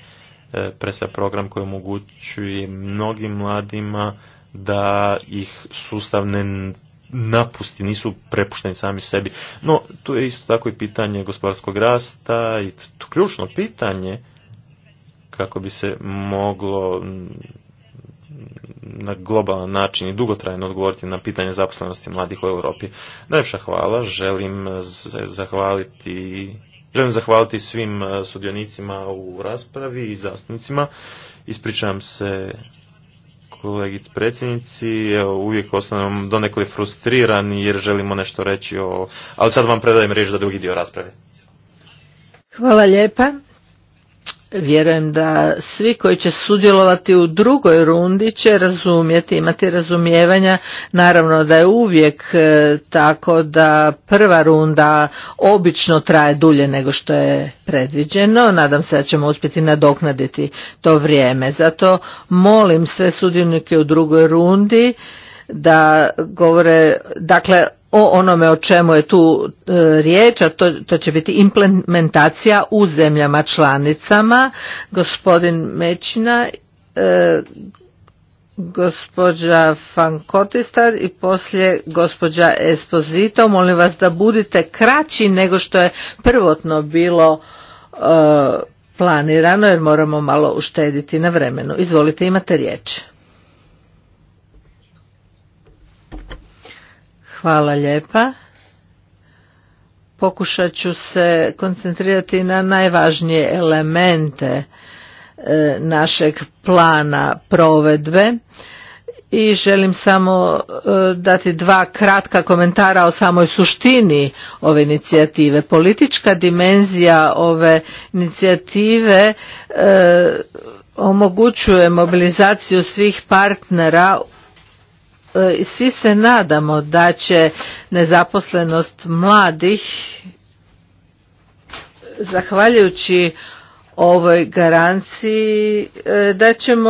B: e, predstavlja program koji omogućuje mnogim mladima da ih sustav ne napusti, nisu prepušteni sami sebi. No, tu je isto tako i pitanje gospodarskog rasta i ključno pitanje kako bi se moglo na globalan način i dugotrajno odgovoriti na pitanje zaposlenosti mladih u Europi. Najljepša hvala, želim zahvaliti Želim zahvaliti svim e, sudionicima u raspravi i zastupnicima. Ispričavam se kolegic predsjednici, evo, uvijek ostanem donekle frustriran jer želimo nešto reći o... Ali sad vam predajem riječ za drugi dio rasprave.
A: Hvala lijepa. Vjerujem da svi koji će sudjelovati u drugoj rundi će razumjeti, imati razumijevanja. Naravno da je uvijek e, tako da prva runda obično traje dulje nego što je predviđeno. Nadam se da ćemo uspjeti nadoknaditi to vrijeme. Zato molim sve sudionike u drugoj rundi da govore, dakle o onome o čemu je tu e, riječ, a to, će biti implementacija u zemljama članicama. Gospodin Mećina, e, gospođa Fankotista i poslije gospođa Esposito. Molim vas da budite kraći nego što je prvotno bilo e, planirano jer moramo malo uštediti na vremenu. Izvolite, imate riječ. Hvala lijepa. Pokušat ću se koncentrirati na najvažnije elemente e, našeg plana provedbe i želim samo e, dati dva kratka komentara o samoj suštini ove inicijative. Politička dimenzija ove inicijative e, omogućuje mobilizaciju svih partnera E, svi se nadamo da će nezaposlenost mladih zahvaljujući ovoj garanciji e, da ćemo,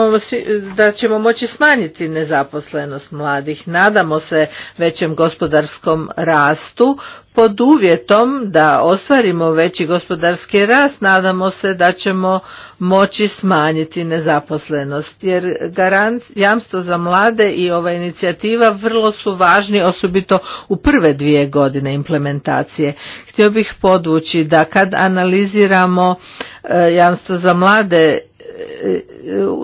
A: da ćemo moći smanjiti nezaposlenost mladih. Nadamo se većem gospodarskom rastu pod uvjetom da ostvarimo veći gospodarski rast nadamo se da ćemo moći smanjiti nezaposlenost jer garant, jamstvo za mlade i ova inicijativa vrlo su važni osobito u prve dvije godine implementacije htio bih podvući da kad analiziramo e, jamstvo za mlade E,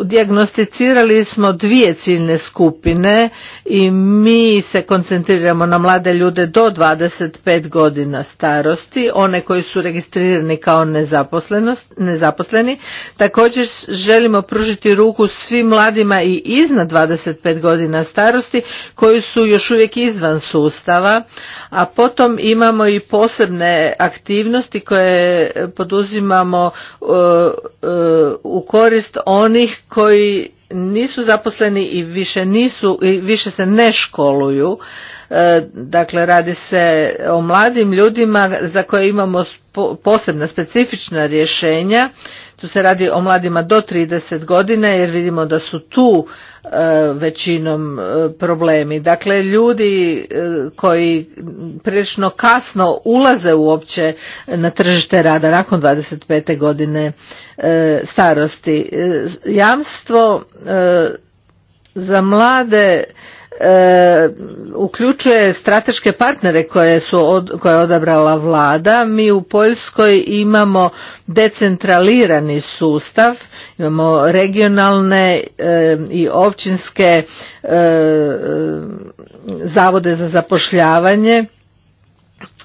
A: dijagnosticirali smo dvije ciljne skupine i mi se koncentriramo na mlade ljude do 25 godina starosti, one koji su registrirani kao nezaposleni. Također želimo pružiti ruku svim mladima i iznad 25 godina starosti koji su još uvijek izvan sustava, a potom imamo i posebne aktivnosti koje poduzimamo e, e, u korist onih koji nisu zaposleni i više nisu i više se ne školuju e, dakle radi se o mladim ljudima za koje imamo posebna specifična rješenja tu se radi o mladima do 30 godina jer vidimo da su tu e, većinom e, problemi. Dakle, ljudi e, koji prilično kasno ulaze uopće na tržište rada nakon 25. godine starosti. Jamstvo za mlade E, uključuje strateške partnere koje su koje je odabrala vlada mi u Poljskoj imamo decentralirani sustav imamo regionalne e, i općinske e, zavode za zapošljavanje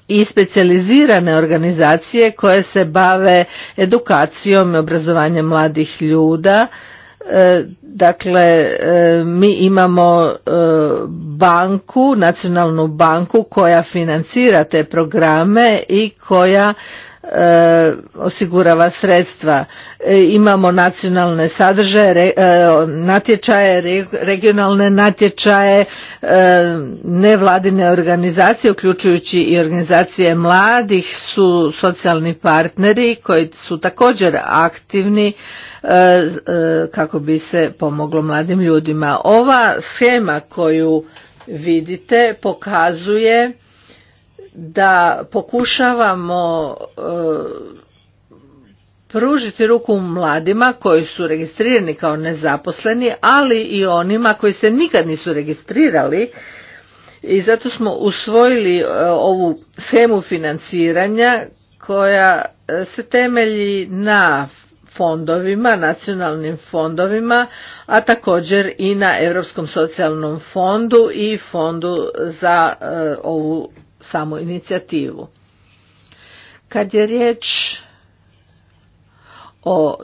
A: i specijalizirane organizacije koje se bave edukacijom i obrazovanjem mladih ljuda, E, dakle, e, mi imamo e, banku, nacionalnu banku koja financira te programe i koja E, osigurava sredstva. E, imamo nacionalne sadržaje, e, natječaje, regionalne natječaje, nevladine organizacije, uključujući i organizacije mladih su socijalni partneri koji su također aktivni kako bi se pomoglo mladim ljudima. Ova schema koju vidite pokazuje da pokušavamo e, pružiti ruku mladima koji su registrirani kao nezaposleni, ali i onima koji se nikad nisu registrirali i zato smo usvojili e, ovu schemu financiranja koja e, se temelji na fondovima, nacionalnim fondovima, a također i na Europskom socijalnom fondu i fondu za ovu samu inicijativu. Kad je riječ o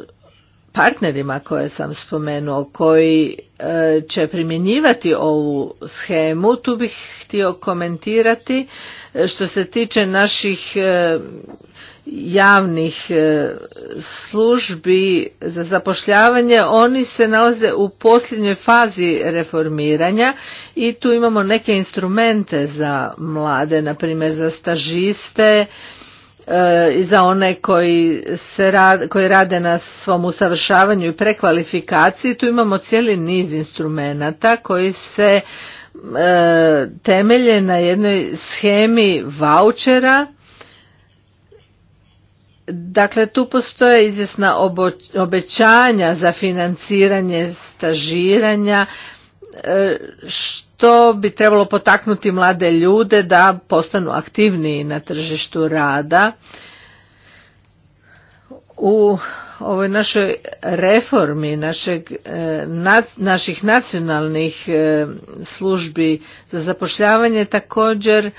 A: partnerima koje sam spomenuo koji e, će primjenjivati ovu schemu tu bih htio komentirati e, što se tiče naših e, javnih e, službi za zapošljavanje, oni se nalaze u posljednjoj fazi reformiranja i tu imamo neke instrumente za mlade, na primjer za stažiste e, i za one koji, se koji rade na svom usavršavanju i prekvalifikaciji. Tu imamo cijeli niz instrumenata koji se e, temelje na jednoj schemi vouchera Dakle, tu postoje izvjesna obećanja za financiranje stažiranja, e, što bi trebalo potaknuti mlade ljude da postanu aktivniji na tržištu rada. U ovoj našoj reformi našeg, e, naših nacionalnih e, službi za zapošljavanje također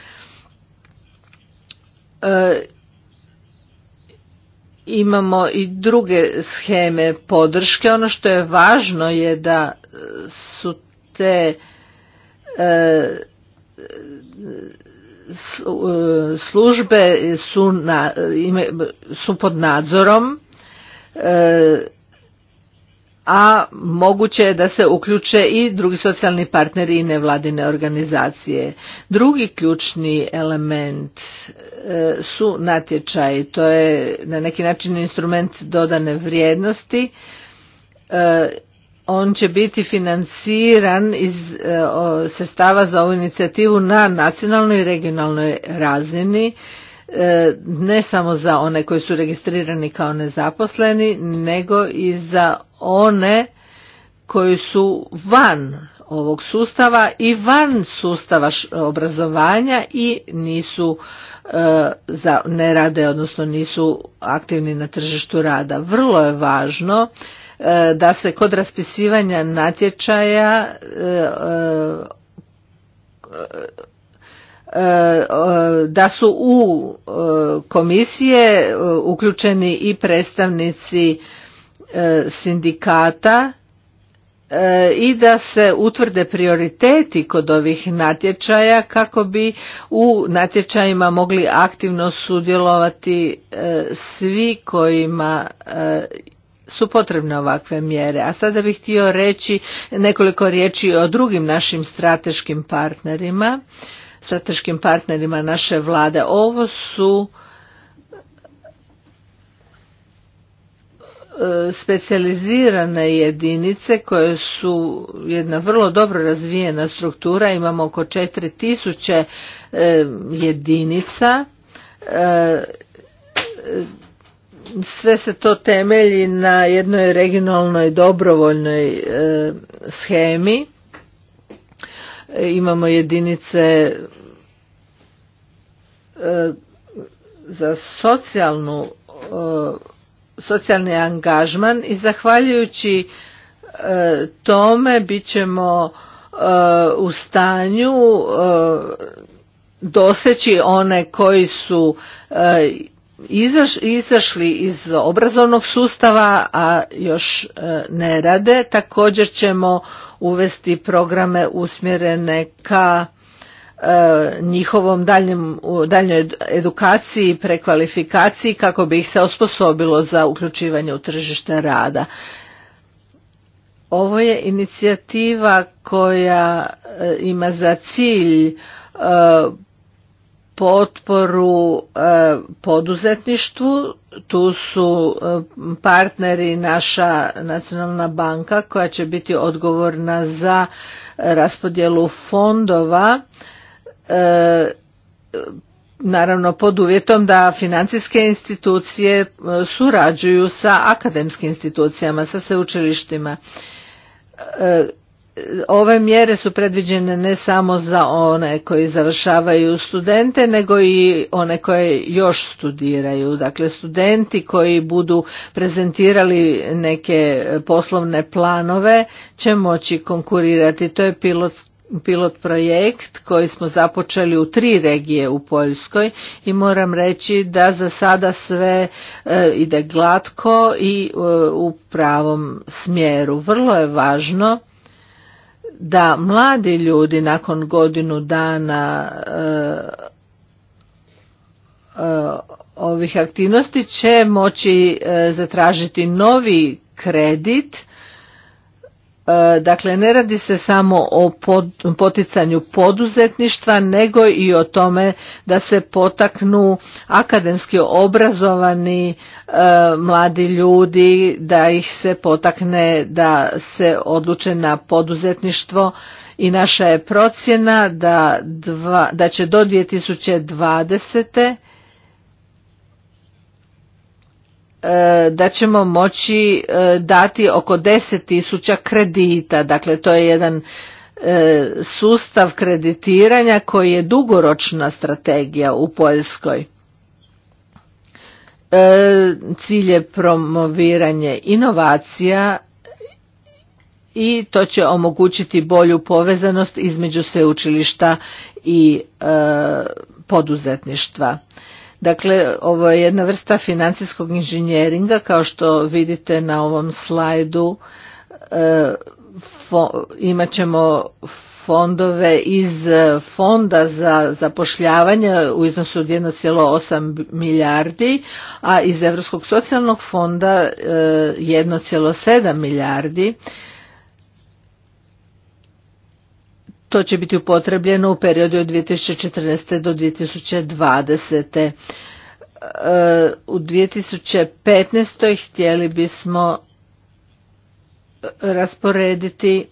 A: imamo i druge scheme podrške. Ono što je važno je da su te e, e, službe su, su pod nadzorom e, a moguće je da se uključe i drugi socijalni partneri i nevladine organizacije. Drugi ključni element e, su natječaji, to je na neki način instrument dodane vrijednosti. E, on će biti financiran iz e, sredstava za ovu inicijativu na nacionalnoj i regionalnoj razini E, ne samo za one koji su registrirani kao nezaposleni, nego i za one koji su van ovog sustava i van sustava obrazovanja i nisu e, za, ne rade, odnosno nisu aktivni na tržištu rada. Vrlo je važno e, da se kod raspisivanja natječaja E, da su u e, komisije e, uključeni i predstavnici sindikata i da se utvrde prioriteti kod ovih natječaja kako bi u natječajima mogli aktivno sudjelovati svi kojima su potrebne ovakve mjere. A sada bih htio reći nekoliko riječi o drugim našim strateškim partnerima strateškim partnerima naše vlade. Ovo su e, specijalizirane jedinice koje su jedna vrlo dobro razvijena struktura, imamo oko 4000 e, jedinica. E, sve se to temelji na jednoj regionalnoj dobrovoljnoj schemi imamo jedinice e, za socijalnu e, socijalni angažman i zahvaljujući e, tome bit ćemo u stanju doseći one koji su izašli iz obrazovnog sustava, a još e, ne rade. Također ćemo uvesti programe usmjerene ka e, njihovom daljnjoj edukaciji i prekvalifikaciji kako bi ih se osposobilo za uključivanje u tržište rada. Ovo je inicijativa koja e, ima za cilj potporu e, poduzetništvu. Tu su e, partneri naša nacionalna banka koja će biti odgovorna za raspodjelu fondova e, naravno pod uvjetom da financijske institucije surađuju sa akademskim institucijama, sa sveučilištima ove mjere su predviđene ne samo za one koji završavaju studente nego i one koje još studiraju dakle studenti koji budu prezentirali neke poslovne planove će moći konkurirati to je pilot pilot projekt koji smo započeli u tri regije u Poljskoj i moram reći da za sada sve e, ide glatko i e, u pravom smjeru vrlo je važno da mladi ljudi nakon godinu dana e, e, ovih aktivnosti će moći e, zatražiti novi kredit E, dakle, ne radi se samo o poticanju poduzetništva, nego i o tome da se potaknu akademski obrazovani e, mladi ljudi, da ih se potakne da se odluče na poduzetništvo i naša je procjena da, da će do 2020. E, da ćemo moći e, dati oko 10.000 kredita. Dakle, to je jedan e, sustav kreditiranja koji je dugoročna strategija u Poljskoj. Cilj je promoviranje inovacija i to će omogućiti bolju povezanost između sveučilišta i poduzetništva. Dakle, ovo je jedna vrsta financijskog inženjeringa, kao što vidite na ovom slajdu, e, imat ćemo fondove iz fonda za zapošljavanje u iznosu od 1,8 milijardi, a iz Europskog socijalnog fonda 1,7 e, milijardi. To će biti upotrebljeno u periodu od 2014. do 2020. E, u 2015. htjeli bismo rasporediti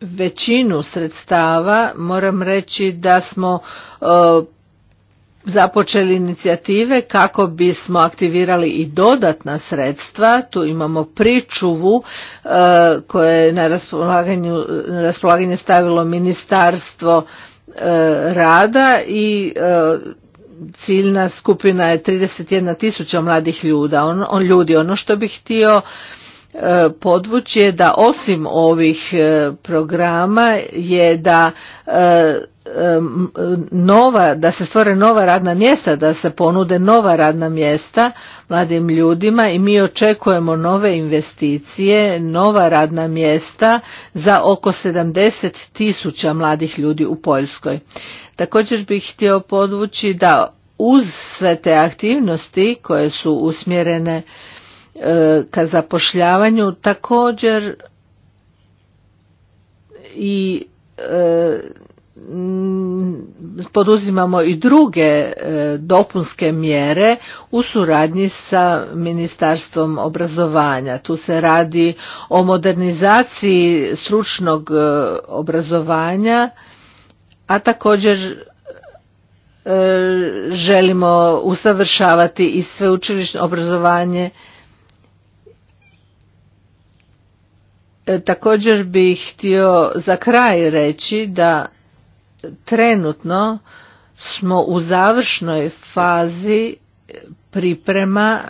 A: većinu sredstava moram reći da smo e, započeli inicijative kako bismo aktivirali i dodatna sredstva. Tu imamo pričuvu e, koje je na raspolaganje stavilo ministarstvo e, rada i e, ciljna skupina je 31 tisuća mladih ljuda, on, on, ljudi. Ono što bih htio podvući je da osim ovih e, programa je da e, e, nova, da se stvore nova radna mjesta, da se ponude nova radna mjesta mladim ljudima i mi očekujemo nove investicije, nova radna mjesta za oko 70 tisuća mladih ljudi u Poljskoj. Također bih htio podvući da uz sve te aktivnosti koje su usmjerene E, ka zapošljavanju također i e, poduzimamo i druge e, dopunske mjere u suradnji sa Ministarstvom obrazovanja. Tu se radi o modernizaciji stručnog obrazovanja, a također želimo usavršavati i sveučilišno obrazovanje E, također bih htio za kraj reći da trenutno smo u završnoj fazi priprema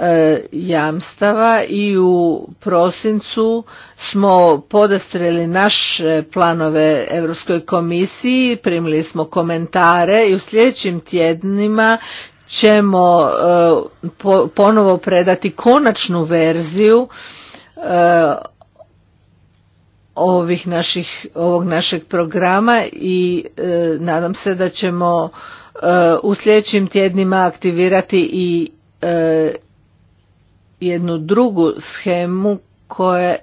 A: e, jamstava i u prosincu smo podastreli naše planove Europskoj komisiji, primili smo komentare i u sljedećim tjednima ćemo e, ponovo predati konačnu verziju ovih naših, ovog našeg programa i e, nadam se da ćemo e, u sljedećim tjednima aktivirati i e, jednu drugu schemu koje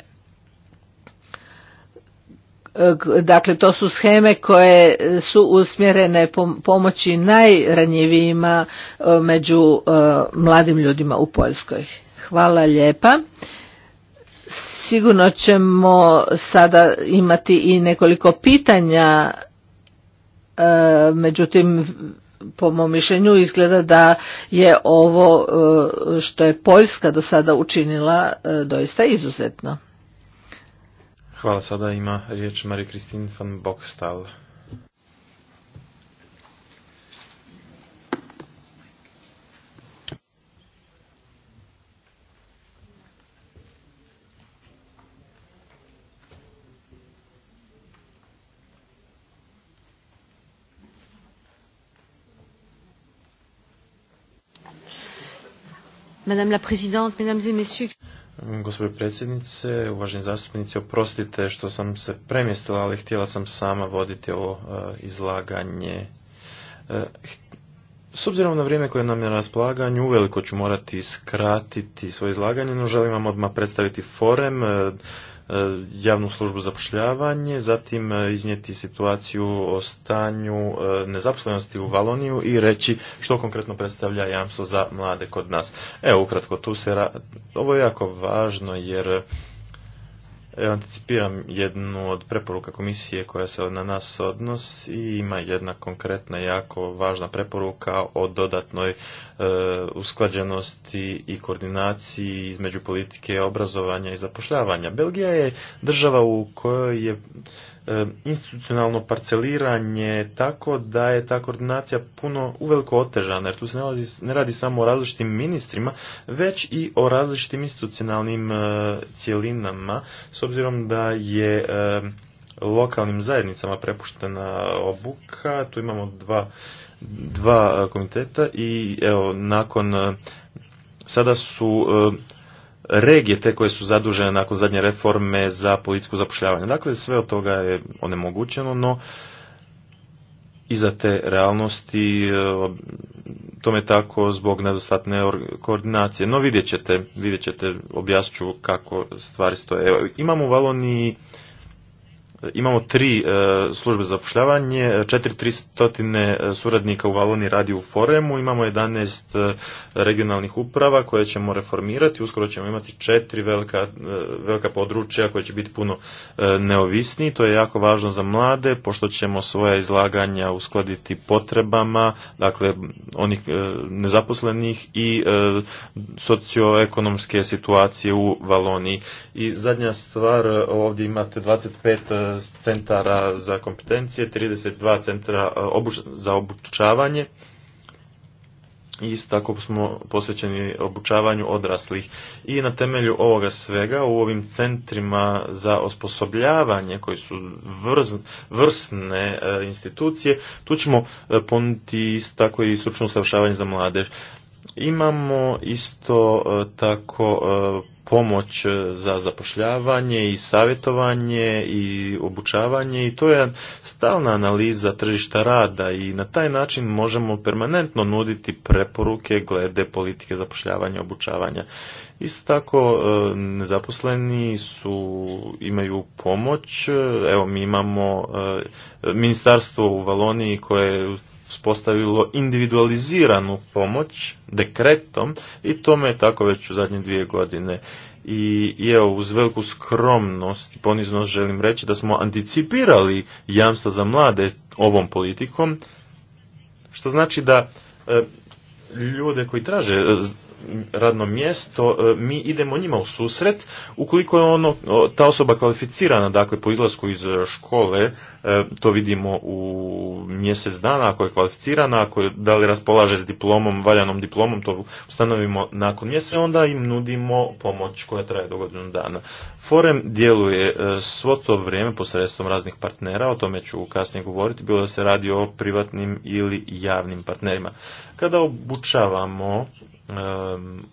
A: dakle to su scheme koje su usmjerene pomoći najranjivijima među mladim ljudima u Poljskoj. Hvala lijepa. Sigurno ćemo sada imati i nekoliko pitanja, e, međutim po mom mišljenju izgleda da je ovo e, što je Poljska do sada učinila e, doista izuzetno.
B: Hvala, sada ima riječ mari christine van Bokstal.
A: Madame la Présidente, Mesdames et Messieurs.
B: Gospodine predsjednice, uvaženi zastupnici, oprostite što sam se premjestila, ali htjela sam sama voditi ovo e, izlaganje. E, s obzirom na vrijeme koje nam je na raspolaganju, uveliko ću morati skratiti svoje izlaganje, no želim vam odmah predstaviti forem e, E, javnu službu zapošljavanje, zatim e, iznijeti situaciju o stanju e, nezaposlenosti u Valoniju i reći što konkretno predstavlja jamstvo za mlade kod nas. Evo ukratko tu se ra... ovo je jako važno jer E, anticipiram jednu od preporuka komisije koja se na nas odnosi i ima jedna konkretna jako važna preporuka o dodatnoj e, usklađenosti i koordinaciji između politike obrazovanja i zapošljavanja. Belgija je država u kojoj je institucionalno parceliranje tako da je ta koordinacija puno uveliko otežana, jer tu se nalazi, ne radi samo o različitim ministrima, već i o različitim institucionalnim e, cjelinama, s obzirom da je lokalnim zajednicama prepuštena obuka, tu imamo dva, dva e, komiteta i evo nakon e, sada su regije te koje su zadužene nakon zadnje reforme za politiku zapošljavanja. Dakle, sve od toga je onemogućeno, no iza te realnosti e, tome tako zbog nedostatne koordinacije. No vidjet ćete, vidjet ćete, objasnit ću kako stvari stoje. Evo, imamo u Valoniji Imamo tri e, službe za četiri 4300 e, suradnika u Valoni radi u Foremu, imamo 11 e, regionalnih uprava koje ćemo reformirati, uskoro ćemo imati četiri velika, velika područja koje će biti puno neovisni, to je jako važno za mlade, pošto ćemo svoja izlaganja uskladiti potrebama, dakle onih nezaposlenih i socioekonomske situacije u Valoniji. I zadnja stvar, ovdje imate 25 centara za kompetencije, 32 centra e, za obučavanje. Isto tako smo posvećeni obučavanju odraslih. I na temelju ovoga svega u ovim centrima za osposobljavanje koji su vrsne e, institucije, tu ćemo e, ponuditi isto tako i stručno usavršavanje za mladež. Imamo isto tako pomoć e, za zapošljavanje i savjetovanje i obučavanje i to je stalna analiza tržišta rada i na taj način možemo permanentno nuditi preporuke glede politike zapošljavanja i obučavanja. Isto tako e, nezaposleni su, imaju pomoć, evo mi imamo e, ministarstvo u Valoniji koje uspostavilo individualiziranu pomoć dekretom i tome je tako već u zadnje dvije godine. I, evo, uz veliku skromnost i poniznost želim reći da smo anticipirali jamstva za mlade ovom politikom, što znači da e, ljude koji traže e, radno mjesto, e, mi idemo njima u susret, ukoliko je ono, ta osoba kvalificirana, dakle po izlasku iz e, škole, e, to vidimo u mjesec dana, ako je kvalificirana, ako je, da li raspolaže s diplomom, valjanom diplomom, to ustanovimo nakon mjeseca, onda im nudimo pomoć koja traje do godinu dana. Forem djeluje svo to vrijeme posredstvom raznih partnera, o tome ću kasnije govoriti, bilo da se radi o privatnim ili javnim partnerima. Kada obučavamo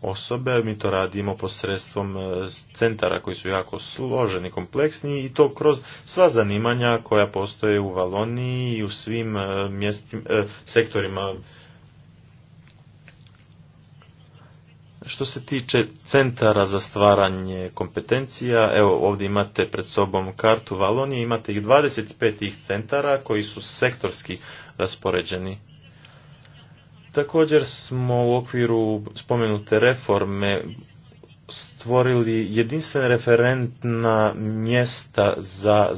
B: osobe, mi to radimo posredstvom e, centara koji su jako složeni, kompleksni i to kroz sva zanimanja koja postoje u Valoniji i u svim e, e, sektorima. Što se tiče centara za stvaranje kompetencija, evo ovdje imate pred sobom kartu Valonije, imate ih 25 centara koji su sektorski raspoređeni. Također smo u okviru spomenute reforme stvorili jedinstvene referentna mjesta za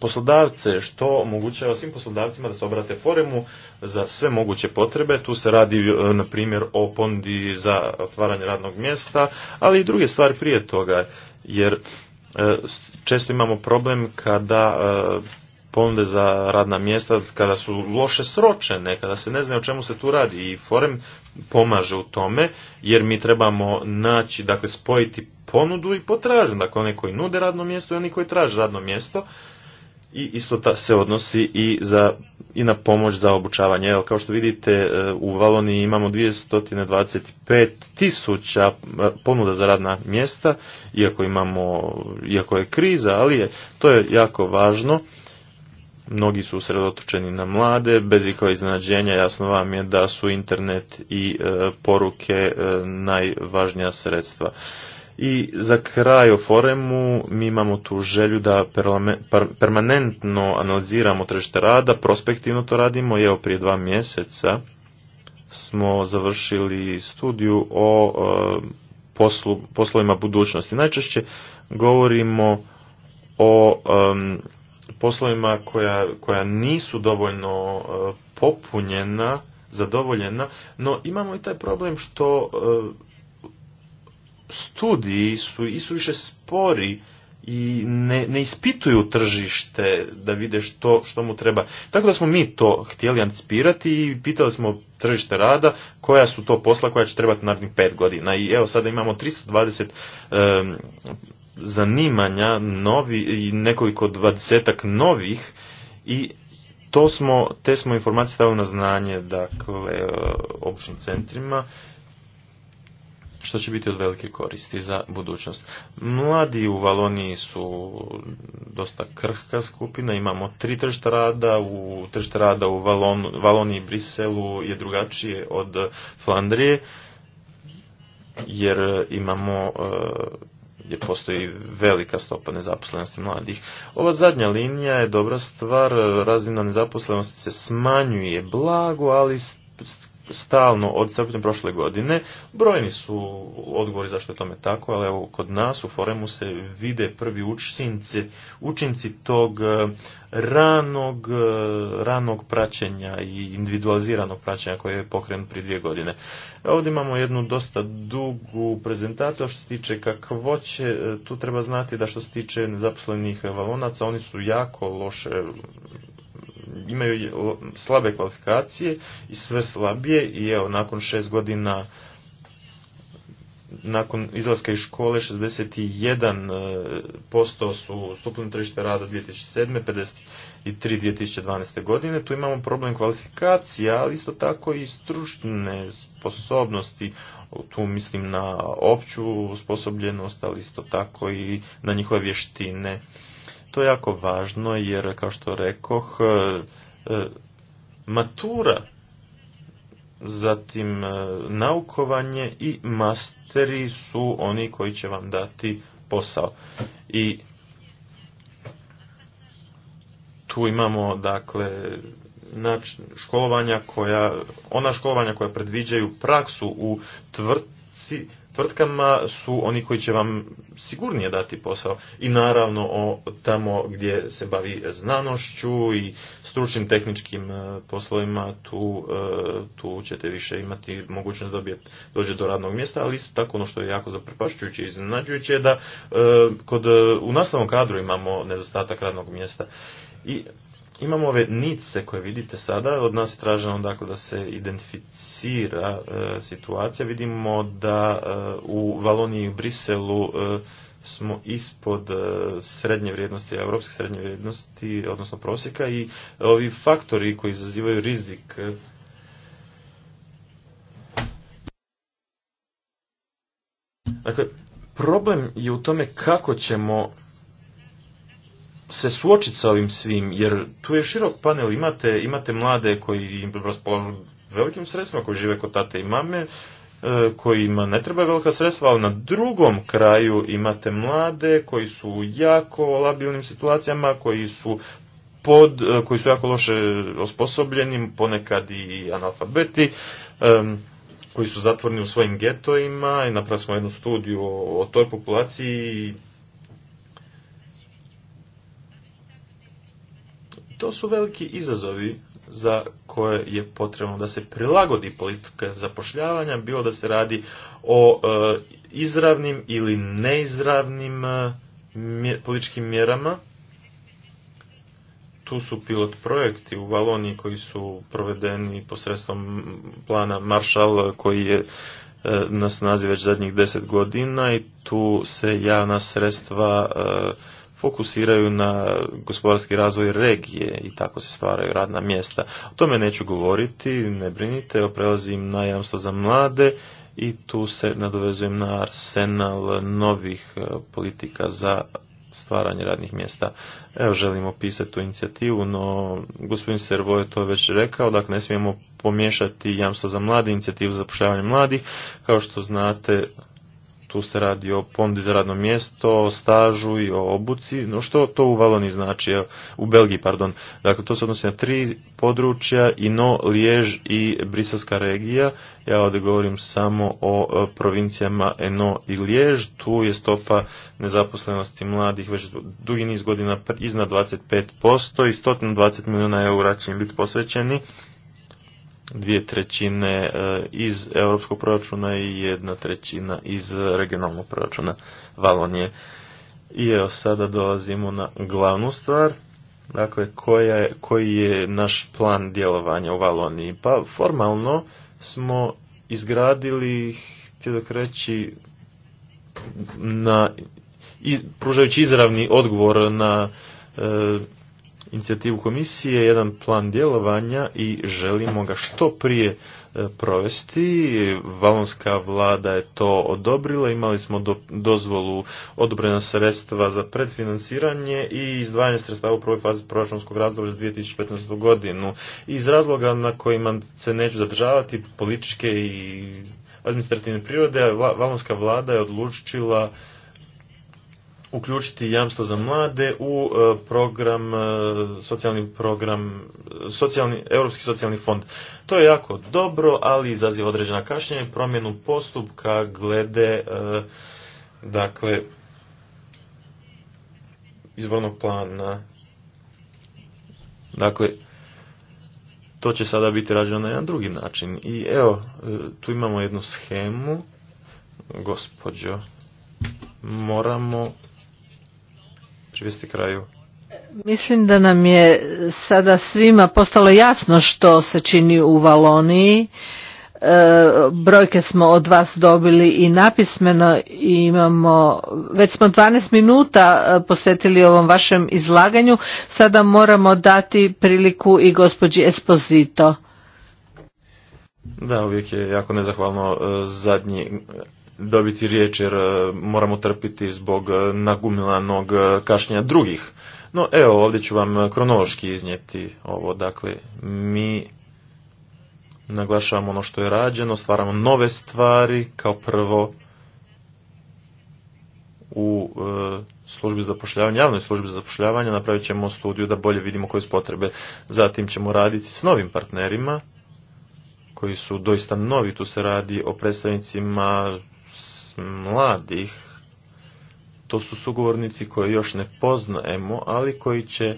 B: poslodavce, što omogućava svim poslodavcima da se obrate foremu za sve moguće potrebe. Tu se radi, e, na primjer, o pondi za otvaranje radnog mjesta, ali i druge stvari prije toga, jer e, često imamo problem kada e, ponude za radna mjesta kada su loše sročene, kada se ne zna o čemu se tu radi i Forem pomaže u tome jer mi trebamo naći, dakle spojiti ponudu i potražnju, dakle one koji nude radno mjesto i oni koji traže radno mjesto i isto ta se odnosi i, za, i na pomoć za obučavanje. Evo, kao što vidite, e, u Valoniji imamo 225 tisuća e, ponuda za radna mjesta, iako, imamo, iako je kriza, ali je, to je jako važno mnogi su usredotočeni na mlade, bez ikog iznenađenja jasno vam je da su internet i e, poruke e, najvažnija sredstva. I za kraj o foremu mi imamo tu želju da permanentno analiziramo tržište rada, prospektivno to radimo evo prije dva mjeseca smo završili studiju o e, poslovima budućnosti. Najčešće govorimo o poslovima koja, koja nisu dovoljno e, popunjena, zadovoljena, no imamo i taj problem što e, studiji su više spori i ne, ne ispituju tržište da vide što, što mu treba. Tako da smo mi to htjeli anticipirati i pitali smo tržište rada koja su to posla koja će trebati narednih pet godina. I evo sada imamo 320 um, zanimanja novi, i nekoliko dvadesetak novih i to smo, te smo informacije stavili na znanje dakle, e, općim centrima što će biti od velike koristi za budućnost. Mladi u Valoniji su dosta krhka skupina, imamo tri tržišta rada, u tržišta rada u Valon, Valoniji i Briselu je drugačije od Flandrije, jer imamo e, gdje postoji velika stopa nezaposlenosti mladih. Ova zadnja linija je dobra stvar, razina nezaposlenosti se smanjuje blago, ali stalno od srpnja prošle godine. Brojni su odgovori zašto je tome tako, ali evo kod nas u Foremu se vide prvi učinci, učinci tog ranog, eh, ranog praćenja i individualiziranog praćenja koje je pokrenut prije dvije godine. Ovdje imamo jednu dosta dugu prezentaciju što se tiče kakvoće, eh, tu treba znati da što se tiče nezaposlenih eh, valonaca, oni su jako loše mm, imaju slabe kvalifikacije i sve slabije i evo nakon šest godina nakon izlaska iz škole 61% e, su stupili na tržište rada 2007. 53 2012. godine. Tu imamo problem kvalifikacija, ali isto tako i stručne sposobnosti. Tu mislim na opću sposobljenost, ali isto tako i na njihove vještine. To je jako važno jer, kao što rekoh, e, e, matura zatim e, naukovanje i masteri su oni koji će vam dati posao. I tu imamo dakle način školovanja koja, ona školovanja koja predviđaju praksu u tvrtci tvrtkama su oni koji će vam sigurnije dati posao i naravno o tamo gdje se bavi znanošću i stručnim tehničkim e, poslovima tu, e, tu ćete više imati mogućnost da dođe do radnog mjesta, ali isto tako ono što je jako zaprepašćujuće i iznenađujuće je da e, kod, u nastavnom kadru imamo nedostatak radnog mjesta. I Imamo ove nice koje vidite sada, od nas je traženo dakle, da se identificira e, situacija. Vidimo da e, u Valoniji i Briselu e, smo ispod srednje vrijednosti, europske srednje vrijednosti, odnosno prosjeka i ovi faktori koji izazivaju rizik Dakle, problem je u tome kako ćemo se suočiti sa ovim svim, jer tu je širok panel, imate, imate mlade koji raspolažu velikim sredstvima, koji žive kod tate i mame, e, kojima ne treba velika sredstva, ali na drugom kraju imate mlade koji su u jako labilnim situacijama, koji su pod, e, koji su jako loše osposobljeni, ponekad i analfabeti, e, koji su zatvoreni u svojim getoima i napravili smo jednu studiju o toj populaciji to su veliki izazovi za koje je potrebno da se prilagodi politika zapošljavanja, bilo da se radi o e, izravnim ili neizravnim e, političkim mjerama. Tu su pilot projekti u Valoniji koji su provedeni posredstvom plana Marshall koji je e, na snazi već zadnjih deset godina i tu se javna sredstva e, fokusiraju na gospodarski razvoj regije i tako se stvaraju radna mjesta. O tome neću govoriti, ne brinite, evo prelazim na jamstvo za mlade i tu se nadovezujem na arsenal novih e, politika za stvaranje radnih mjesta. Evo želimo pisati tu inicijativu, no gospodin Servo je to već rekao, dakle ne smijemo pomiješati jamstvo za mlade, inicijativu za zapošljavanje mladih. Kao što znate, tu se radi o pondi za radno mjesto, o stažu i o obuci, no što to u Valoniji znači, u Belgiji, pardon. Dakle, to se odnosi na tri područja, Ino, Lijež i Briselska regija. Ja ovdje govorim samo o e, provincijama Eno i Lijež. Tu je stopa nezaposlenosti mladih već dugi niz godina iznad 25% i 120 milijuna eura će im biti posvećeni dvije trećine e, iz europskog proračuna i jedna trećina iz regionalnog proračuna Valonije. I evo sada dolazimo na glavnu stvar, dakle koja je, koji je naš plan djelovanja u Valoniji. Pa formalno smo izgradili, htio reći, na, i, pružajući izravni odgovor na e, inicijativu komisije, jedan plan djelovanja i želimo ga što prije e, provesti. Valonska vlada je to odobrila, imali smo dozvolu odobrena sredstva za predfinanciranje i izdvajanje sredstava u prvoj fazi proračunskog razdoblja za 2015. godinu. Iz razloga na kojima se neću zadržavati, političke i administrativne prirode, valonska vlada je odlučila uključiti jamstvo za mlade u e, program, e, socijalni program, socijalni, Europski socijalni fond. To je jako dobro, ali izaziva određena kašnjenja i promjenu postupka glede e, dakle izbornog plana. Dakle, to će sada biti rađeno na jedan drugi način. I evo, tu imamo jednu schemu, gospođo, moramo privesti kraju.
A: Mislim da nam je sada svima postalo jasno što se čini u Valoniji. E, brojke smo od vas dobili i napismeno i imamo, već smo 12 minuta e, posvetili ovom vašem izlaganju, sada moramo dati priliku i gospođi Esposito.
B: Da, uvijek je jako nezahvalno e, zadnji dobiti riječ jer e, moramo trpiti zbog e, nagumilanog e, kašnjenja drugih. No evo, ovdje ću vam kronološki iznijeti ovo. Dakle, mi naglašavamo ono što je rađeno, stvaramo nove stvari, kao prvo u službi zapošljavanja, javnoj službi zapošljavanja, napravit ćemo studiju da bolje vidimo koje su potrebe. Zatim ćemo raditi s novim partnerima, koji su doista novi, tu se radi o predstavnicima mladih, to su sugovornici koje još ne poznajemo, ali koji će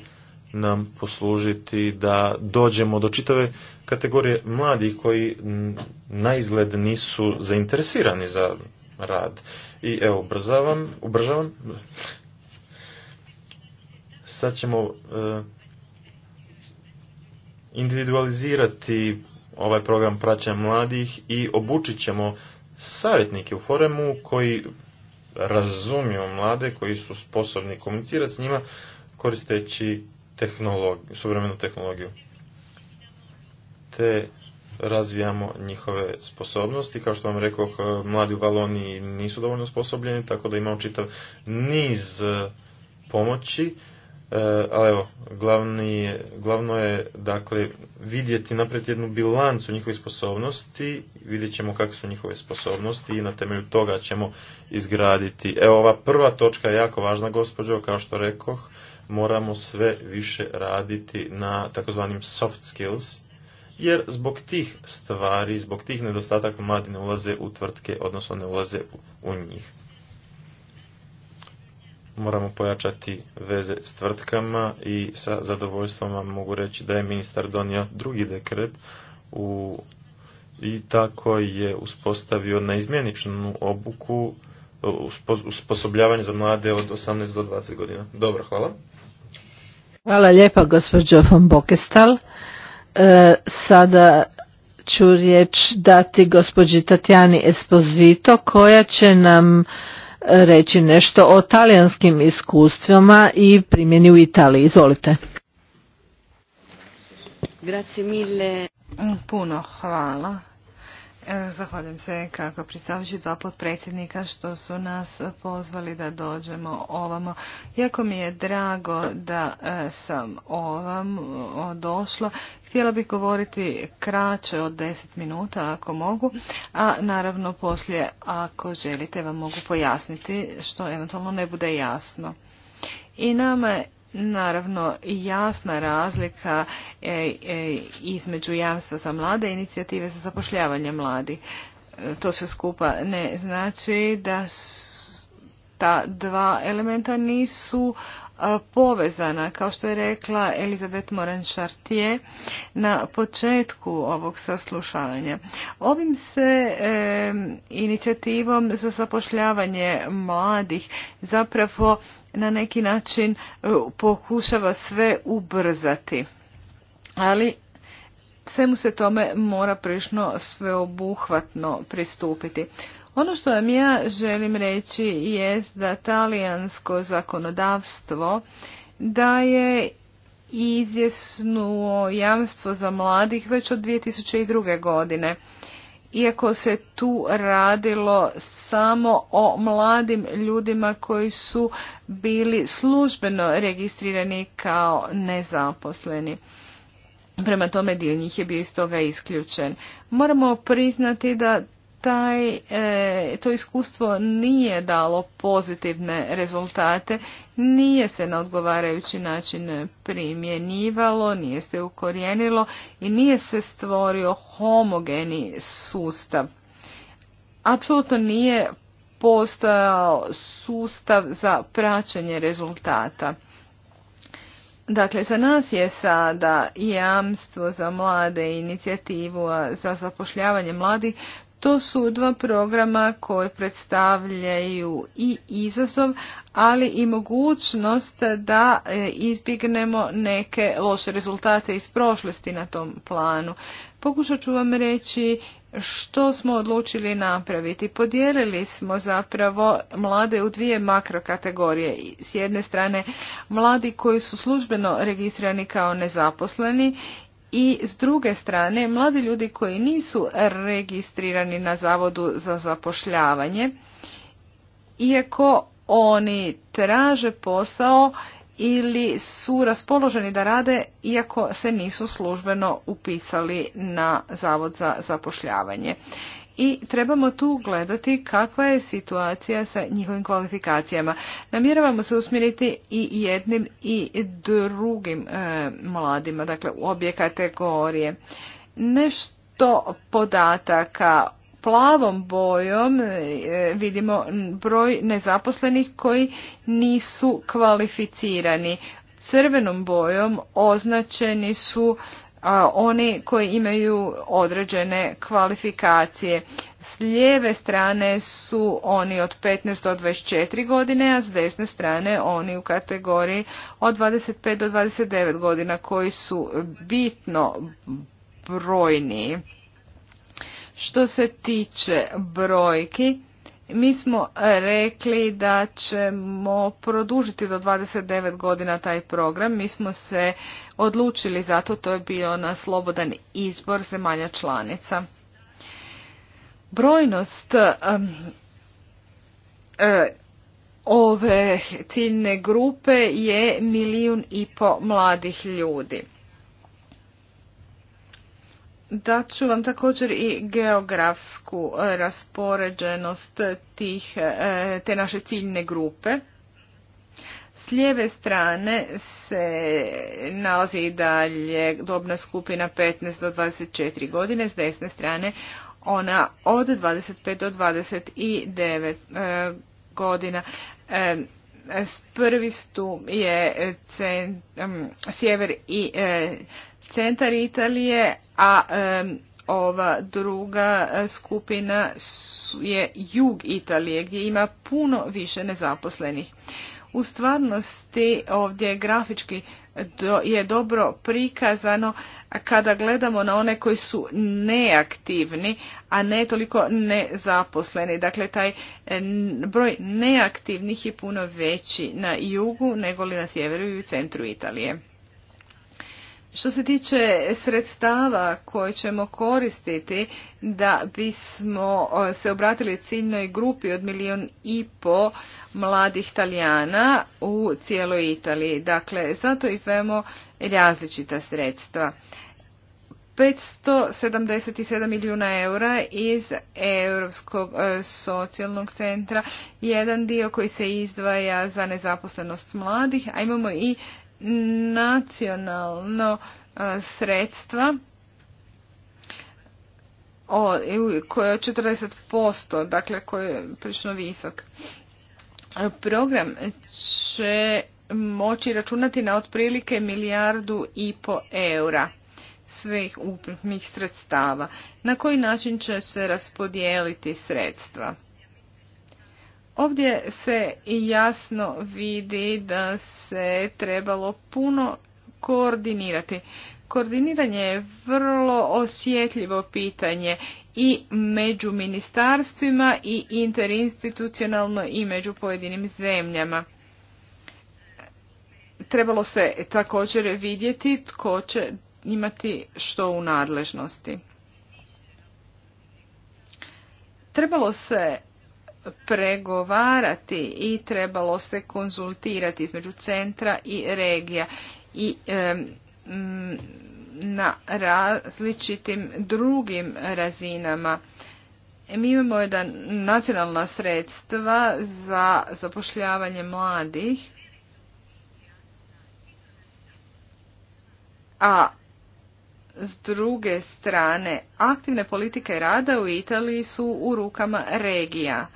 B: nam poslužiti da dođemo do čitave kategorije mladih koji na izgled nisu zainteresirani za rad. I evo, ubrzavam, ubrzavam. Sad ćemo e, individualizirati ovaj program praćenja mladih i obučit ćemo savjetnike u foremu koji razumiju mlade, koji su sposobni komunicirati s njima koristeći suvremenu tehnologiju. Te razvijamo njihove sposobnosti. Kao što vam rekao, mladi u Valoniji nisu dovoljno sposobljeni, tako da imamo čitav niz eh, pomoći E, ali evo, glavni, glavno je dakle vidjeti naprijed jednu bilancu njihovih sposobnosti, vidjet ćemo kakve su njihove sposobnosti i na temelju toga ćemo izgraditi. Evo ova prva točka je jako važna gospođo, kao što rekoh, moramo sve više raditi na takozvanim soft skills, jer zbog tih stvari, zbog tih nedostataka mladi ne ulaze u tvrtke, odnosno ne ulaze u njih moramo pojačati veze s tvrtkama i sa zadovoljstvom vam mogu reći da je ministar donio drugi dekret u, i tako je uspostavio izmjeničnu obuku usposobljavanje za mlade od 18 do 20 godina. Dobro, hvala.
A: Hvala lijepa gospođo von Bokestal. E, sada ću riječ dati gospođi Tatjani Esposito koja će nam reći nešto o talijanskim iskustvima i primjeni u Italiji. Izvolite.
C: Grazie mille. Puno hvala. E, zahvaljujem se kako predstavljući dva potpredsjednika što su nas pozvali da dođemo ovamo. Jako mi je drago da e, sam ovam došla. Htjela bih govoriti kraće od deset minuta ako mogu, a naravno poslije ako želite vam mogu pojasniti što eventualno ne bude jasno. I nama Naravno, jasna razlika e, e, između jamstva za mlade i inicijative za zapošljavanje mladi. E, to sve skupa ne znači da ta dva elementa nisu povezana. Kao što je rekla Elizabeth Moran-Chartier na početku ovog saslušanja. Ovim se inicijativom za zapošljavanje mladih zapravo na neki način e, pokušava sve ubrzati. Ali svemu se tome mora prilično sveobuhvatno pristupiti. Ono što vam ja želim reći jest da talijansko zakonodavstvo daje izvjesno jamstvo za mladih već od 2002. godine. Iako se tu radilo samo o mladim ljudima koji su bili službeno registrirani kao nezaposleni. Prema tome dio njih je bio iz toga isključen. Moramo priznati da taj, e, to iskustvo nije dalo pozitivne rezultate, nije se na odgovarajući način primjenjivalo, nije se ukorijenilo i nije se stvorio homogeni sustav. Apsolutno nije postojao sustav za praćenje rezultata. Dakle, za nas je sada jamstvo za mlade inicijativu za zapošljavanje mladih to su dva programa koje predstavljaju i izazov, ali i mogućnost da e, izbjegnemo neke loše rezultate iz prošlosti na tom planu. Pokušat ću vam reći što smo odlučili napraviti. Podijelili smo zapravo mlade u dvije makrokategorije. S jedne strane mladi koji su službeno registrirani kao nezaposleni i s druge strane mladi ljudi koji nisu registrirani na zavodu za zapošljavanje iako oni traže posao ili su raspoloženi da rade iako se nisu službeno upisali na zavod za zapošljavanje i trebamo tu gledati kakva je situacija sa njihovim kvalifikacijama. Namjeravamo se usmjeriti i jednim i drugim e, mladima, dakle u obje kategorije. Nešto podataka plavom bojom e, vidimo broj nezaposlenih koji nisu kvalificirani. Crvenom bojom označeni su a, oni koji imaju određene kvalifikacije. S lijeve strane su oni od 15 do 24 godine, a s desne strane oni u kategoriji od 25 do 29 godina koji su bitno brojniji. Što se tiče brojki, mi smo e, rekli da ćemo produžiti do 29 godina taj program. Mi smo se odlučili zato to, to je bio na slobodan izbor zemalja članica. Brojnost e, ove ciljne grupe je milijun i po mladih ljudi dat ću vam također i geografsku e, raspoređenost tih, e, te naše ciljne grupe. S lijeve strane se nalazi i dalje dobna skupina 15 do 24 godine, s desne strane ona od 25 do 29 e, godina. Prvi stup je sjever i centar Italije, a ova druga e, skupina je jug Italije gdje ima puno više nezaposlenih. U stvarnosti ovdje grafički je dobro prikazano kada gledamo na one koji su neaktivni, a ne toliko nezaposleni. Dakle, taj broj neaktivnih je puno veći na jugu nego li na sjeveru i u centru Italije. Što se tiče sredstava koje ćemo koristiti da bismo se obratili ciljnoj grupi od milijun i po mladih Talijana u cijeloj Italiji. Dakle, zato izdvajamo različita sredstva. 577 milijuna eura iz Europskog e, socijalnog centra, jedan dio koji se izdvaja za nezaposlenost mladih, a imamo i nacionalno sredstva koje je 40%, dakle koje je prično visok. Program će moći računati na otprilike milijardu i po eura svih ukupnih sredstava. Na koji način će se raspodijeliti sredstva? Ovdje se jasno vidi da se trebalo puno koordinirati. Koordiniranje je vrlo osjetljivo pitanje i među ministarstvima i interinstitucionalno i među pojedinim zemljama. Trebalo se također vidjeti tko će imati što u nadležnosti. Trebalo se pregovarati i trebalo se konzultirati između centra i regija i na različitim drugim razinama. Mi imamo jedan nacionalna sredstva za zapošljavanje mladih, a s druge strane, aktivne politike rada u Italiji su u rukama regija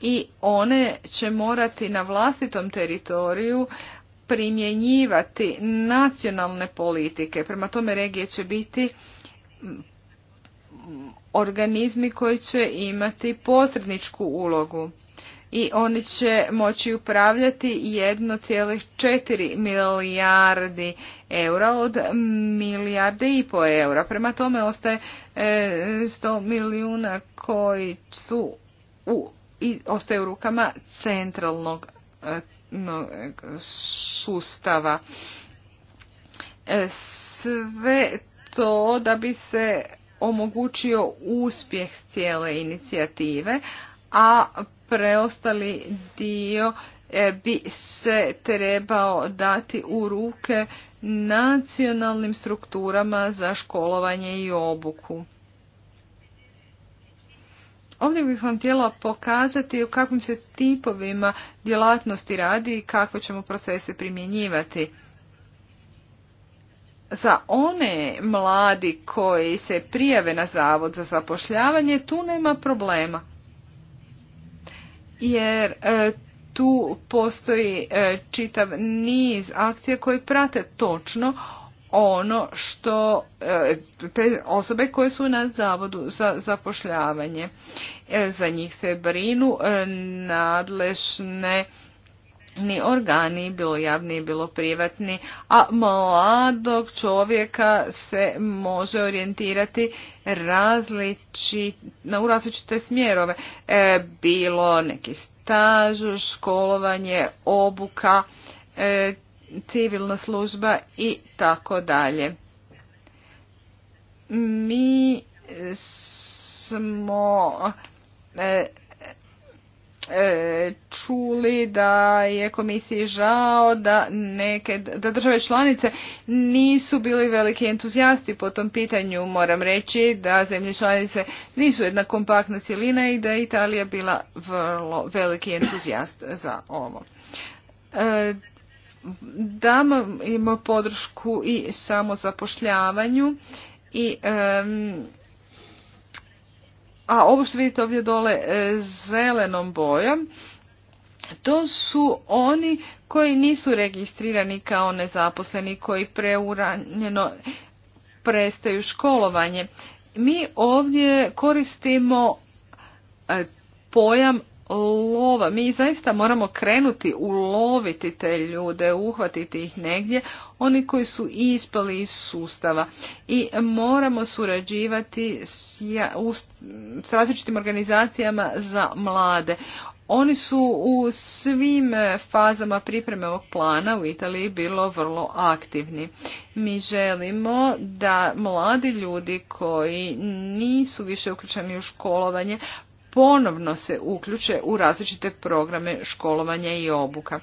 C: i one će morati na vlastitom teritoriju primjenjivati nacionalne politike. Prema tome regije će biti organizmi koji će imati posredničku ulogu i oni će moći upravljati 1,4 milijardi eura od milijarde i po eura. Prema tome ostaje 100 e, milijuna koji su u, i ostaje u rukama centralnog e, sustava. E, sve to da bi se omogućio uspjeh cijele inicijative, a preostali dio e, bi se trebao dati u ruke nacionalnim strukturama za školovanje i obuku. Ovdje bih vam htjela pokazati u kakvim se tipovima djelatnosti radi i kako ćemo procese primjenjivati. Za one mladi koji se prijave na zavod za zapošljavanje tu nema problema jer e, tu postoji e, čitav niz akcija koji prate točno ono što e, te osobe koje su na zavodu za zapošljavanje. Za njih se brinu nadležne ni organi, bilo javni, bilo privatni, a mladog čovjeka se može orijentirati različi, na, u različite smjerove. E, bilo neki staž, školovanje, obuka, e, civilna služba i tako dalje. Mi smo e, E, čuli da je komisiji žao da neke da države članice nisu bili veliki entuzijasti po tom pitanju moram reći da zemlje članice nisu jedna kompaktna cjelina i da je Italija bila vrlo veliki entuzijast za ovo e, damo podršku i samozapošljavanju i a ovo što vidite ovdje dole e, zelenom bojom, to su oni koji nisu registrirani kao nezaposleni, koji preuranjeno prestaju školovanje. Mi ovdje koristimo e, pojam lova. Mi zaista moramo krenuti uloviti te ljude, uhvatiti ih negdje, oni koji su ispali iz sustava. I moramo surađivati s, s različitim organizacijama za mlade. Oni su u svim fazama pripreme ovog plana u Italiji bilo vrlo aktivni. Mi želimo da mladi ljudi koji nisu više uključeni u školovanje ponovno se uključe u različite programe školovanja i obuka.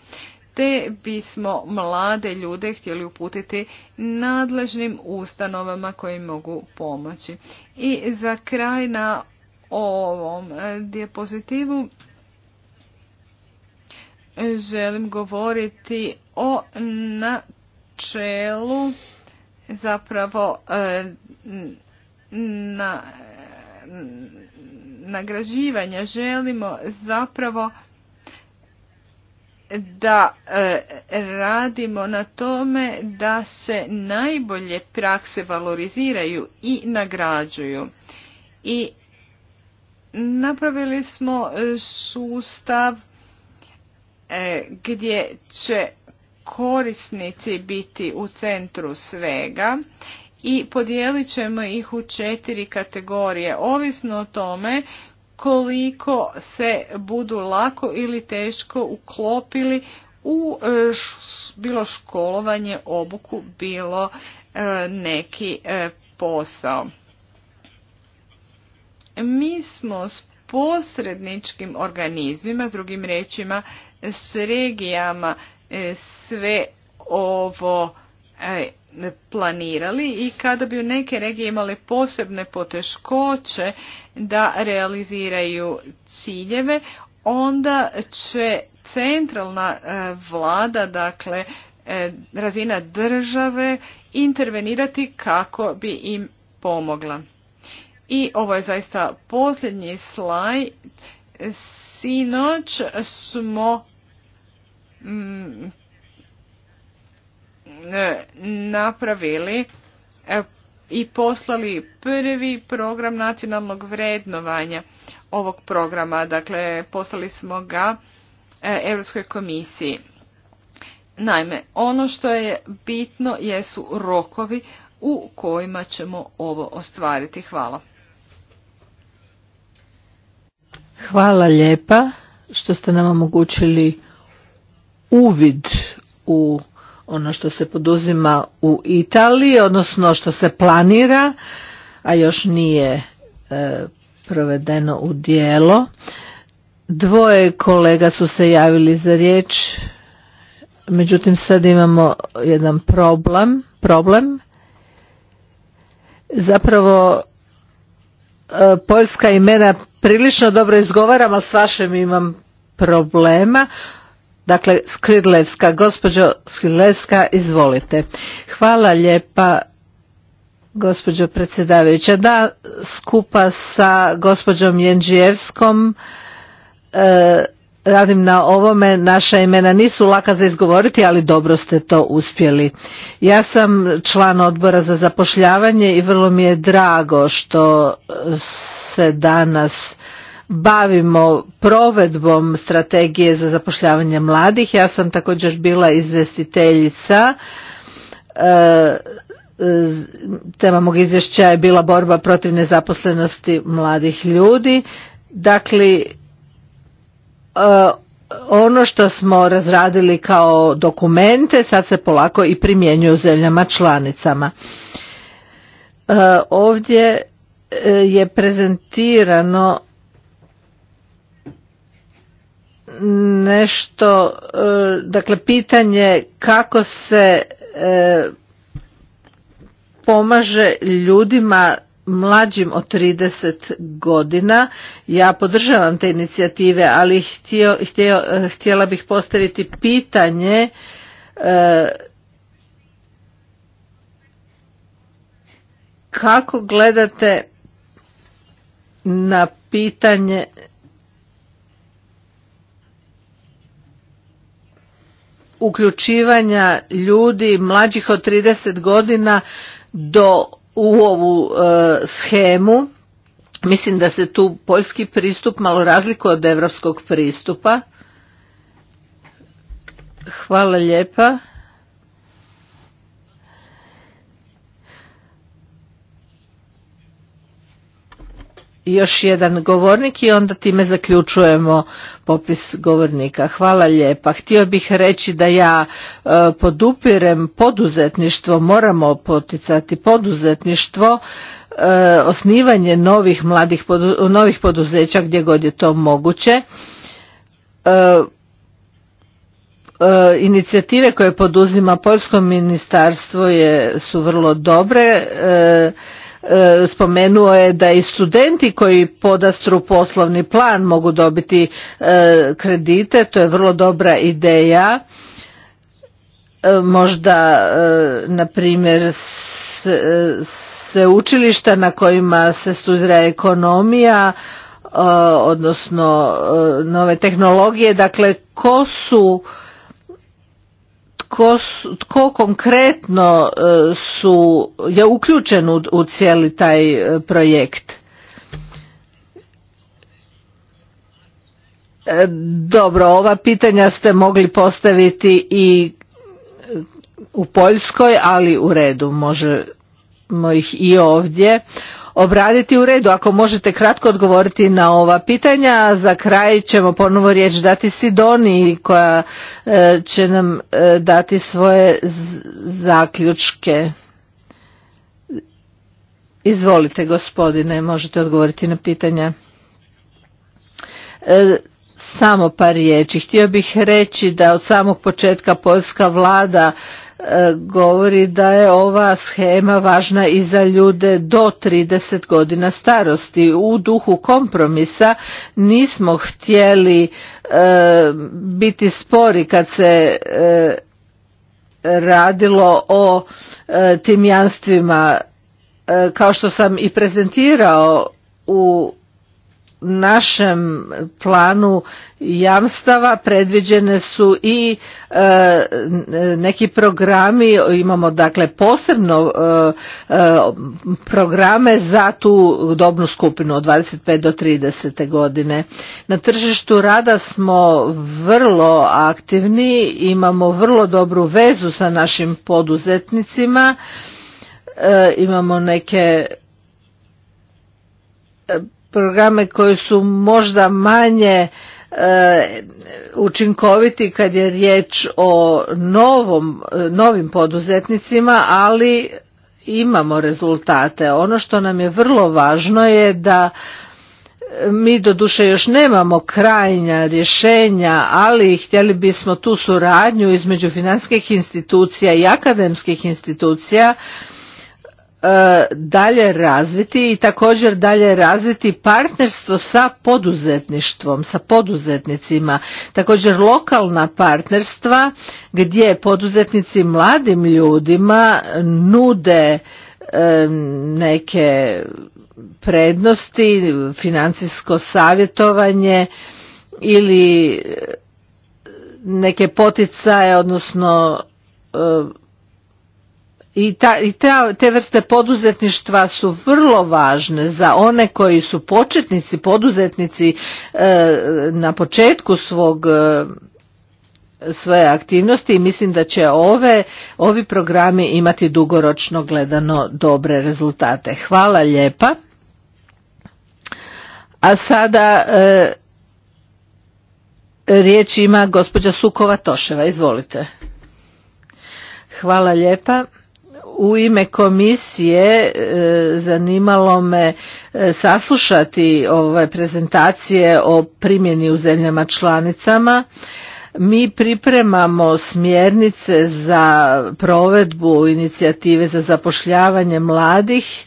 C: Te bismo mlade ljude htjeli uputiti nadležnim ustanovama koji mogu pomoći. I za kraj na ovom e, diapozitivu želim govoriti o načelu zapravo e, na nagrađivanja želimo zapravo da e, radimo na tome da se najbolje prakse valoriziraju i nagrađuju. I napravili smo e, sustav e, gdje će korisnici biti u centru svega i podijelit ćemo ih u četiri kategorije, ovisno o tome koliko se budu lako ili teško uklopili u e, bilo školovanje, obuku, bilo e, neki e, posao. Mi smo s posredničkim organizmima, s drugim rečima s regijama, sve ovo E, planirali i kada bi u neke regije imale posebne poteškoće da realiziraju ciljeve, onda će centralna e, vlada, dakle e, razina države, intervenirati kako bi im pomogla. I ovo je zaista posljednji slaj. Sinoć smo mm, napravili e, i poslali prvi program nacionalnog vrednovanja ovog programa. Dakle, poslali smo ga e, Europskoj komisiji. Naime, ono što je bitno jesu rokovi u kojima ćemo ovo ostvariti. Hvala.
A: Hvala lijepa što ste nam omogućili uvid u ono što se poduzima u Italiji, odnosno što se planira, a još nije e, provedeno u dijelo. Dvoje kolega su se javili za riječ, međutim sad imamo jedan problem, problem. Zapravo e, poljska imena prilično dobro izgovaram, ali s vašem imam problema. Dakle, Skridlevska, gospođo Skridlevska, izvolite. Hvala lijepa, gospođo predsjedavajuća. Da, skupa sa gospođom Jenđijevskom e, radim na ovome. Naša imena nisu laka za izgovoriti, ali dobro ste to uspjeli. Ja sam član odbora za zapošljavanje i vrlo mi je drago što se danas bavimo provedbom strategije za zapošljavanje mladih. Ja sam također bila izvestiteljica. E, tema mog izvješća je bila borba protiv nezaposlenosti mladih ljudi. Dakle, e, ono što smo razradili kao dokumente sad se polako i primjenjuje u zemljama članicama. E, ovdje je prezentirano nešto, e, dakle pitanje kako se e, pomaže ljudima mlađim od 30 godina. Ja podržavam te inicijative, ali htio, htjela bih postaviti pitanje e, kako gledate na pitanje uključivanja ljudi mlađih od 30 godina do u ovu e, schemu mislim da se tu poljski pristup malo razlikuje od europskog pristupa hvala lijepa još jedan govornik i onda time zaključujemo popis govornika. Hvala lijepa. Htio bih reći da ja e, podupirem poduzetništvo, moramo poticati poduzetništvo, e, osnivanje novih mladih novih poduzeća gdje god je to moguće. E, inicijative koje poduzima poljsko ministarstvo je su vrlo dobre E, spomenuo je da i studenti koji podastru poslovni plan mogu dobiti e, kredite, to je vrlo dobra ideja. E, možda, na primjer, se učilišta na kojima se studira ekonomija, odnosno nove tehnologije, dakle, ko su tko, konkretno e, su, je uključen u, u cijeli taj e, projekt? E, dobro, ova pitanja ste mogli postaviti i u Poljskoj, ali u redu možemo ih i ovdje obraditi u redu. Ako možete kratko odgovoriti na ova pitanja, za kraj ćemo ponovo riječ dati Sidoni koja e, će nam e, dati svoje zaključke. Izvolite gospodine, možete odgovoriti na pitanja. E, samo par riječi. Htio bih reći da od samog početka poljska vlada govori da je ova schema važna i za ljude do 30 godina starosti. U duhu kompromisa nismo htjeli e, biti spori kad se e, radilo o e, tim janstvima kao što sam i prezentirao u našem planu jamstava predviđene su i e, neki programi imamo dakle posebno e, e, programe za tu dobnu skupinu od 25 do 30 godine na tržištu rada smo vrlo aktivni imamo vrlo dobru vezu sa našim poduzetnicima imamo neke programe koji su možda manje e, učinkoviti kad je riječ o novom, e, novim poduzetnicima, ali imamo rezultate. Ono što nam je vrlo važno je da e, mi doduše još nemamo krajnja rješenja, ali htjeli bismo tu suradnju između financijskih institucija i akademskih institucija E, dalje razviti i također dalje razviti partnerstvo sa poduzetništvom, sa poduzetnicima, također lokalna partnerstva gdje poduzetnici mladim ljudima nude e, neke prednosti, financijsko savjetovanje ili neke poticaje, odnosno e, i, ta, i te vrste poduzetništva su vrlo važne za one koji su početnici poduzetnici e, na početku svog e, svoje aktivnosti i mislim da će ove ovi programi imati dugoročno gledano dobre rezultate hvala lijepa a sada e, riječ ima gospođa sukova toševa izvolite hvala lijepa u ime komisije e, zanimalo me e, saslušati ove prezentacije o primjeni u zemljama članicama mi pripremamo smjernice za provedbu inicijative za zapošljavanje mladih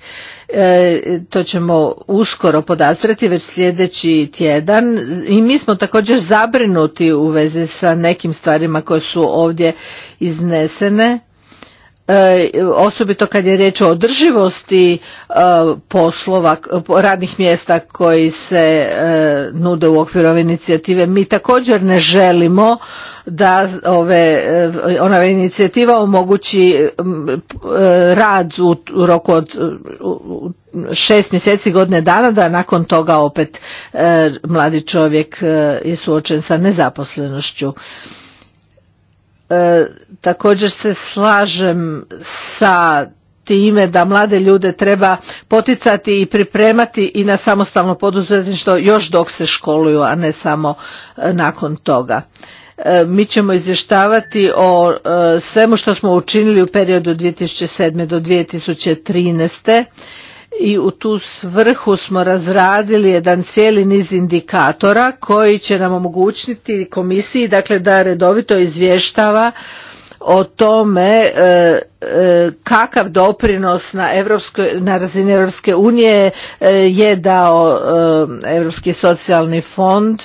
A: e, to ćemo uskoro podastrati već sljedeći tjedan i mi smo također zabrinuti u vezi sa nekim stvarima koje su ovdje iznesene E, osobito kad je riječ o održivosti e, poslova, radnih mjesta koji se e, nude u okviru ove inicijative. Mi također ne želimo da ove, ona inicijativa omogući rad u roku od šest mjeseci godine dana, da nakon toga opet mladi čovjek je suočen sa nezaposlenošću. E, također se slažem sa time da mlade ljude treba poticati i pripremati i na samostalno poduzetništvo još dok se školuju, a ne samo e, nakon toga. E, mi ćemo izvještavati o svemu što smo učinili u periodu 2007. do 2013 i u tu svrhu smo razradili jedan cijeli niz indikatora koji će nam omogućiti komisiji dakle da redovito izvještava o tome e, e, kakav doprinos na, Evropskoj, na razini Europske unije e, je dao Europski socijalni fond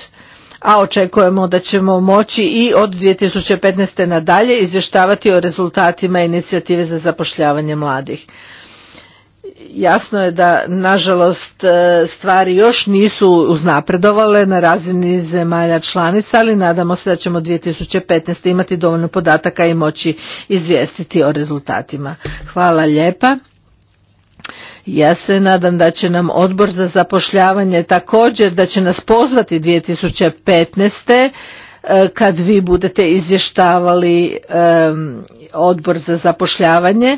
A: a očekujemo da ćemo moći i od 2015. nadalje izvještavati o rezultatima inicijative za zapošljavanje mladih jasno je da nažalost e, stvari još nisu uznapredovale na razini zemalja članica, ali nadamo se da ćemo 2015. imati dovoljno podataka i moći izvijestiti o rezultatima. Hvala lijepa. Ja se nadam da će nam odbor za zapošljavanje također da će nas pozvati 2015 e, kad vi budete izvještavali odbor za zapošljavanje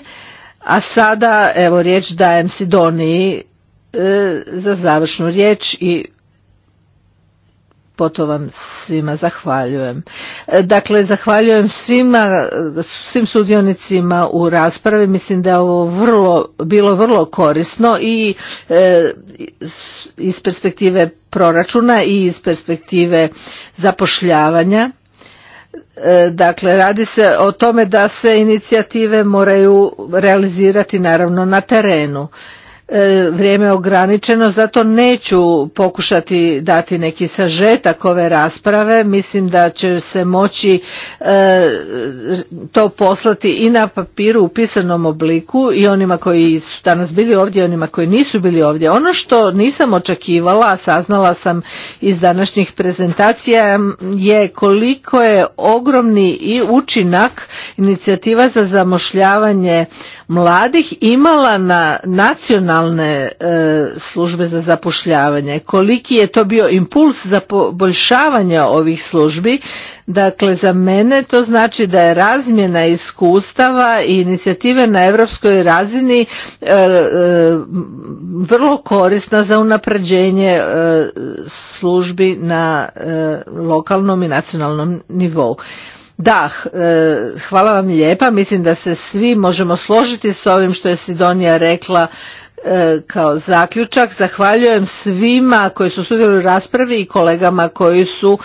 A: a sada, evo, riječ dajem Sidoniji e, za završnu riječ i potom vam svima zahvaljujem. E, dakle, zahvaljujem svima, svim sudionicima u raspravi. Mislim da je ovo vrlo, bilo vrlo korisno i e, iz perspektive proračuna i iz perspektive zapošljavanja. E, dakle, radi se o tome da se inicijative moraju realizirati naravno na terenu. E, vrijeme ograničeno, zato neću pokušati dati neki sažetak ove rasprave. Mislim da će se moći e, to poslati i na papiru u pisanom obliku i onima koji su danas bili ovdje i onima koji nisu bili ovdje. Ono što nisam očekivala, a saznala sam iz današnjih prezentacija je koliko je ogromni i učinak inicijativa za zamošljavanje mladih imala na nacionalne e, službe za zapošljavanje koliki je to bio impuls za poboljšavanje ovih službi dakle za mene to znači da je razmjena iskustava i inicijative na europskoj razini e, e, vrlo korisna za unapređenje službi na lokalnom i nacionalnom nivou da, e, hvala vam lijepa. Mislim da se svi možemo složiti s ovim što je Sidonija rekla e, kao zaključak. Zahvaljujem svima koji su sudjeli u raspravi i kolegama koji su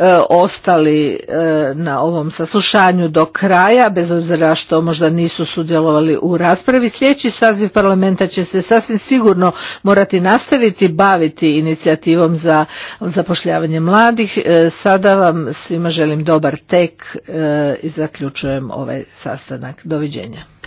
A: E, ostali e, na ovom saslušanju do kraja, bez obzira što možda nisu sudjelovali u raspravi. Sljedeći saziv parlamenta će se sasvim sigurno morati nastaviti baviti inicijativom za zapošljavanje mladih. E, sada vam svima želim dobar tek i zaključujem ovaj sastanak. Doviđenja.